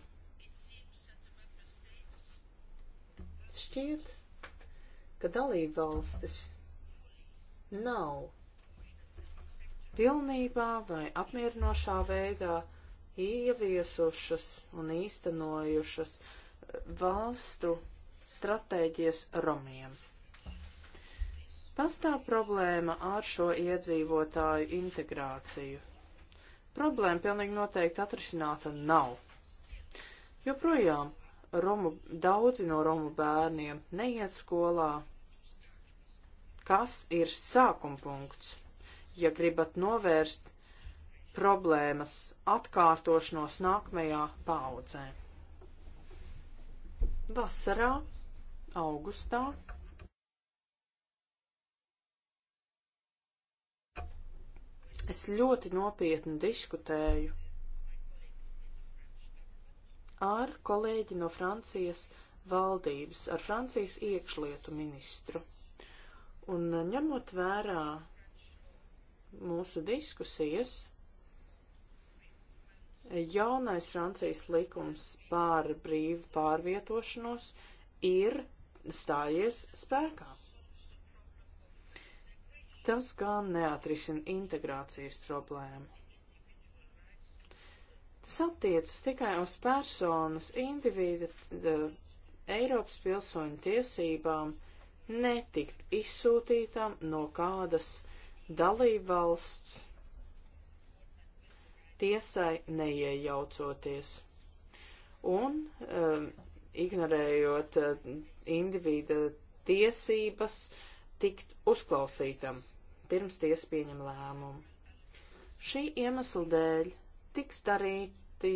Šķiet, ka dalība valstis nav pilnībā vai apmierinošā veidā ieviesušas un īstenojušas valstu stratēģijas romiem. Pastāv problēma ar šo iedzīvotāju integrāciju. Problēma pilnīgi noteikti atrisināta nav. Joprojām romu, daudzi no romu bērniem neiet skolā. Kas ir sākuma punkts? Ja gribat novērst problēmas atkārtošanos nākamajā paudzē. Vasarā, augustā, Es ļoti nopietni diskutēju ar kolēģi no Francijas valdības, ar Francijas iekšlietu ministru. Un eh, ņemot vērā mūsu diskusijas, jaunais Francijas likums par brīvu pārvietošanos ir stājies spēkā. Tas gan neatrisina integrācijas problēmu. Tas attiecas tikai uz personas, individu, Eiropas pilsoņu tiesībām netikt izsūtītam no kādas dalībvalsts tiesai neiejaucoties un um, ignorējot uh, individa tiesības tikt uzklausītam pirms tiesa pieņem lēmumu. Šī iemesla dēļ tiks darīti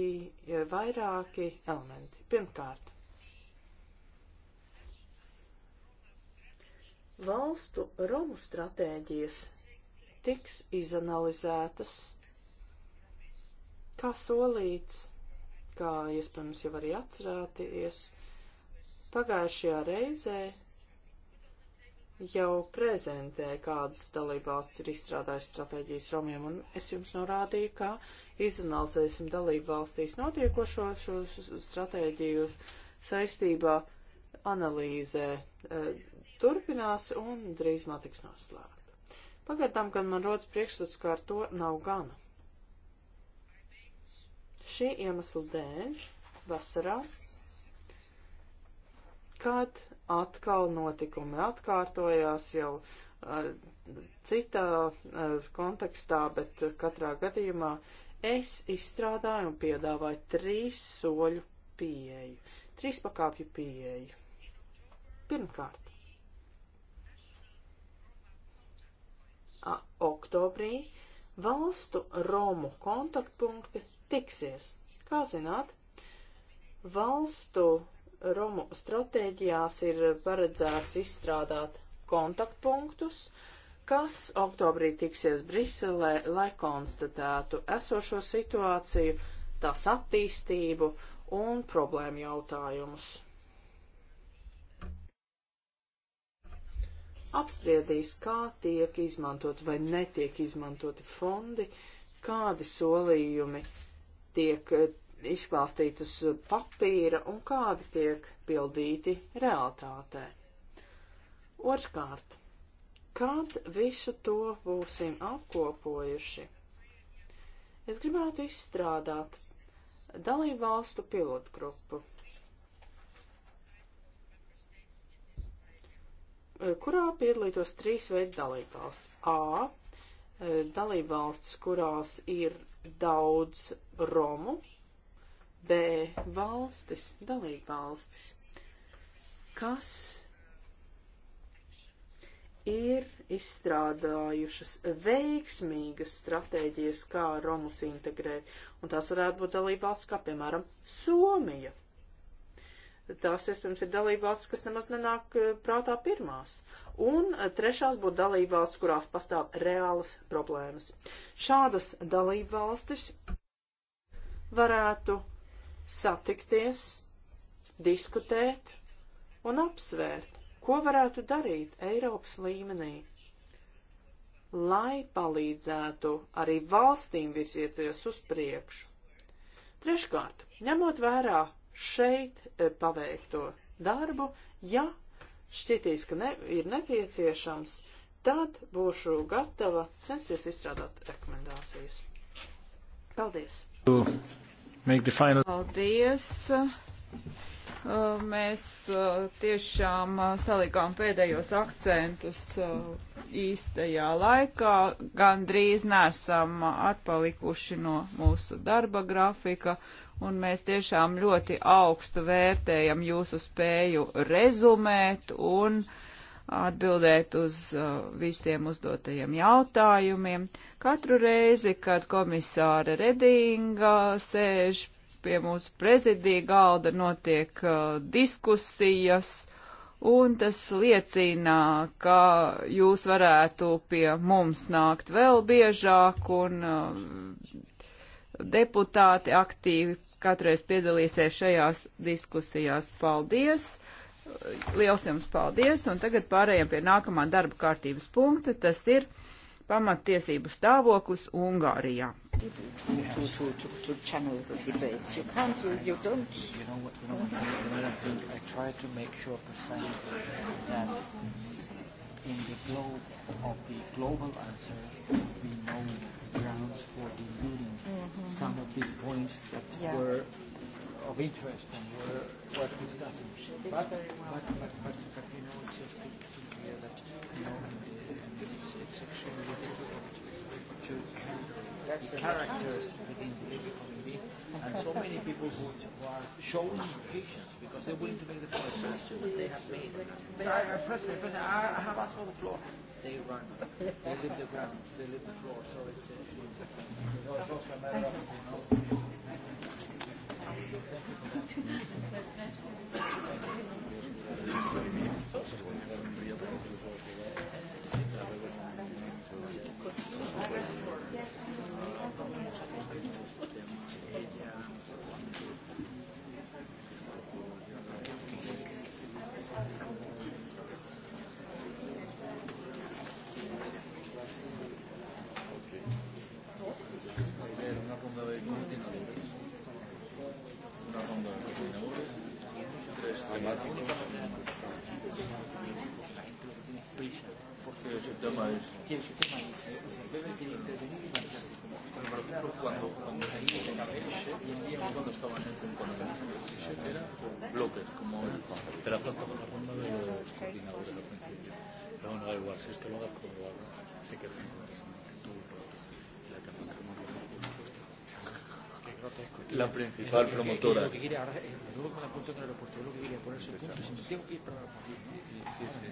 vairāki elementi. Pirmkārt, valstu romu stratēģijas tiks izanalizētas, kā solīts, kā iespējams jau arī atcerāties, pagājušajā reizē jau prezentēja, kādas dalībvalstis ir izstrādājusi stratēģijas romiem, un es jums norādīju, ka izanalizēsim dalībvalstīs notiekošo šo stratēģiju saistībā analīzē e, turpinās un drīzumā tiks noslēgta. Pagaidām, kad man rodas priekšstats, ka ar to nav gana. Šī iemesla dēļ vasarā, kad atkal notikumi atkārtojās jau uh, citā uh, kontekstā, bet katrā gadījumā es izstrādāju un piedāvāju trīs soļu pieeju, trīs pakāpju pieeju. Pirmkārt, a, oktobrī valstu Romu kontaktpunkti tiksies. Kā zināt, valstu Romu stratēģijās ir paredzēts izstrādāt kontaktpunktus, kas oktobrī tiksies Briselē, lai konstatētu esošo situāciju, tās attīstību un problēmu jautājumus. Apspriedīs, kā tiek izmantot vai netiek izmantoti fondi, kādi solījumi tiek izklāstīt uz papīra un kādi tiek pildīti realitātē. Otrkārt, kad visu to būsim apkopojuši, es gribētu izstrādāt dalību valstu pilotgrupu, kurā piedalītos trīs veidi dalību valsts. A. Dalību valsts, kurās ir daudz romu, B valstis, dalība valstis, kas ir izstrādājušas veiksmīgas stratēģijas, kā Romus integrēt, un tās varētu būt dalībvalsts, kā piemēram Somija. Tās, iespējams, ir dalībvalsts, kas nemaz nenāk eh, prātā pirmās. Un eh, trešās būtu dalībvalsts, kurās pastāv reālas problēmas. Šādas dalībvalstis varētu satikties, diskutēt un apsvērt, ko varētu darīt Eiropas līmenī, lai palīdzētu arī valstīm virzieties uz priekšu. Treškārt, ņemot vērā šeit e, paveikto darbu, ja šķitīs, ka ne, ir nepieciešams, tad būšu gatava censties izstrādāt rekomendācijas. Paldies! Final... Paldies! Uh, mēs uh, tiešām uh, salikām pēdējos akcentus īstajā laikā. Gan drīz nesam atpalikuši no mūsu darba grafika, un mēs tiešām ļoti augstu vērtējam jūsu spēju rezumēt un uh, atbildēt uz uh, visiem uzdotajiem jautājumiem. Katru reizi, kad komisāra Redinga sēž pie mūsu prezidija galda, notiek uh, diskusijas, un tas liecina, ka jūs varētu pie mums nākt vēl biežāk un uh, deputāti aktīvi katreiz piedalīsies šajās diskusijās. Paldies! Liels jums paldies, un tagad pārējām pie nākamā darba kārtības punkta, tas ir pamattiesību stāvoklis Ungārijā. In the globe of the global answer, we know grounds for deluding mm -hmm. some of the points that yeah. were of interest and were worth discussing. But, but, but, but, but you know, it's just good to hear that you know, and it's, it's extremely difficult to handle That's the characters within the Labour community and so many people who, who are showing patience because they're willing to make the point. As soon as they have made, they are president, president, I have asked for the floor they run. They leave the ground. They leave the floor. So it's, uh, it's also a matter of, you know. Thank you. Para el promotor. Lo que quiere ahora es eh, luego con la punta en el aeropuerto, lo que quiere ponerse el punto, si tengo que ir para la Sí, sí.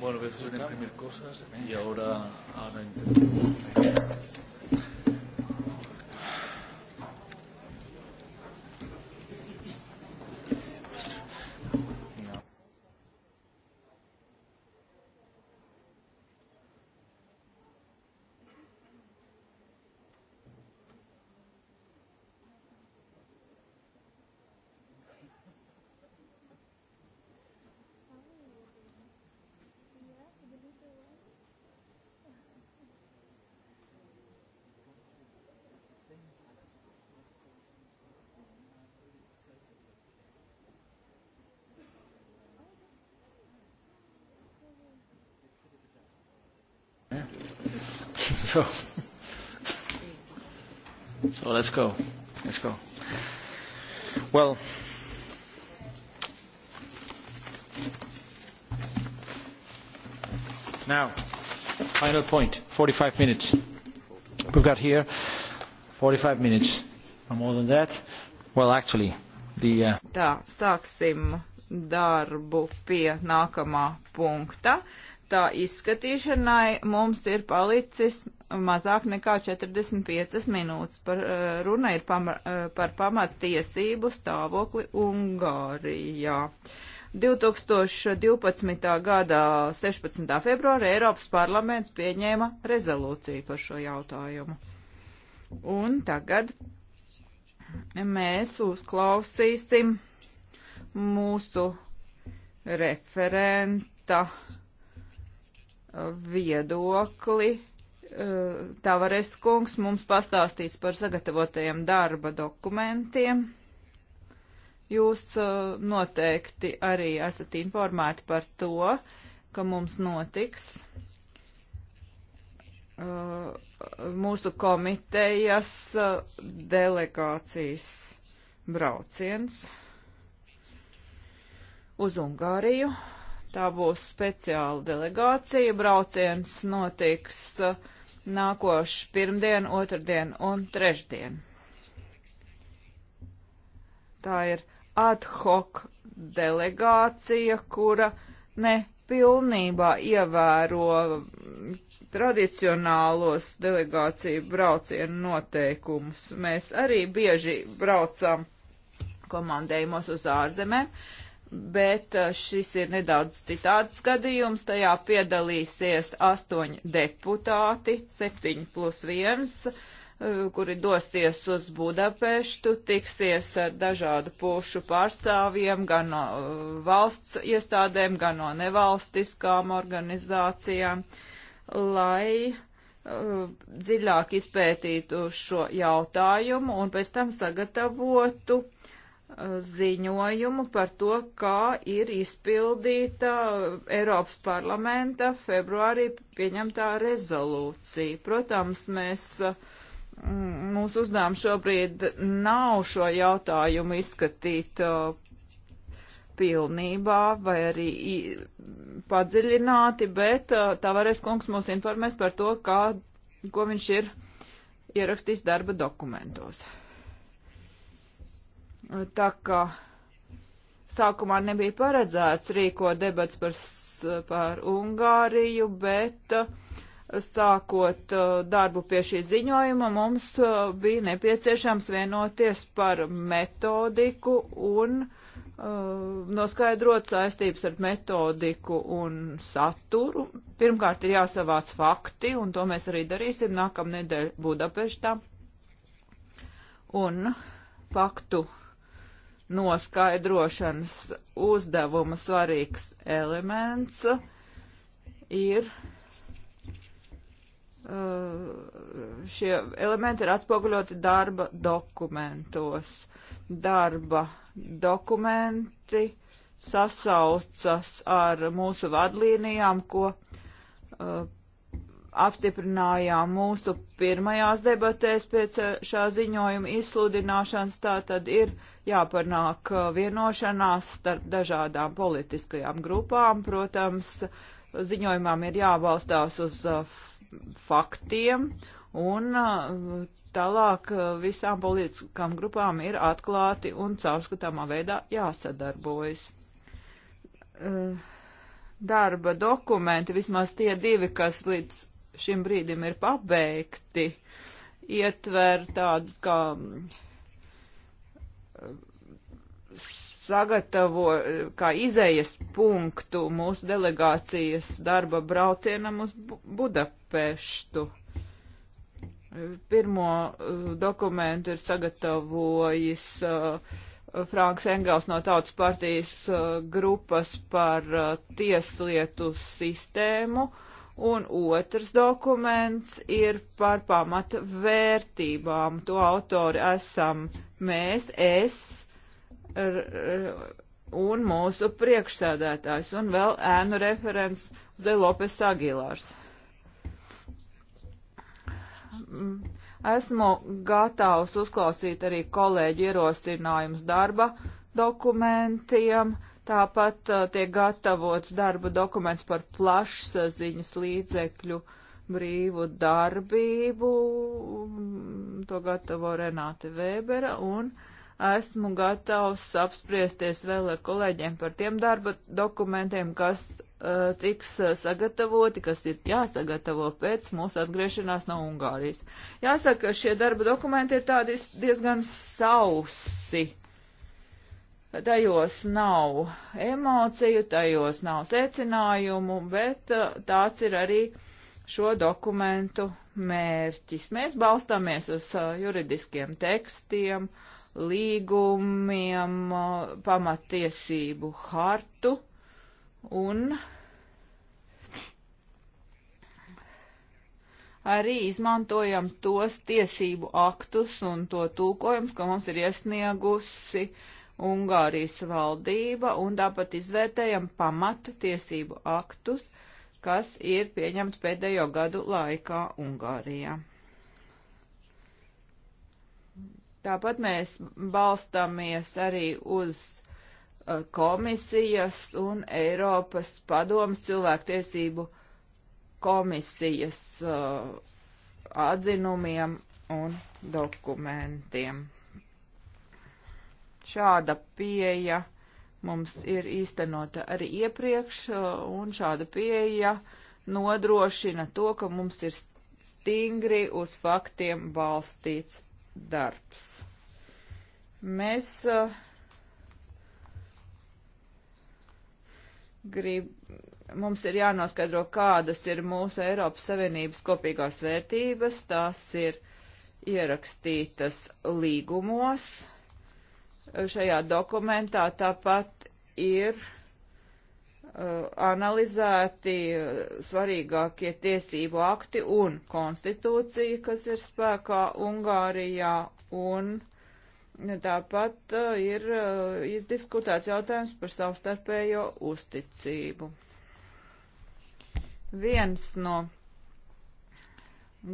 Bueno, eso eran primer cosas y ahora, ahora intentamos. So, so let's go. Let's go. Well, now, final point, 45 minutes. We've got here 45 minutes. No more than that. Well, actually, the... Uh... Tā, sāksim darbu pie nākamā punkta. Tā izskatīšanai mums ir palicis mazāk nekā 45 minūtes. Par, eh, runa ir pama, eh, par pamattiesību stāvokli Ungārijā. 2012. gada 16. februāra Eiropas parlaments pieņēma rezolūciju par šo jautājumu. Un tagad mēs uzklausīsim mūsu referenta viedokli Eh, Tavares kungs mums pastāstīs par sagatavotajiem darba dokumentiem. Jūs eh, noteikti arī esat informēti par to, ka mums notiks eh, mūsu komitejas delegācijas brauciens uz Ungāriju. Tā būs speciāla delegācija. Brauciens notiks uh, nākošu pirmdienu, otrdienu un trešdienu. Tā ir ad hoc delegācija, kura ne pilnībā ievēro tradicionālos delegāciju braucienu noteikumus. Mēs arī bieži braucam komandējumos uz ārzemēm, bet eh, šis ir nedaudz citāds gadījums. Tajā piedalīsies astoņi deputāti, septiņi plus viens, eh, kuri dosies uz Budapeštu, tiksies ar dažādu pušu pārstāvjiem, gan no eh, valsts iestādēm, gan no nevalstiskām organizācijām, lai dziļāk izpētītu šo jautājumu un pēc tam sagatavotu ziņojumu par to, kā ir izpildīta Eiropas parlamenta februārī pieņemtā rezolūcija. Protams, mēs, mm, mūsu uzdevums šobrīd nav šo jautājumu izskatīt pilnībā vai arī padziļināti, bet Tavares kungs mūs informēs par to, kā, ko viņš ir ierakstījis darba dokumentos tā kā sākumā nebija paredzēts rīko debats par, par Ungāriju, bet uh, sākot uh, darbu pie šī ziņojuma, mums uh, bija nepieciešams vienoties par metodiku un uh, noskaidrot saistības ar metodiku un saturu. Pirmkārt ir jāsavāc fakti, un to mēs arī darīsim nākamnedēļ Budapeštā. Un faktu noskaidrošanas uzdevuma svarīgs elements ir uh, šie elementi ir atspoguļoti darba dokumentos. Darba dokumenti sasaucas ar mūsu vadlīnijām, ko uh, apstiprinājām mūsu pirmajās debatēs pēc uh, šā ziņojuma izsludināšanas. Tā tad ir jāpanāk uh, vienošanās starp dažādām politiskajām grupām. Protams, ziņojumam ir jābalstās uz uh, faktiem un uh, tālāk visām politiskām grupām ir atklāti un caurskatāmā veidā jāsadarbojas. Darba dokumenti, vismaz tie divi, kas līdz šim brīdim ir pabeigti, ietver tādu kā sagatavo kā izējas punktu mūsu delegācijas darba braucienam uz Budapeštu. Pirmo uh, dokumentu ir sagatavojis uh, Franks Engels no Tautas partijas uh, grupas par uh, tieslietu sistēmu, un otrs dokuments ir par pamata vērtībām. To autori esam uh, mēs, es un mūsu priekšsēdētājs un vēl ēnu referents Zelopes Agilārs. Esmu gatavs uzklausīt arī kolēģi ierosinājumus darba dokumentiem. Tāpat uh, tiek gatavots darba dokuments par plašsaziņas līdzekļu uh, brīvu darbību, mm, to gatavo Renāte Vēbera, un esmu gatavs apspriesties vēl ar kolēģiem par tiem darba dokumentiem, kas uh, tiks eh, sagatavoti, kas ir jāsagatavo pēc mūsu atgriešanās no Ungārijas. Jāsaka, ka šie darba dokumenti ir tādi diezgan sausi tajos nav emociju, tajos nav secinājumu, bet eh, tāds ir arī šo dokumentu mērķis. Mēs balstāmies uz uh, juridiskiem tekstiem, līgumiem, uh, pamatiesību hartu un arī izmantojam tos tiesību aktus un to tulkojums, ko mums ir iesniegusi Ungārijas valdība, un tāpat izvērtējam pamata tiesību aktus, kas ir pieņemti pēdējo gadu laikā Ungārijā. Tāpat mēs balstāmies arī uz uh, komisijas un Eiropas padomas cilvēktiesību komisijas uh, atzinumiem un dokumentiem. Šāda pieeja mums ir īstenota arī iepriekš, uh, un šāda pieeja nodrošina to, ka mums ir stingri uz faktiem balstīts darbs. Mēs uh, grib, mums ir jānoskaidro, kādas ir mūsu Eiropas Savienības kopīgās vērtības, tās ir ierakstītas līgumos, šajā dokumentā tāpat ir uh, analizēti uh, svarīgākie tiesību akti un konstitūcija, kas ir spēkā Ungārijā, un tāpat uh, ir uh, izdiskutēts jautājums par savstarpējo uzticību. Viens no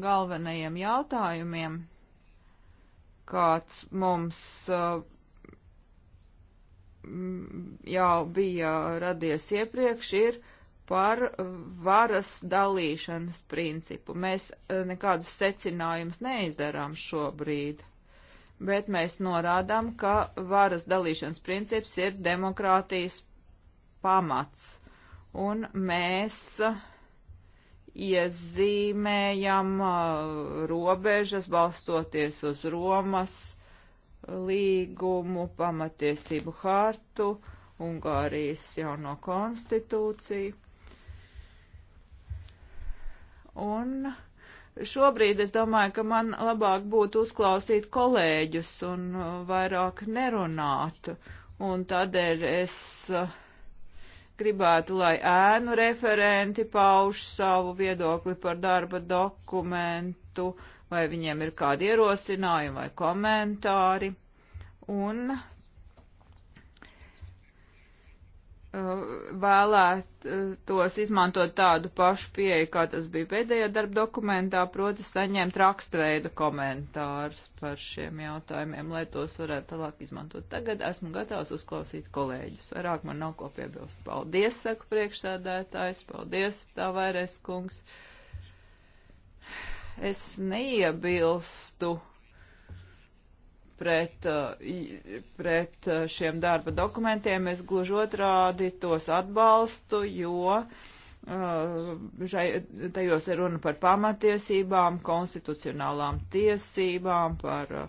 galvenajiem jautājumiem, kāds mums uh, jau bija radies iepriekš, ir par varas dalīšanas principu. Mēs eh, nekādus secinājumus neizdarām šobrīd, bet mēs norādām, ka varas dalīšanas princips ir demokrātijas pamats. Un mēs iezīmējam eh, robežas balstoties uz Romas līgumu, pamatiesību hartu, Ungārijas jauno konstitūciju. Un šobrīd es domāju, ka man labāk būtu uzklausīt kolēģus un uh, vairāk nerunāt. Un tādēļ es uh, gribētu, lai ēnu referenti pauž savu viedokli par darba dokumentu. Uh, vai viņiem ir kādi ierosinājumi vai komentāri. Un uh, vēlētos izmantot tādu pašu pieeju, kā tas bija pēdējā darba dokumentā, proti saņemt rakstveida komentārus par šiem jautājumiem, lai tos varētu tālāk izmantot. Tagad esmu gatavs uzklausīt kolēģus. Vairāk man nav ko piebilst. Paldies, saka priekšsēdētājs, paldies, tā vairēs kungs. Uh, es neiebilstu pret, uh, pret uh, šiem darba dokumentiem. Es gluži otrādi tos atbalstu, jo uh, šai, tajos ir runa par pamatiesībām, konstitucionālām tiesībām, par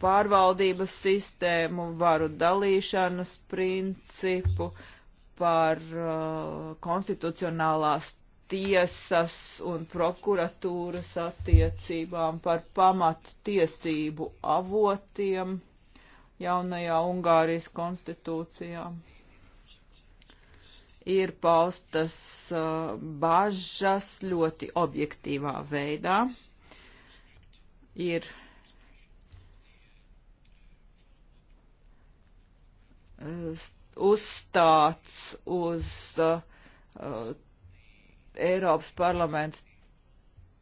pārvaldības sistēmu, varu dalīšanas principu, par konstitucionālās tiesas un prokuratūras attiecībām, par pamatu tiesību avotiem jaunajā Ungārijas konstitūcijā. Ir paustas uh, bažas ļoti objektīvā veidā. Ir uh, uzstāts uz uh, Eiropas parlaments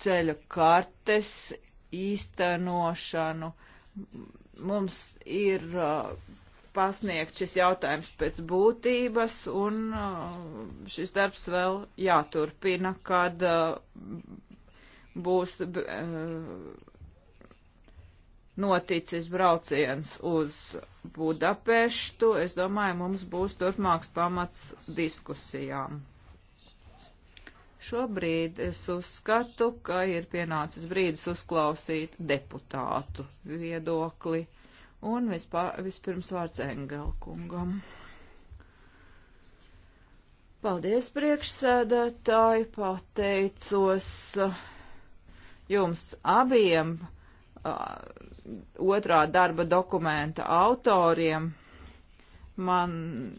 ceļu kartes īstenošanu. Mums ir uh, pasniegt šis jautājums pēc būtības, un uh, šis darbs vēl jāturpina, kad uh, būs uh, noticis brauciens uz Budapeštu. Es domāju, mums būs turpmāks pamats diskusijām. Šobrīd es uzskatu, ka ir pienācis brīdis uzklausīt deputātu viedokli. Un vispār, vispirms vārds Engelkungam. Paldies, priekšsēdētāji, pateicos uh, jums abiem uh, otrā darba dokumenta autoriem Man,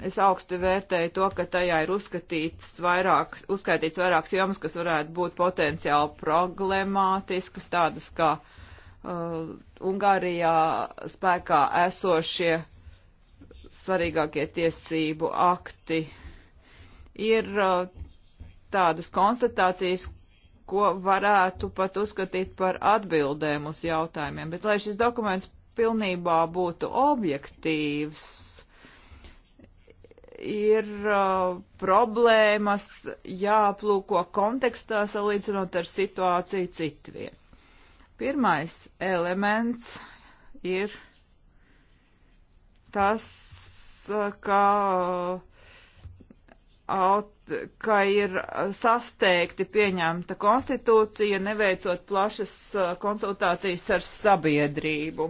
es augsti vērtēju to, ka tajā ir uzskatīts vairāks, uzskaitīts vairākas jomas, kas varētu būt potenciāli problemātiskas, tādas kā uh, Ungārijā spēkā esošie svarīgākie tiesību akti. Ir uh, tādas konstatācijas, ko varētu pat uzskatīt par atbildēm uz jautājumiem. Bet, lai šis dokuments pilnībā būtu objektīvs, ir uh, problēmas jāplūko kontekstā salīdzinot ar situāciju citvien. Pirmais elements ir tas, uh, ka, aut, ka ir sasteigti pieņemta konstitūcija, neveicot plašas uh, konsultācijas ar sabiedrību.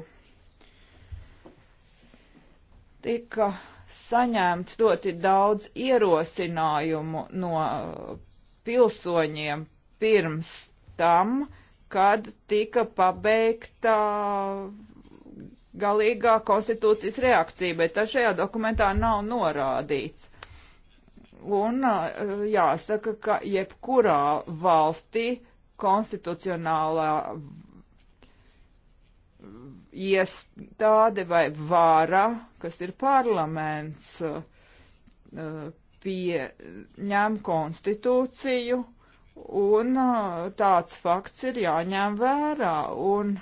Tika saņemts ļoti daudz ierosinājumu no pilsoņiem pirms tam, kad tika pabeigta galīgā konstitūcijas reakcija, bet tas šajā dokumentā nav norādīts. Un eh, jāsaka, ka jebkurā valstī konstitucionālā iestāde vai vara, kas ir parlaments, uh, pieņem konstitūciju, un uh, tāds fakts ir jāņem vērā. Un,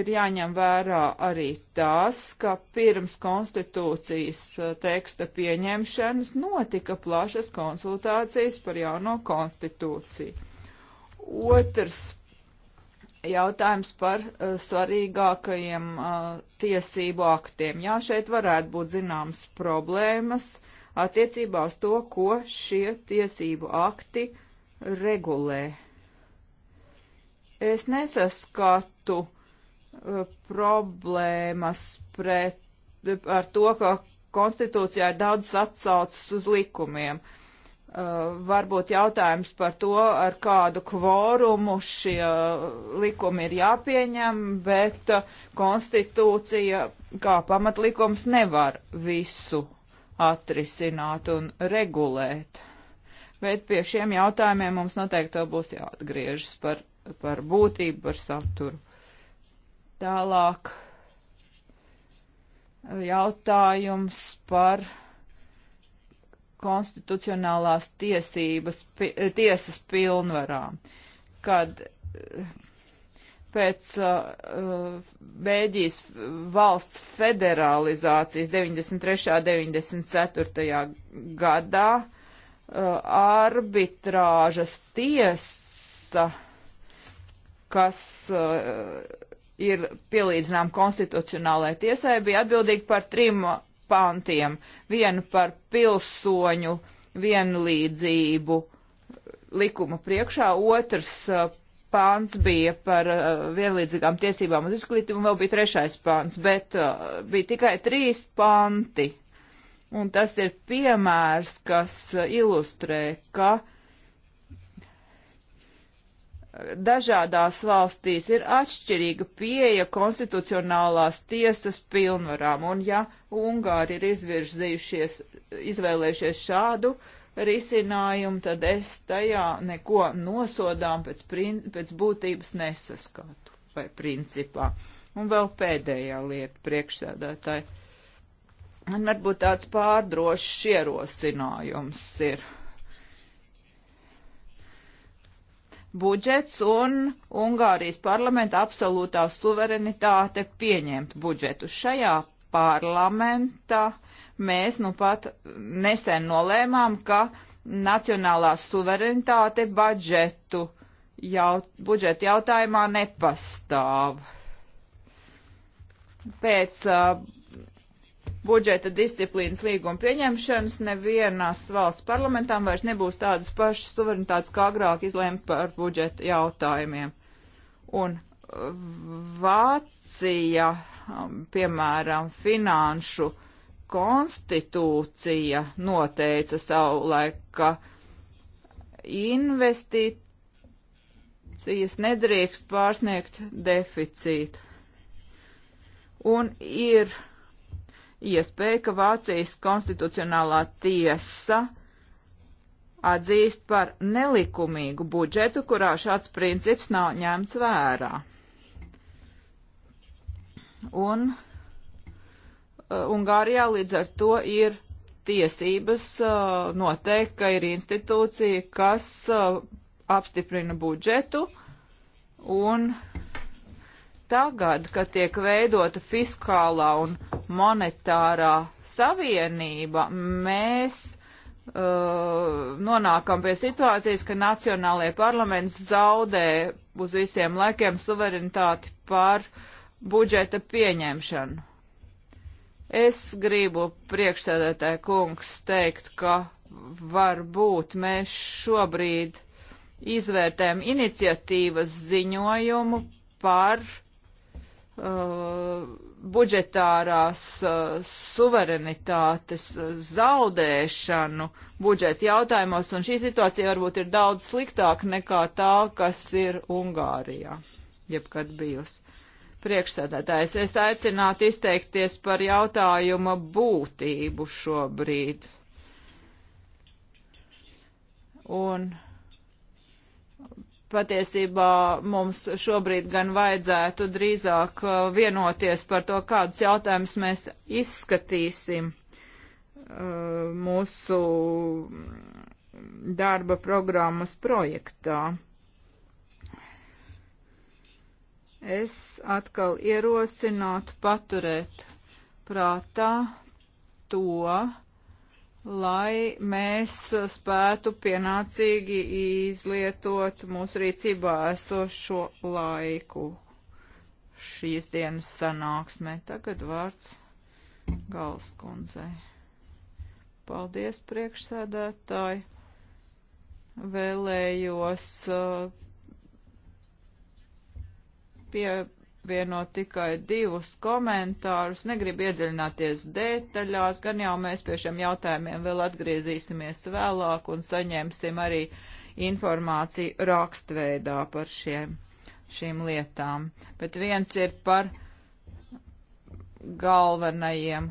ir jāņem vērā arī tas, ka pirms konstitūcijas uh, teksta pieņemšanas notika plašas konsultācijas par jauno konstitūciju. Otrs jautājums par uh, svarīgākajiem uh, tiesību aktiem. Jā, šeit varētu būt zināmas problēmas attiecībā uz to, ko šie tiesību akti regulē. Es nesaskatu uh, problēmas pret, ar to, ka konstitūcijā ir daudz atsaucas uz likumiem. Uh, Eh, varbūt jautājums par to, ar kādu kvorumu šie eh, likumi ir jāpieņem, bet eh, konstitūcija kā pamatlikums nevar visu atrisināt un regulēt. Bet pie šiem jautājumiem mums noteikti vēl būs jāatgriežas par, par būtību, par saturu. Tālāk jautājums par konstitucionālās tiesības, pi, eh, tiesas pilnvarām, kad eh, pēc uh, eh, Bēģijas valsts federalizācijas 93. 94. gadā uh, arbitrāžas tiesa, kas uh, ir pielīdzinām konstitucionālajai tiesai, bija atbildīga par trim pantiem. Vienu par pilsoņu vienlīdzību likuma priekšā, otrs uh, pāns bija par uh, vienlīdzīgām tiesībām uz izglītību, un vēl bija trešais pāns, bet uh, bija tikai trīs panti. Un tas ir piemērs, kas uh, ilustrē, ka uh, dažādās valstīs ir atšķirīga pieeja konstitucionālās tiesas pilnvarām, un ja Ungāri ir izvirzījušies, izvēlējušies šādu risinājumu, tad es tajā neko nosodām pēc, prin, pēc būtības nesaskatu vai principā. Un vēl pēdējā lieta priekšsēdētāji. Un varbūt tāds pārdrošs ierosinājums ir budžets un Ungārijas parlamenta absolūtā suverenitāte pieņemt budžetu. Šajā parlamentā mēs nu pat nesen nolēmām, ka nacionālā suverenitāte budžetu jaut, budžeta jautājumā nepastāv. Pēc uh, budžeta disciplīnas līguma pieņemšanas nevienas valsts parlamentām vairs nebūs tādas pašas suverenitātes, kā agrāk izlēma par budžeta jautājumiem. Un uh, Vācija, um, piemēram, finanšu konstitūcija noteica savu laiku, ka investīcijas nedrīkst pārsniegt deficītu. Un ir iespēja, ka Vācijas konstitucionālā tiesa atzīst par nelikumīgu budžetu, kurā šāds princips nav ņemts vērā. Un uh, Ungārijā līdz ar to ir tiesības uh, noteikt, ka ir institūcija, kas uh, apstiprina budžetu un tagad, kad tiek veidota fiskālā un monetārā savienība, mēs uh, nonākam pie situācijas, ka nacionālajie parlaments zaudē uz visiem laikiem suverenitāti par budžeta pieņemšanu. Es gribu priekšsēdētāju kungs teikt, ka varbūt mēs šobrīd izvērtējam iniciatīvas ziņojumu par uh, Uh, budžetārās uh, suverenitātes uh, zaudēšanu budžeta jautājumos, un šī situācija varbūt ir daudz sliktāka nekā tā, kas ir Ungārijā, jebkad bijusi. Priekšsēdētājs, es aicinātu izteikties par jautājuma būtību šobrīd. Un patiesībā mums šobrīd gan vajadzētu drīzāk uh, vienoties par to, kādus jautājumus mēs izskatīsim uh, mūsu darba programmas projektā. Es atkal ierosinātu paturēt prātā to, lai mēs spētu pienācīgi izlietot mūsu rīcībā esošo laiku. Šīs dienas sanāksmē tagad vārds Galskundzei. Paldies, priekšsēdētāji. Vēlējos uh, pie apvieno tikai divus komentārus. Negribu iedziļināties detaļās, gan jau mēs pie šiem jautājumiem vēl atgriezīsimies vēlāk un saņemsim arī informāciju rakstveidā par šiem, šīm lietām. Bet viens ir par galvenajiem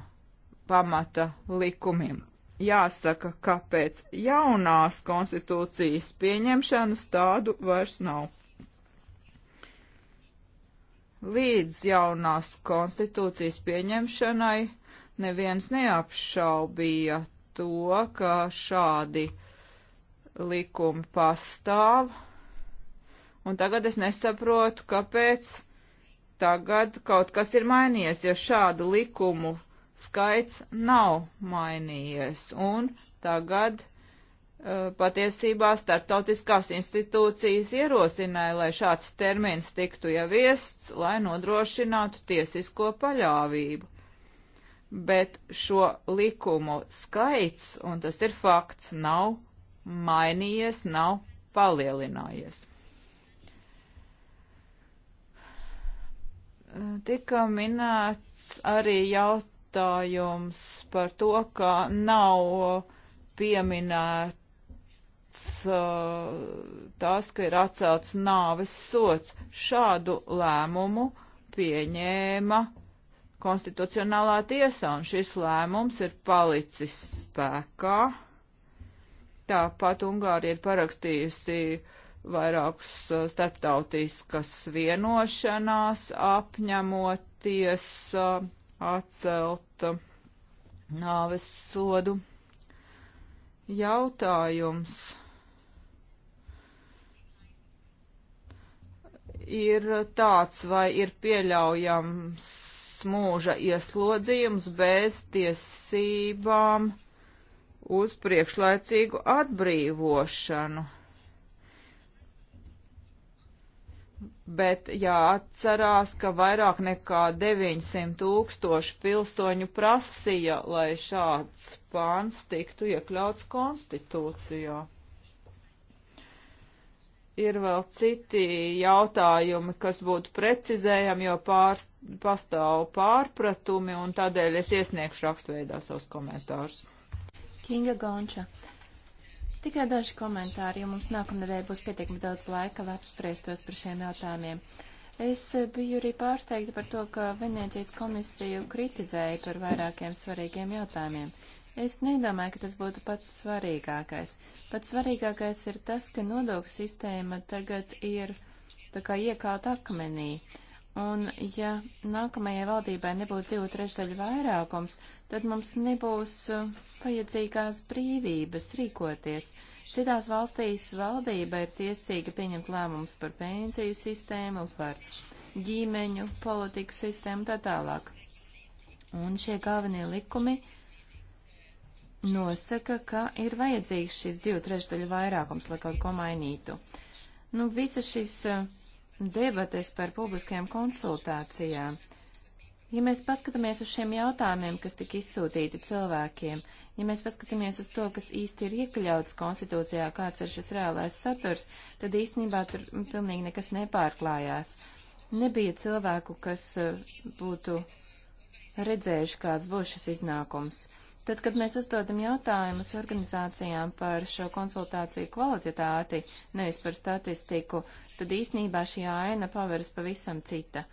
pamata likumiem. Jāsaka, kāpēc jaunās konstitūcijas pieņemšanas tādu vairs nav Līdz jaunās konstitūcijas pieņemšanai neviens neapšaubīja to, ka šādi likumi pastāv, un tagad es nesaprotu, kāpēc tagad kaut kas ir mainījies, ja šādu likumu skaits nav mainījies, un tagad Eh, patiesībā starptautiskās institūcijas ierosināja, lai šāds termins tiktu ieviests, lai nodrošinātu tiesisko paļāvību. Bet šo likumu skaits, un tas ir fakts, nav mainījies, nav palielinājies. Eh, tika minēts arī jautājums par to, ka nav pieminēt atcelts uh, tas, ka ir atcelts nāves sots. Šādu lēmumu pieņēma konstitucionālā tiesa, un šis lēmums ir palicis spēkā. Tāpat Ungārija ir parakstījusi vairākus uh, starptautiskas vienošanās, apņemoties uh, atcelt nāves sodu. Jautājums ir tāds, vai ir pieļaujams mūža ieslodzījums bez tiesībām uz priekšlaicīgu atbrīvošanu. Bet jāatcerās, ka vairāk nekā 900 tūkstoši pilsoņu prasīja, lai šāds pāns tiktu iekļauts konstitūcijā ir vēl citi jautājumi, kas būtu precizējami, jo pār, pastāv pārpratumi, un tādēļ es iesniegšu rakstveidā savus komentārus. Kinga Gonča. Tikai daži komentāri, jo mums nākamnedēļ būs pietiekami daudz laika, lai apspriestos par šiem jautājumiem. Es biju arī pārsteigta par to, ka Venēcijas komisiju kritizēja par vairākiem svarīgiem jautājumiem. Es nedomāju, ka tas būtu pats svarīgākais. Pats svarīgākais ir tas, ka nodokļu sistēma tagad ir tā kā iekalt akmenī. Un ja nākamajai valdībai nebūs divu trešdaļu vairākums, tad mums nebūs uh, vajadzīgās brīvības rīkoties. Citās valstīs valdība ir tiesīga pieņemt lēmumus par pensiju sistēmu, par ģimeņu politiku sistēmu tā tālāk. Un šie galvenie likumi uh, nosaka, ka ir vajadzīgs šis divu trešdaļu vairākums, lai kaut ko mainītu. Nu, visas šīs uh, debates par publiskajām konsultācijām. Ja mēs paskatāmies uz šiem jautājumiem, kas tika izsūtīti cilvēkiem, ja mēs paskatāmies uz to, kas īsti ir iekļauts konstitūcijā, kāds ir šis reālais saturs, tad īstenībā tur pilnīgi nekas nepārklājās. Nebija cilvēku, kas uh, būtu redzējuši, kāds būs šis iznākums. Tad, kad mēs uzdodam jautājumus organizācijām par šo konsultāciju kvalitātāti, nevis par statistiku, tad īsnībā šī aina paveras pavisam cita.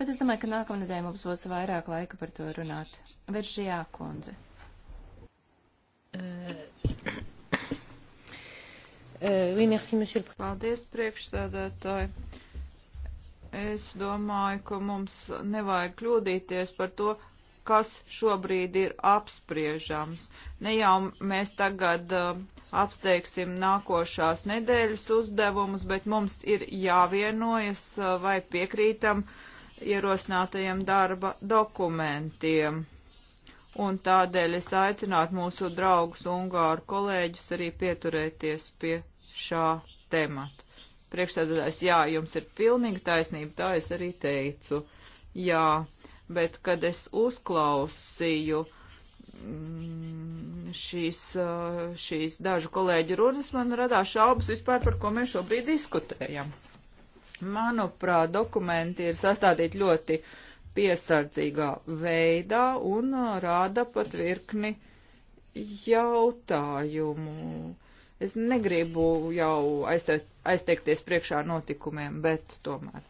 Bet es domāju, ka nākamnedēļ mums būs vairāk laika par to runāt. Veržijā kundze. Eh, Paldies, priekšsēdētāji. Es domāju, ka mums nevajag kļūdīties par to, kas šobrīd ir apspriežams. Ne jau mēs tagad uh, apsteigsim nākošās nedēļas uzdevumus, bet mums ir jāvienojas uh, vai piekrītam ierosinātajiem darba dokumentiem. Un tādēļ es aicinātu mūsu draugus Ungāru kolēģus arī pieturēties pie šā temata. Priekšstādātājs, jā, jums ir pilnīgi taisnība, tā es arī teicu. Jā bet kad es uzklausīju mm, šīs, uh, šīs dažu kolēģu runas, man radās šaubas vispār, par ko mēs šobrīd diskutējam. Manuprāt, dokumenti ir sastādīti ļoti piesardzīgā veidā un uh, rāda pat virkni jautājumu. Es negribu jau aizteikties priekšā notikumiem, bet tomēr.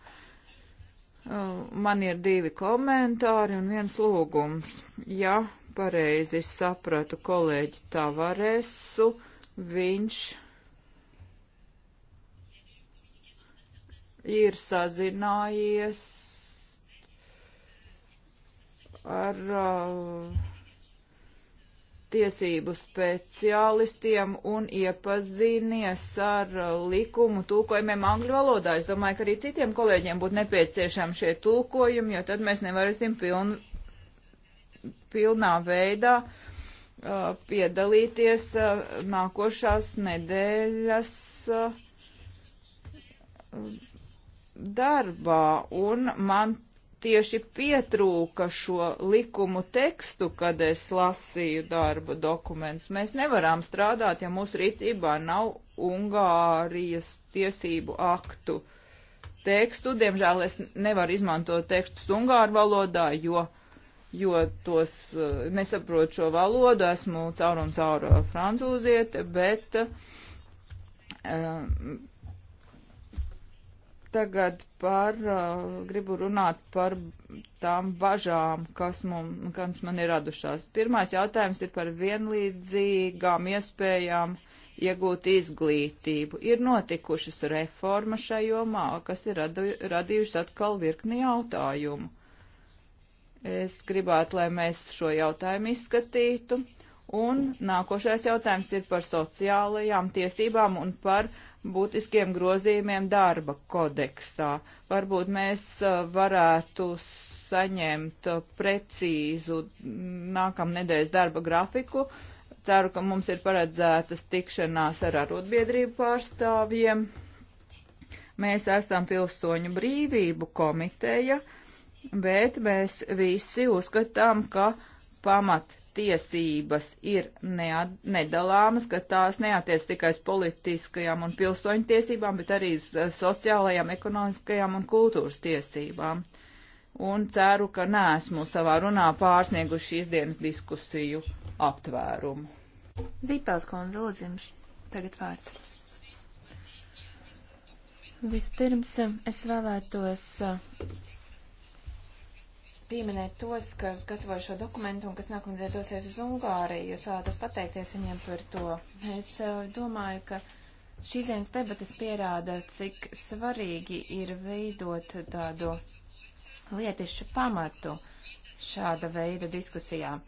Man ir divi komentāri un viens lūgums. Ja pareizi sapratu kolēģi Tavaresu, viņš ir sazinājies ar uh, tiesību speciālistiem un iepazinies ar uh, likumu tulkojumiem angļu valodā. Es domāju, ka arī citiem kolēģiem būtu nepieciešami šie tulkojumi, jo tad mēs nevarēsim piln, pilnā veidā uh, piedalīties uh, nākošās nedēļas uh, darbā. Un man tieši pietrūka šo likumu tekstu, kad es lasīju darba dokumentus. Mēs nevaram strādāt, ja mūsu rīcībā nav Ungārijas tiesību aktu tekstu. Diemžēl es nevaru izmantot tekstus Ungāru valodā, jo, jo tos eh, nesaprotu šo valodu, esmu caur un caur eh, francūziete, bet. Um, tagad par, uh, gribu runāt par tām bažām, kas, mum, kas man ir radušās. Pirmais jautājums ir par vienlīdzīgām iespējām iegūt izglītību. Ir notikušas reformas šajā jomā, kas ir radu, radījušas atkal virkni jautājumu. Es gribētu, lai mēs šo jautājumu izskatītu. Un nākošais jautājums ir par sociālajām tiesībām un par būtiskiem grozījumiem darba kodeksā. Varbūt mēs uh, varētu saņemt uh, precīzu mm, nākamnedēļas darba grafiku. Ceru, ka mums ir paredzētas tikšanās ar arotbiedrību pārstāvjiem. Mēs esam pilsoņu brīvību komiteja, bet mēs visi uzskatām, ka pamat tiesības ir nedalāmas, ka tās neatiec tikai uz politiskajām un pilsoņu tiesībām, bet arī uz eh, sociālajām, ekonomiskajām un kultūras tiesībām. Un ceru, ka neesmu savā runā pārsnieguši šīs dienas diskusiju aptvērumu. Zīpels kundze, lūdzu, jums tagad vārds. Vispirms eh, es vēlētos eh, pieminēt tos, kas gatavoja šo dokumentu un kas nākamnedēļ dosies uz Ungāriju. Es vēlētos pateikties viņiem par to. Es eh, domāju, ka šīs dienas debatas pierāda, cik svarīgi ir veidot tādu lietišķu pamatu šāda veida diskusijām.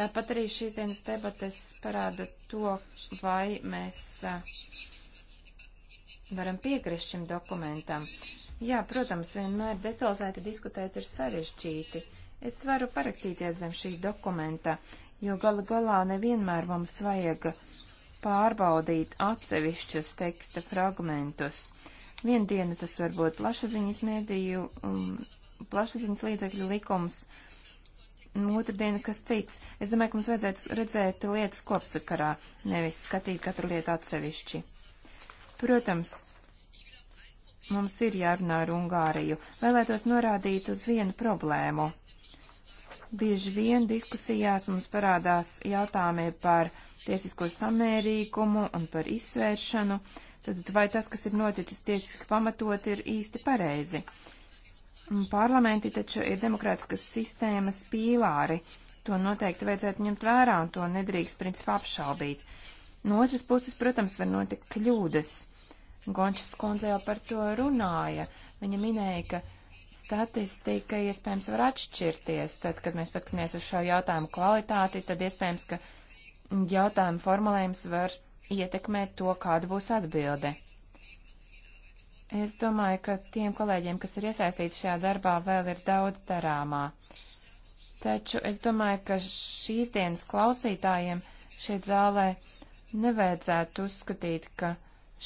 Tāpat arī šīs dienas debates parāda to, vai mēs eh, varam piekrist šim dokumentam. Jā, protams, vienmēr detalizēti diskutēt ir sarežģīti. Es varu parakstīties zem šī dokumenta, jo gala galā nevienmēr mums vajag pārbaudīt atsevišķus teksta fragmentus. Vienu dienu tas var būt plašsaziņas mēdīju, um, plašsaziņas līdzekļu likums, otru dienu kas cits. Es domāju, ka mums vajadzētu redzēt lietas kopsakarā, nevis skatīt katru lietu atsevišķi. Protams, mums ir jārunā ar Ungāriju. Vēlētos norādīt uz vienu problēmu. Bieži vien diskusijās mums parādās jautājumi par tiesisko samērīgumu un par izsvēršanu. Tad vai tas, kas ir noticis tiesiski pamatot, ir īsti pareizi? Parlamenti taču ir demokrātiskas sistēmas pīlāri. To noteikti vajadzētu ņemt vērā un to nedrīkst principā apšaubīt. No otras puses, protams, var notikt kļūdas. Gončas kundze jau par to runāja. Viņa minēja, ka statistika iespējams var atšķirties. Tad, kad mēs paskatāmies uz šo jautājumu kvalitāti, tad iespējams, ka jautājumu formulējums var ietekmēt to, kāda būs atbilde. Es domāju, ka tiem kolēģiem, kas ir iesaistīti šajā darbā, vēl ir daudz darāmā. Taču es domāju, ka šīs dienas klausītājiem šeit zālē nevajadzētu uzskatīt, ka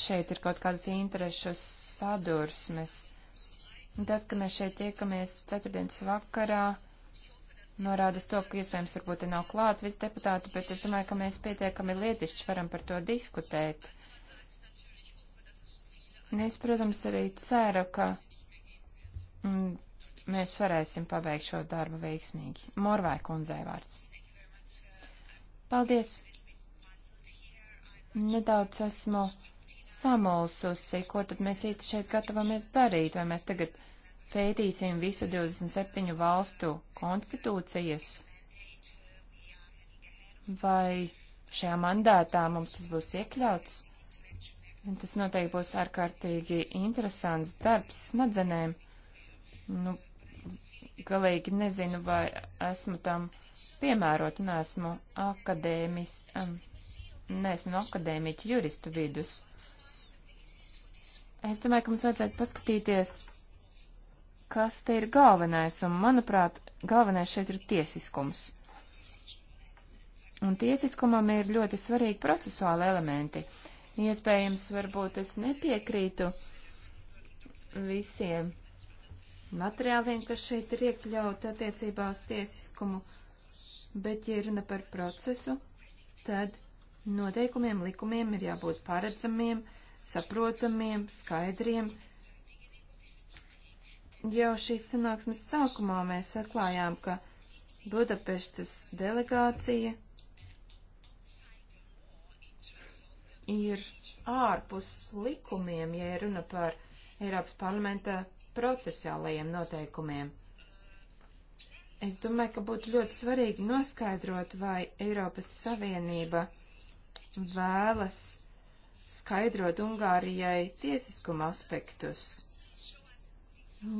šeit ir kaut kādas interešu sadursmes. Un tas, ka mēs šeit tiekamies ceturtdienas vakarā, norādas to, ka iespējams varbūt nav klāt visi deputāti, bet es domāju, ka mēs pietiekami lietišķi varam par to diskutēt. Un es, protams, arī ceru, ka mm, mēs varēsim pabeigt šo darbu veiksmīgi. Morvai kundzei vārds. Paldies! nedaudz esmu samulsusi, ko tad mēs īsti šeit gatavamies darīt, vai mēs tagad pētīsim visu 27 valstu konstitūcijas, vai šajā mandātā mums tas būs iekļauts. Tas noteikti būs ārkārtīgi interesants darbs smadzenēm. Nu, galīgi nezinu, vai esmu tam piemērot, un esmu akadēmis, um, neesmu no akadēmiķu juristu vidus. Es domāju, ka mums vajadzētu paskatīties, kas te ir galvenais, un manuprāt, galvenais šeit ir tiesiskums. Un tiesiskumam ir ļoti svarīgi procesuāli elementi. Iespējams, varbūt es nepiekrītu visiem materiāliem, kas šeit ir iekļauti attiecībā uz tiesiskumu, bet, ja runa par procesu, tad Noteikumiem, likumiem ir jābūt paredzamiem, saprotamiem, skaidriem. Jau šīs sanāksmes sākumā mēs atklājām, ka Budapeštas delegācija ir ārpus likumiem, ja runa par Eiropas parlamenta procesuālajiem noteikumiem. Es domāju, ka būtu ļoti svarīgi noskaidrot, vai Eiropas Savienība vēlas skaidrot Ungārijai tiesiskuma aspektus.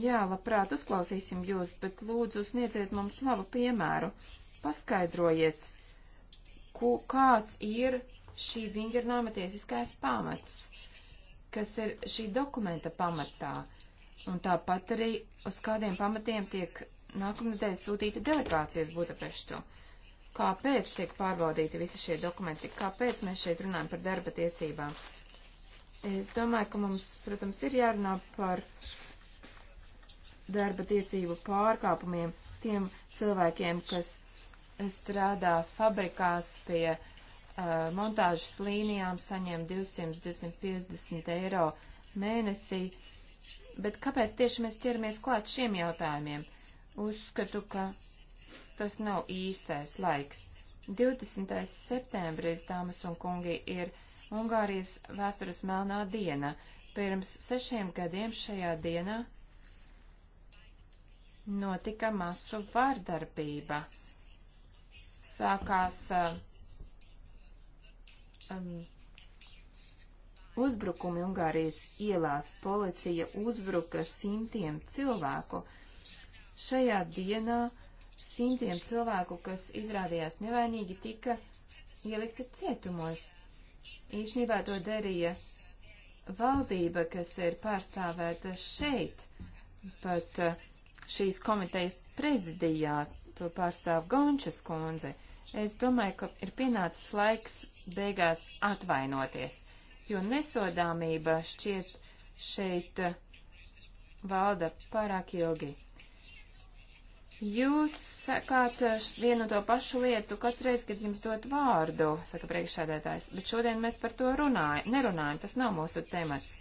Jā, labprāt, uzklausīsim jūs, bet lūdzu sniedziet mums labu piemēru. Paskaidrojiet, ko, kāds ir šī vingrinājuma tiesiskais pamats, kas ir šī dokumenta pamatā, un tāpat arī uz kādiem pamatiem tiek nākamnedēļ sūtīta delegācijas Budapeštu. Uh, kāpēc tiek pārbaudīti visi šie dokumenti, kāpēc mēs šeit runājam par darba tiesībām. Es domāju, ka mums, protams, ir jārunā par darba tiesību pārkāpumiem tiem cilvēkiem, kas strādā fabrikās pie uh, montāžas līnijām, saņem 200-250 eiro mēnesī. Bet kāpēc tieši mēs ķeramies klāt šiem jautājumiem? Uzskatu, ka tas nav īstais laiks. 20. septembris, dāmas un kungi, ir Ungārijas vēstures melnā diena. Pirms sešiem gadiem šajā dienā notika masu vārdarbība. Sākās uh, um, uzbrukumi Ungārijas ielās policija uzbruka simtiem cilvēku. Šajā dienā simtiem cilvēku, kas izrādījās nevainīgi, tika ielikti cietumos. Īsnībā to darīja valdība, kas ir pārstāvēta šeit, pat eh, šīs komitejas prezidijā, to pārstāv Gončas kundze. Es domāju, ka ir pienācis laiks beigās atvainoties, jo nesodāmība šķiet šeit eh, valda pārāk ilgi. Jūs sakāt eh, vienu to pašu lietu katreiz, kad jums dot vārdu, saka priekšsēdētājs, bet šodien mēs par to runājam, nerunājam, tas nav mūsu temats.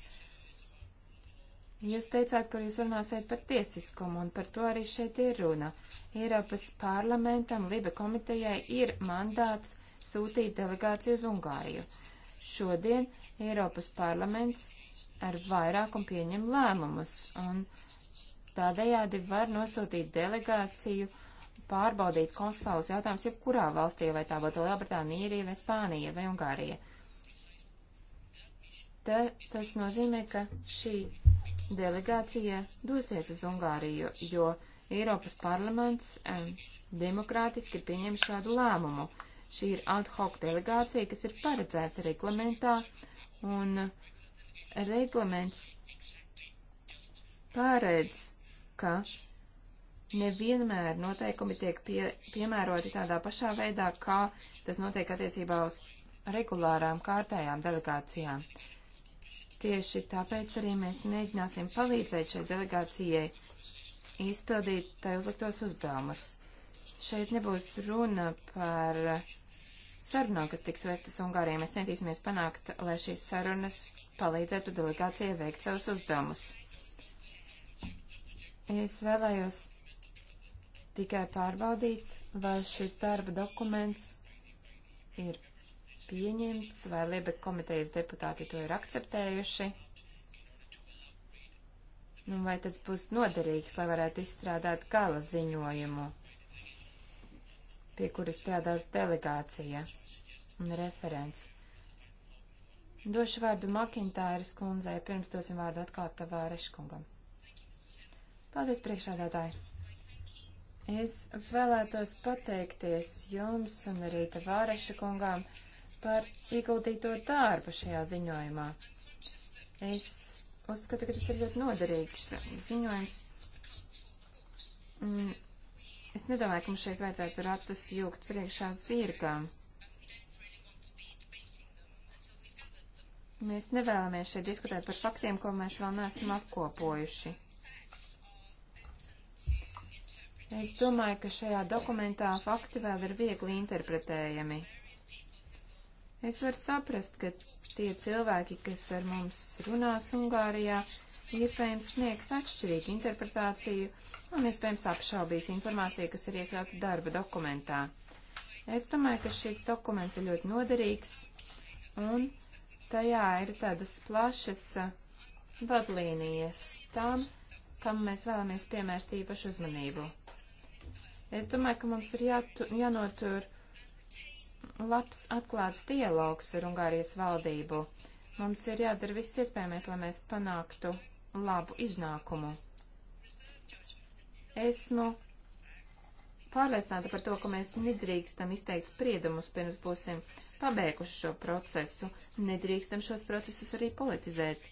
Jūs teicāt, kur jūs runāsiet par tiesiskumu, un par to arī šeit ir runa. Eiropas parlamentam, Libe komitejai ir mandāts sūtīt delegāciju uz Ungāriju. Šodien Eiropas parlaments ar vairākumu pieņem lēmumus, un Tādējādi var nosūtīt delegāciju pārbaudīt konsulārs jautājums jebkurā valstī, vai tā būtu Lielbritānija, Irija vai Spānija vai Ungārija. Ta, tas nozīmē, ka šī delegācija dosies uz Ungāriju, jo Eiropas parlaments um, demokrātiski ir pieņems šādu lēmumu. Šī ir ad hoc delegācija, kas ir paredzēta reglamentā, un reglaments pārēdz ka nevienmēr noteikumi tiek pie, piemēroti tādā pašā veidā, kā tas notiek attiecībā uz regulārām kārtējām delegācijām. Tieši tāpēc arī mēs mēģināsim palīdzēt šai delegācijai izpildīt tai uzliktos uzdevumus. Šeit nebūs runa par sarunām, kas tiks vestas Ungārijai. Mēs centīsimies panākt, lai šīs sarunas palīdzētu delegācijai veikt savus uzdevumus. Es vēlējos tikai pārbaudīt, vai šis darba dokuments ir pieņemts, vai Liebek komitejas deputāti to ir akceptējuši. Nu, vai tas būs noderīgs, lai varētu izstrādāt gala ziņojumu, pie kuras strādās delegācija un referents. Došu vārdu Makintāras kundzei, pirms dosim vārdu atkal tavā Reškungam. Paldies, priekšādātāji! Es vēlētos pateikties jums un arī Tavāreša kungām par ieguldīto darbu šajā ziņojumā. Es uzskatu, ka tas ir ļoti noderīgs ziņojums. Mm, es nedomāju, ka mums šeit vajadzētu ratus jūgt priekšā zirgām. Mēs nevēlamies šeit diskutēt par faktiem, ko mēs vēl neesam apkopojuši. Es domāju, ka šajā dokumentā fakti vēl ir viegli interpretējami. Es varu saprast, ka tie cilvēki, kas ar mums runās Ungārijā, iespējams sniegs atšķirīgu interpretāciju un iespējams apšaubīs informāciju, kas ir iekļauta darba dokumentā. Es domāju, ka šis dokuments ir ļoti noderīgs un tajā ir tādas plašas uh, vadlīnijas tam, kam mēs vēlamies piemērst īpašu uzmanību. Es domāju, ka mums ir jātu, jānotur labs atklāts dialogs ar Ungārijas valdību. Mums ir jādara viss iespējamais, lai mēs panāktu labu iznākumu. Esmu pārliecināta par to, ka mēs nedrīkstam izteikt spriedumus, pirms būsim pabeiguši šo procesu. Nedrīkstam šos procesus arī politizēt.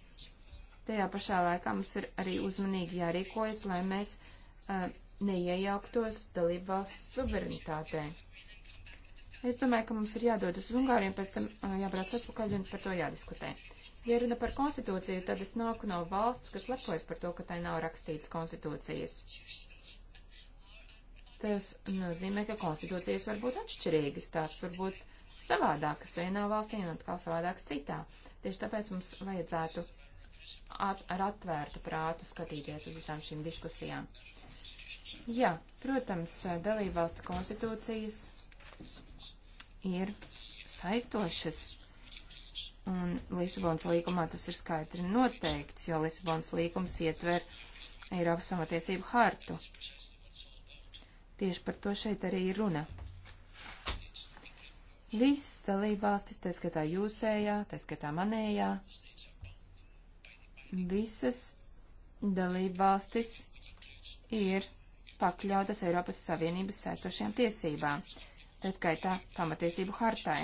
Tajā pašā laikā mums ir arī uzmanīgi jārīkojas, lai mēs uh, neiejauktos dalību valsts suverenitātē. Es domāju, ka mums ir jādodas uz Ungāriju, pēc tam uh, jābrauc atpakaļ un par to jādiskutē. Ja runa par konstitūciju, tad es nāku no valsts, kas lepojas par to, ka tai nav rakstīts konstitūcijas. Tas nozīmē, ka konstitūcijas var būt atšķirīgas, tās var būt savādākas vienā valstī un atkal savādākas citā. Tieši tāpēc mums vajadzētu at, ar atvērtu prātu skatīties uz visām šīm diskusijām. Jā, protams, eh, dalībvalstu konstitūcijas ir saistošas, un Lisabonas līgumā tas ir skaidri noteikts, jo Lisabonas līgums ietver Eiropas pamatiesību hartu. Tieši par to šeit arī ir runa. Visas dalībvalstis, tā skatā jūsējā, tā skatā manējā, visas dalībvalstis ir pakļautas Eiropas Savienības saistošajām tiesībām, tā skaitā pamatiesību hartai.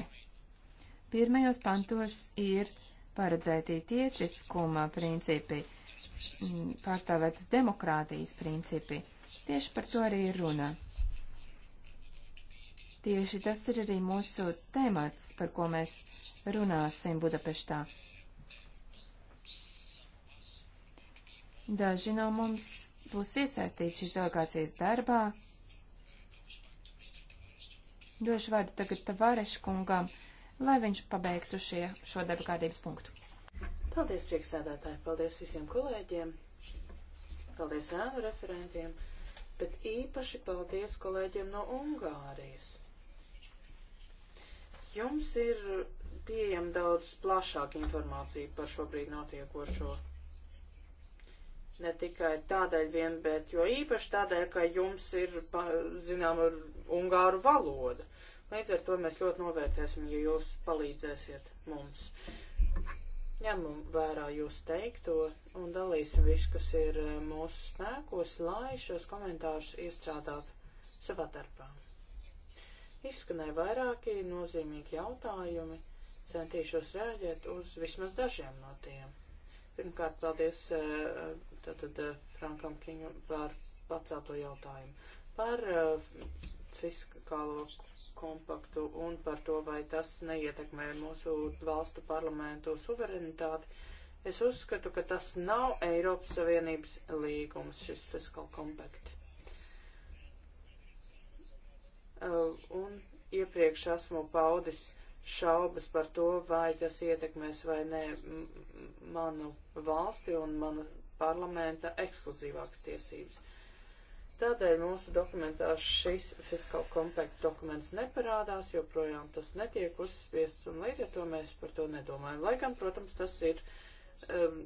Pirmajos pantos ir paredzēti tiesiskuma principi, mm, pārstāvētas demokrātijas principi. Tieši par to arī ir runa. Tieši tas ir arī mūsu temats, par ko mēs runāsim Budapeštā. Daži no mums būs iesaistīti šīs delegācijas darbā. Došu vārdu tagad Tavareškungam, lai viņš pabeigtu šie, šo darba kārtības punktu. Paldies, priekšsēdētāji, paldies visiem kolēģiem, paldies ēnu referentiem, bet īpaši paldies kolēģiem no Ungārijas. Jums ir pieejama daudz plašāka informācija par šobrīd notiekošo. Ne tikai tādēļ vien, bet jo īpaši tādēļ, ka jums ir, zinām, ungāru valoda. Līdz ar to mēs ļoti novērtēsim, ja jūs palīdzēsiet mums. Ņemam vērā jūs teikto un dalīsim visu, kas ir eh, mūsu spēkos, lai šos komentārus iestrādātu savā darbā. Izskanēja vairāki nozīmīgi jautājumi, centīšos rēģēt uz vismaz dažiem no tiem. Pirmkārt, paldies eh, tātad eh, Frankam Kingam par pacelto jautājumu. Par eh, fiskālo kompaktu un par to, vai tas neietekmē mūsu valstu parlamentu suverenitāti. Es uzskatu, ka tas nav Eiropas Savienības līgums, šis fiskal kompakt. Un iepriekš esmu paudis šaubas par to, vai tas ietekmēs vai nē manu valsti un manu parlamenta ekskluzīvākas tiesības. Tādēļ mūsu dokumentā šis fiskal kompakt dokuments neparādās, joprojām tas netiek uzspiests, un līdz ar to mēs par to nedomājam. Lai gan, protams, tas ir, um,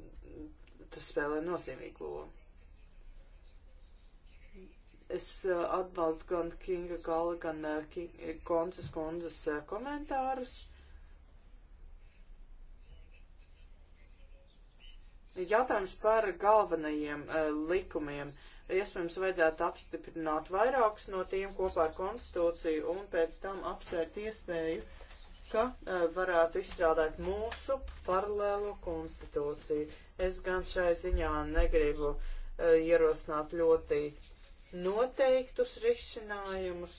tas spēlē nozīmīgu lomu. Es uh, atbalstu gan Kinga Gala, gan uh, eh, Koncas kundzes uh, komentārus. Jautājums par galvenajiem likumiem. Iespējams, vajadzētu apstiprināt vairākus no tiem kopā ar konstitūciju un pēc tam apsvērt iespēju, ka varētu izstrādāt mūsu paralēlo konstitūciju. Es gan šai ziņā negribu ierosināt ļoti uh, noteiktus risinājumus.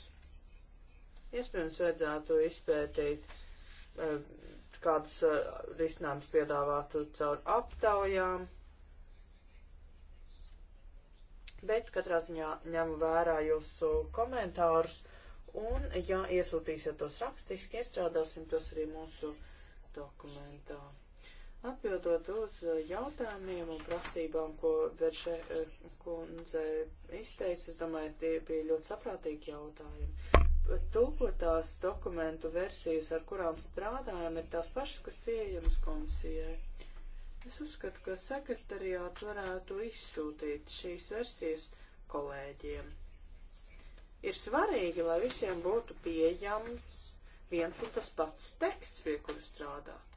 Iespējams, vajadzētu izpētīt, e, kādas e, risinājumus piedāvātu caur aptaujām. Bet katrā ziņā ņemu vērā jūsu komentārus un, ja iesūtīsiet tos rakstiski, iestrādāsim tos arī mūsu dokumentā. Atbildot uz uh, jautājumiem un prasībām, ko Veržē uh, kundze izteica, es domāju, tie bija ļoti saprātīgi jautājumi. Tulkotās dokumentu versijas, ar kurām strādājam, ir tās pašas, kas pieejamas komisijai. Es uzskatu, ka sekretariāts varētu izsūtīt šīs versijas kolēģiem. Ir svarīgi, lai visiem būtu pieejams viens un tas pats teksts, pie kura strādāt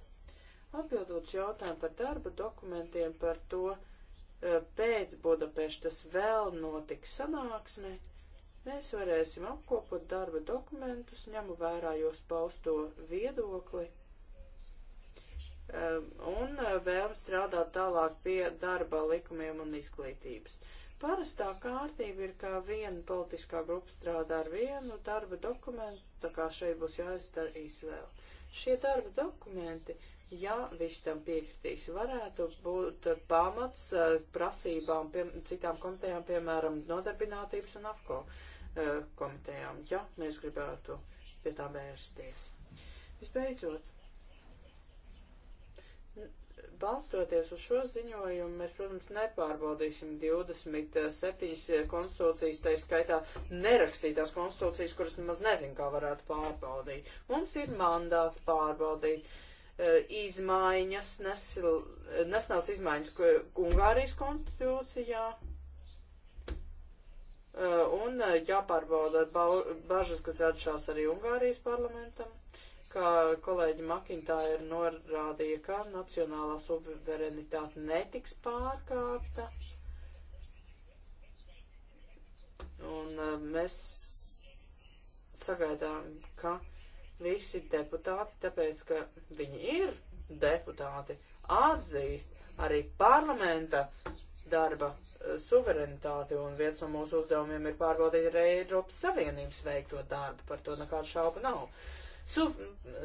Atbildot jautājumu par darba dokumentiem, par to e, pēc Budapeštas vēl notiks sanāksme, mēs varēsim apkopot darba dokumentus, ņemu vērā jūs pausto viedokli e, un e, vēlmi strādāt tālāk pie darba likumiem un izglītības. Parastā kārtība ir, kā viena politiskā grupa strādā ar vienu darba dokumentu, tā kā šeit būs jāizdara izvēle. Šie darba dokumenti ja viņš tam piekritīs, varētu būt pamats uh, prasībām pie, citām komitejām, piemēram, nodarbinātības un AFCO uh, komitejām, ja mēs gribētu pie tā vērsties. Visbeidzot, balstoties uz šo ziņojumu, mēs, protams, nepārbaudīsim 27 konstitūcijas, tā skaitā nerakstītās konstitūcijas, kuras nemaz nezinu, kā varētu pārbaudīt. Mums ir mandāts pārbaudīt E, izmaiņas, nesenās izmaiņas Ungārijas konstitūcijā. E, un e, jāpārbauda bažas, kas radušās arī Ungārijas parlamentam, kā kolēģi Makintā ir norādīja, ka nacionālā suverenitāte netiks pārkāpta. Un mēs sagaidām, ka uh, visi deputāti, tāpēc, ka viņi ir deputāti, atzīst arī parlamenta darba eh, suverenitāti, un viens no mūsu uzdevumiem ir pārbaudīt arī Eiropas Savienības veikto darbu, par to nekādu šaubu nav su,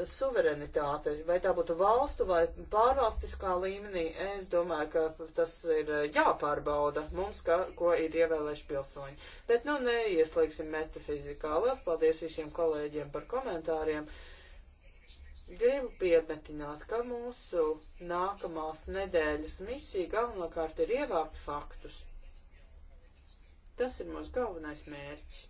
suverenitāte, vai tā būtu valstu vai pārvalstiskā līmenī, es domāju, ka tas ir eh, jāpārbauda mums, ka, ko ir ievēlējuši pilsoņi. Bet nu neieslēgsim metafizikālās. Paldies visiem kolēģiem par komentāriem. Gribu piemetināt, ka mūsu nākamās nedēļas misija galvenokārt ir ievākt faktus. Tas ir mūsu galvenais mērķis.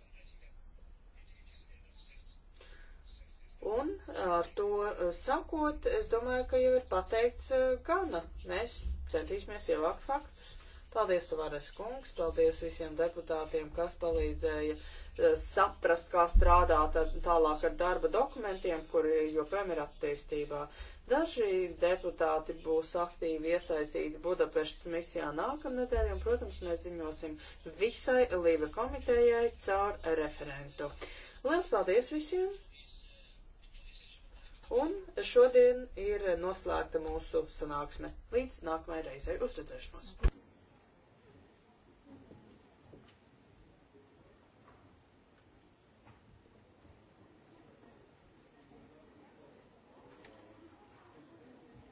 Un ar to eh, sakot, es domāju, ka jau ir pateikts eh, gana. Mēs centīsimies ievākt faktus. Paldies, Tavares kungs, paldies visiem deputātiem, kas palīdzēja eh, saprast, kā strādāt ar, tālāk ar darba dokumentiem, kuri joprojām ir attīstībā. Daži deputāti būs aktīvi iesaistīti Budapeštas misijā nākamnedēļ, un, protams, mēs ziņosim visai Līva komitejai caur referentu. Lielas paldies visiem! Un šodien ir noslēgta mūsu sanāksme. Līdz nākamajai reizei uzredzēšanos!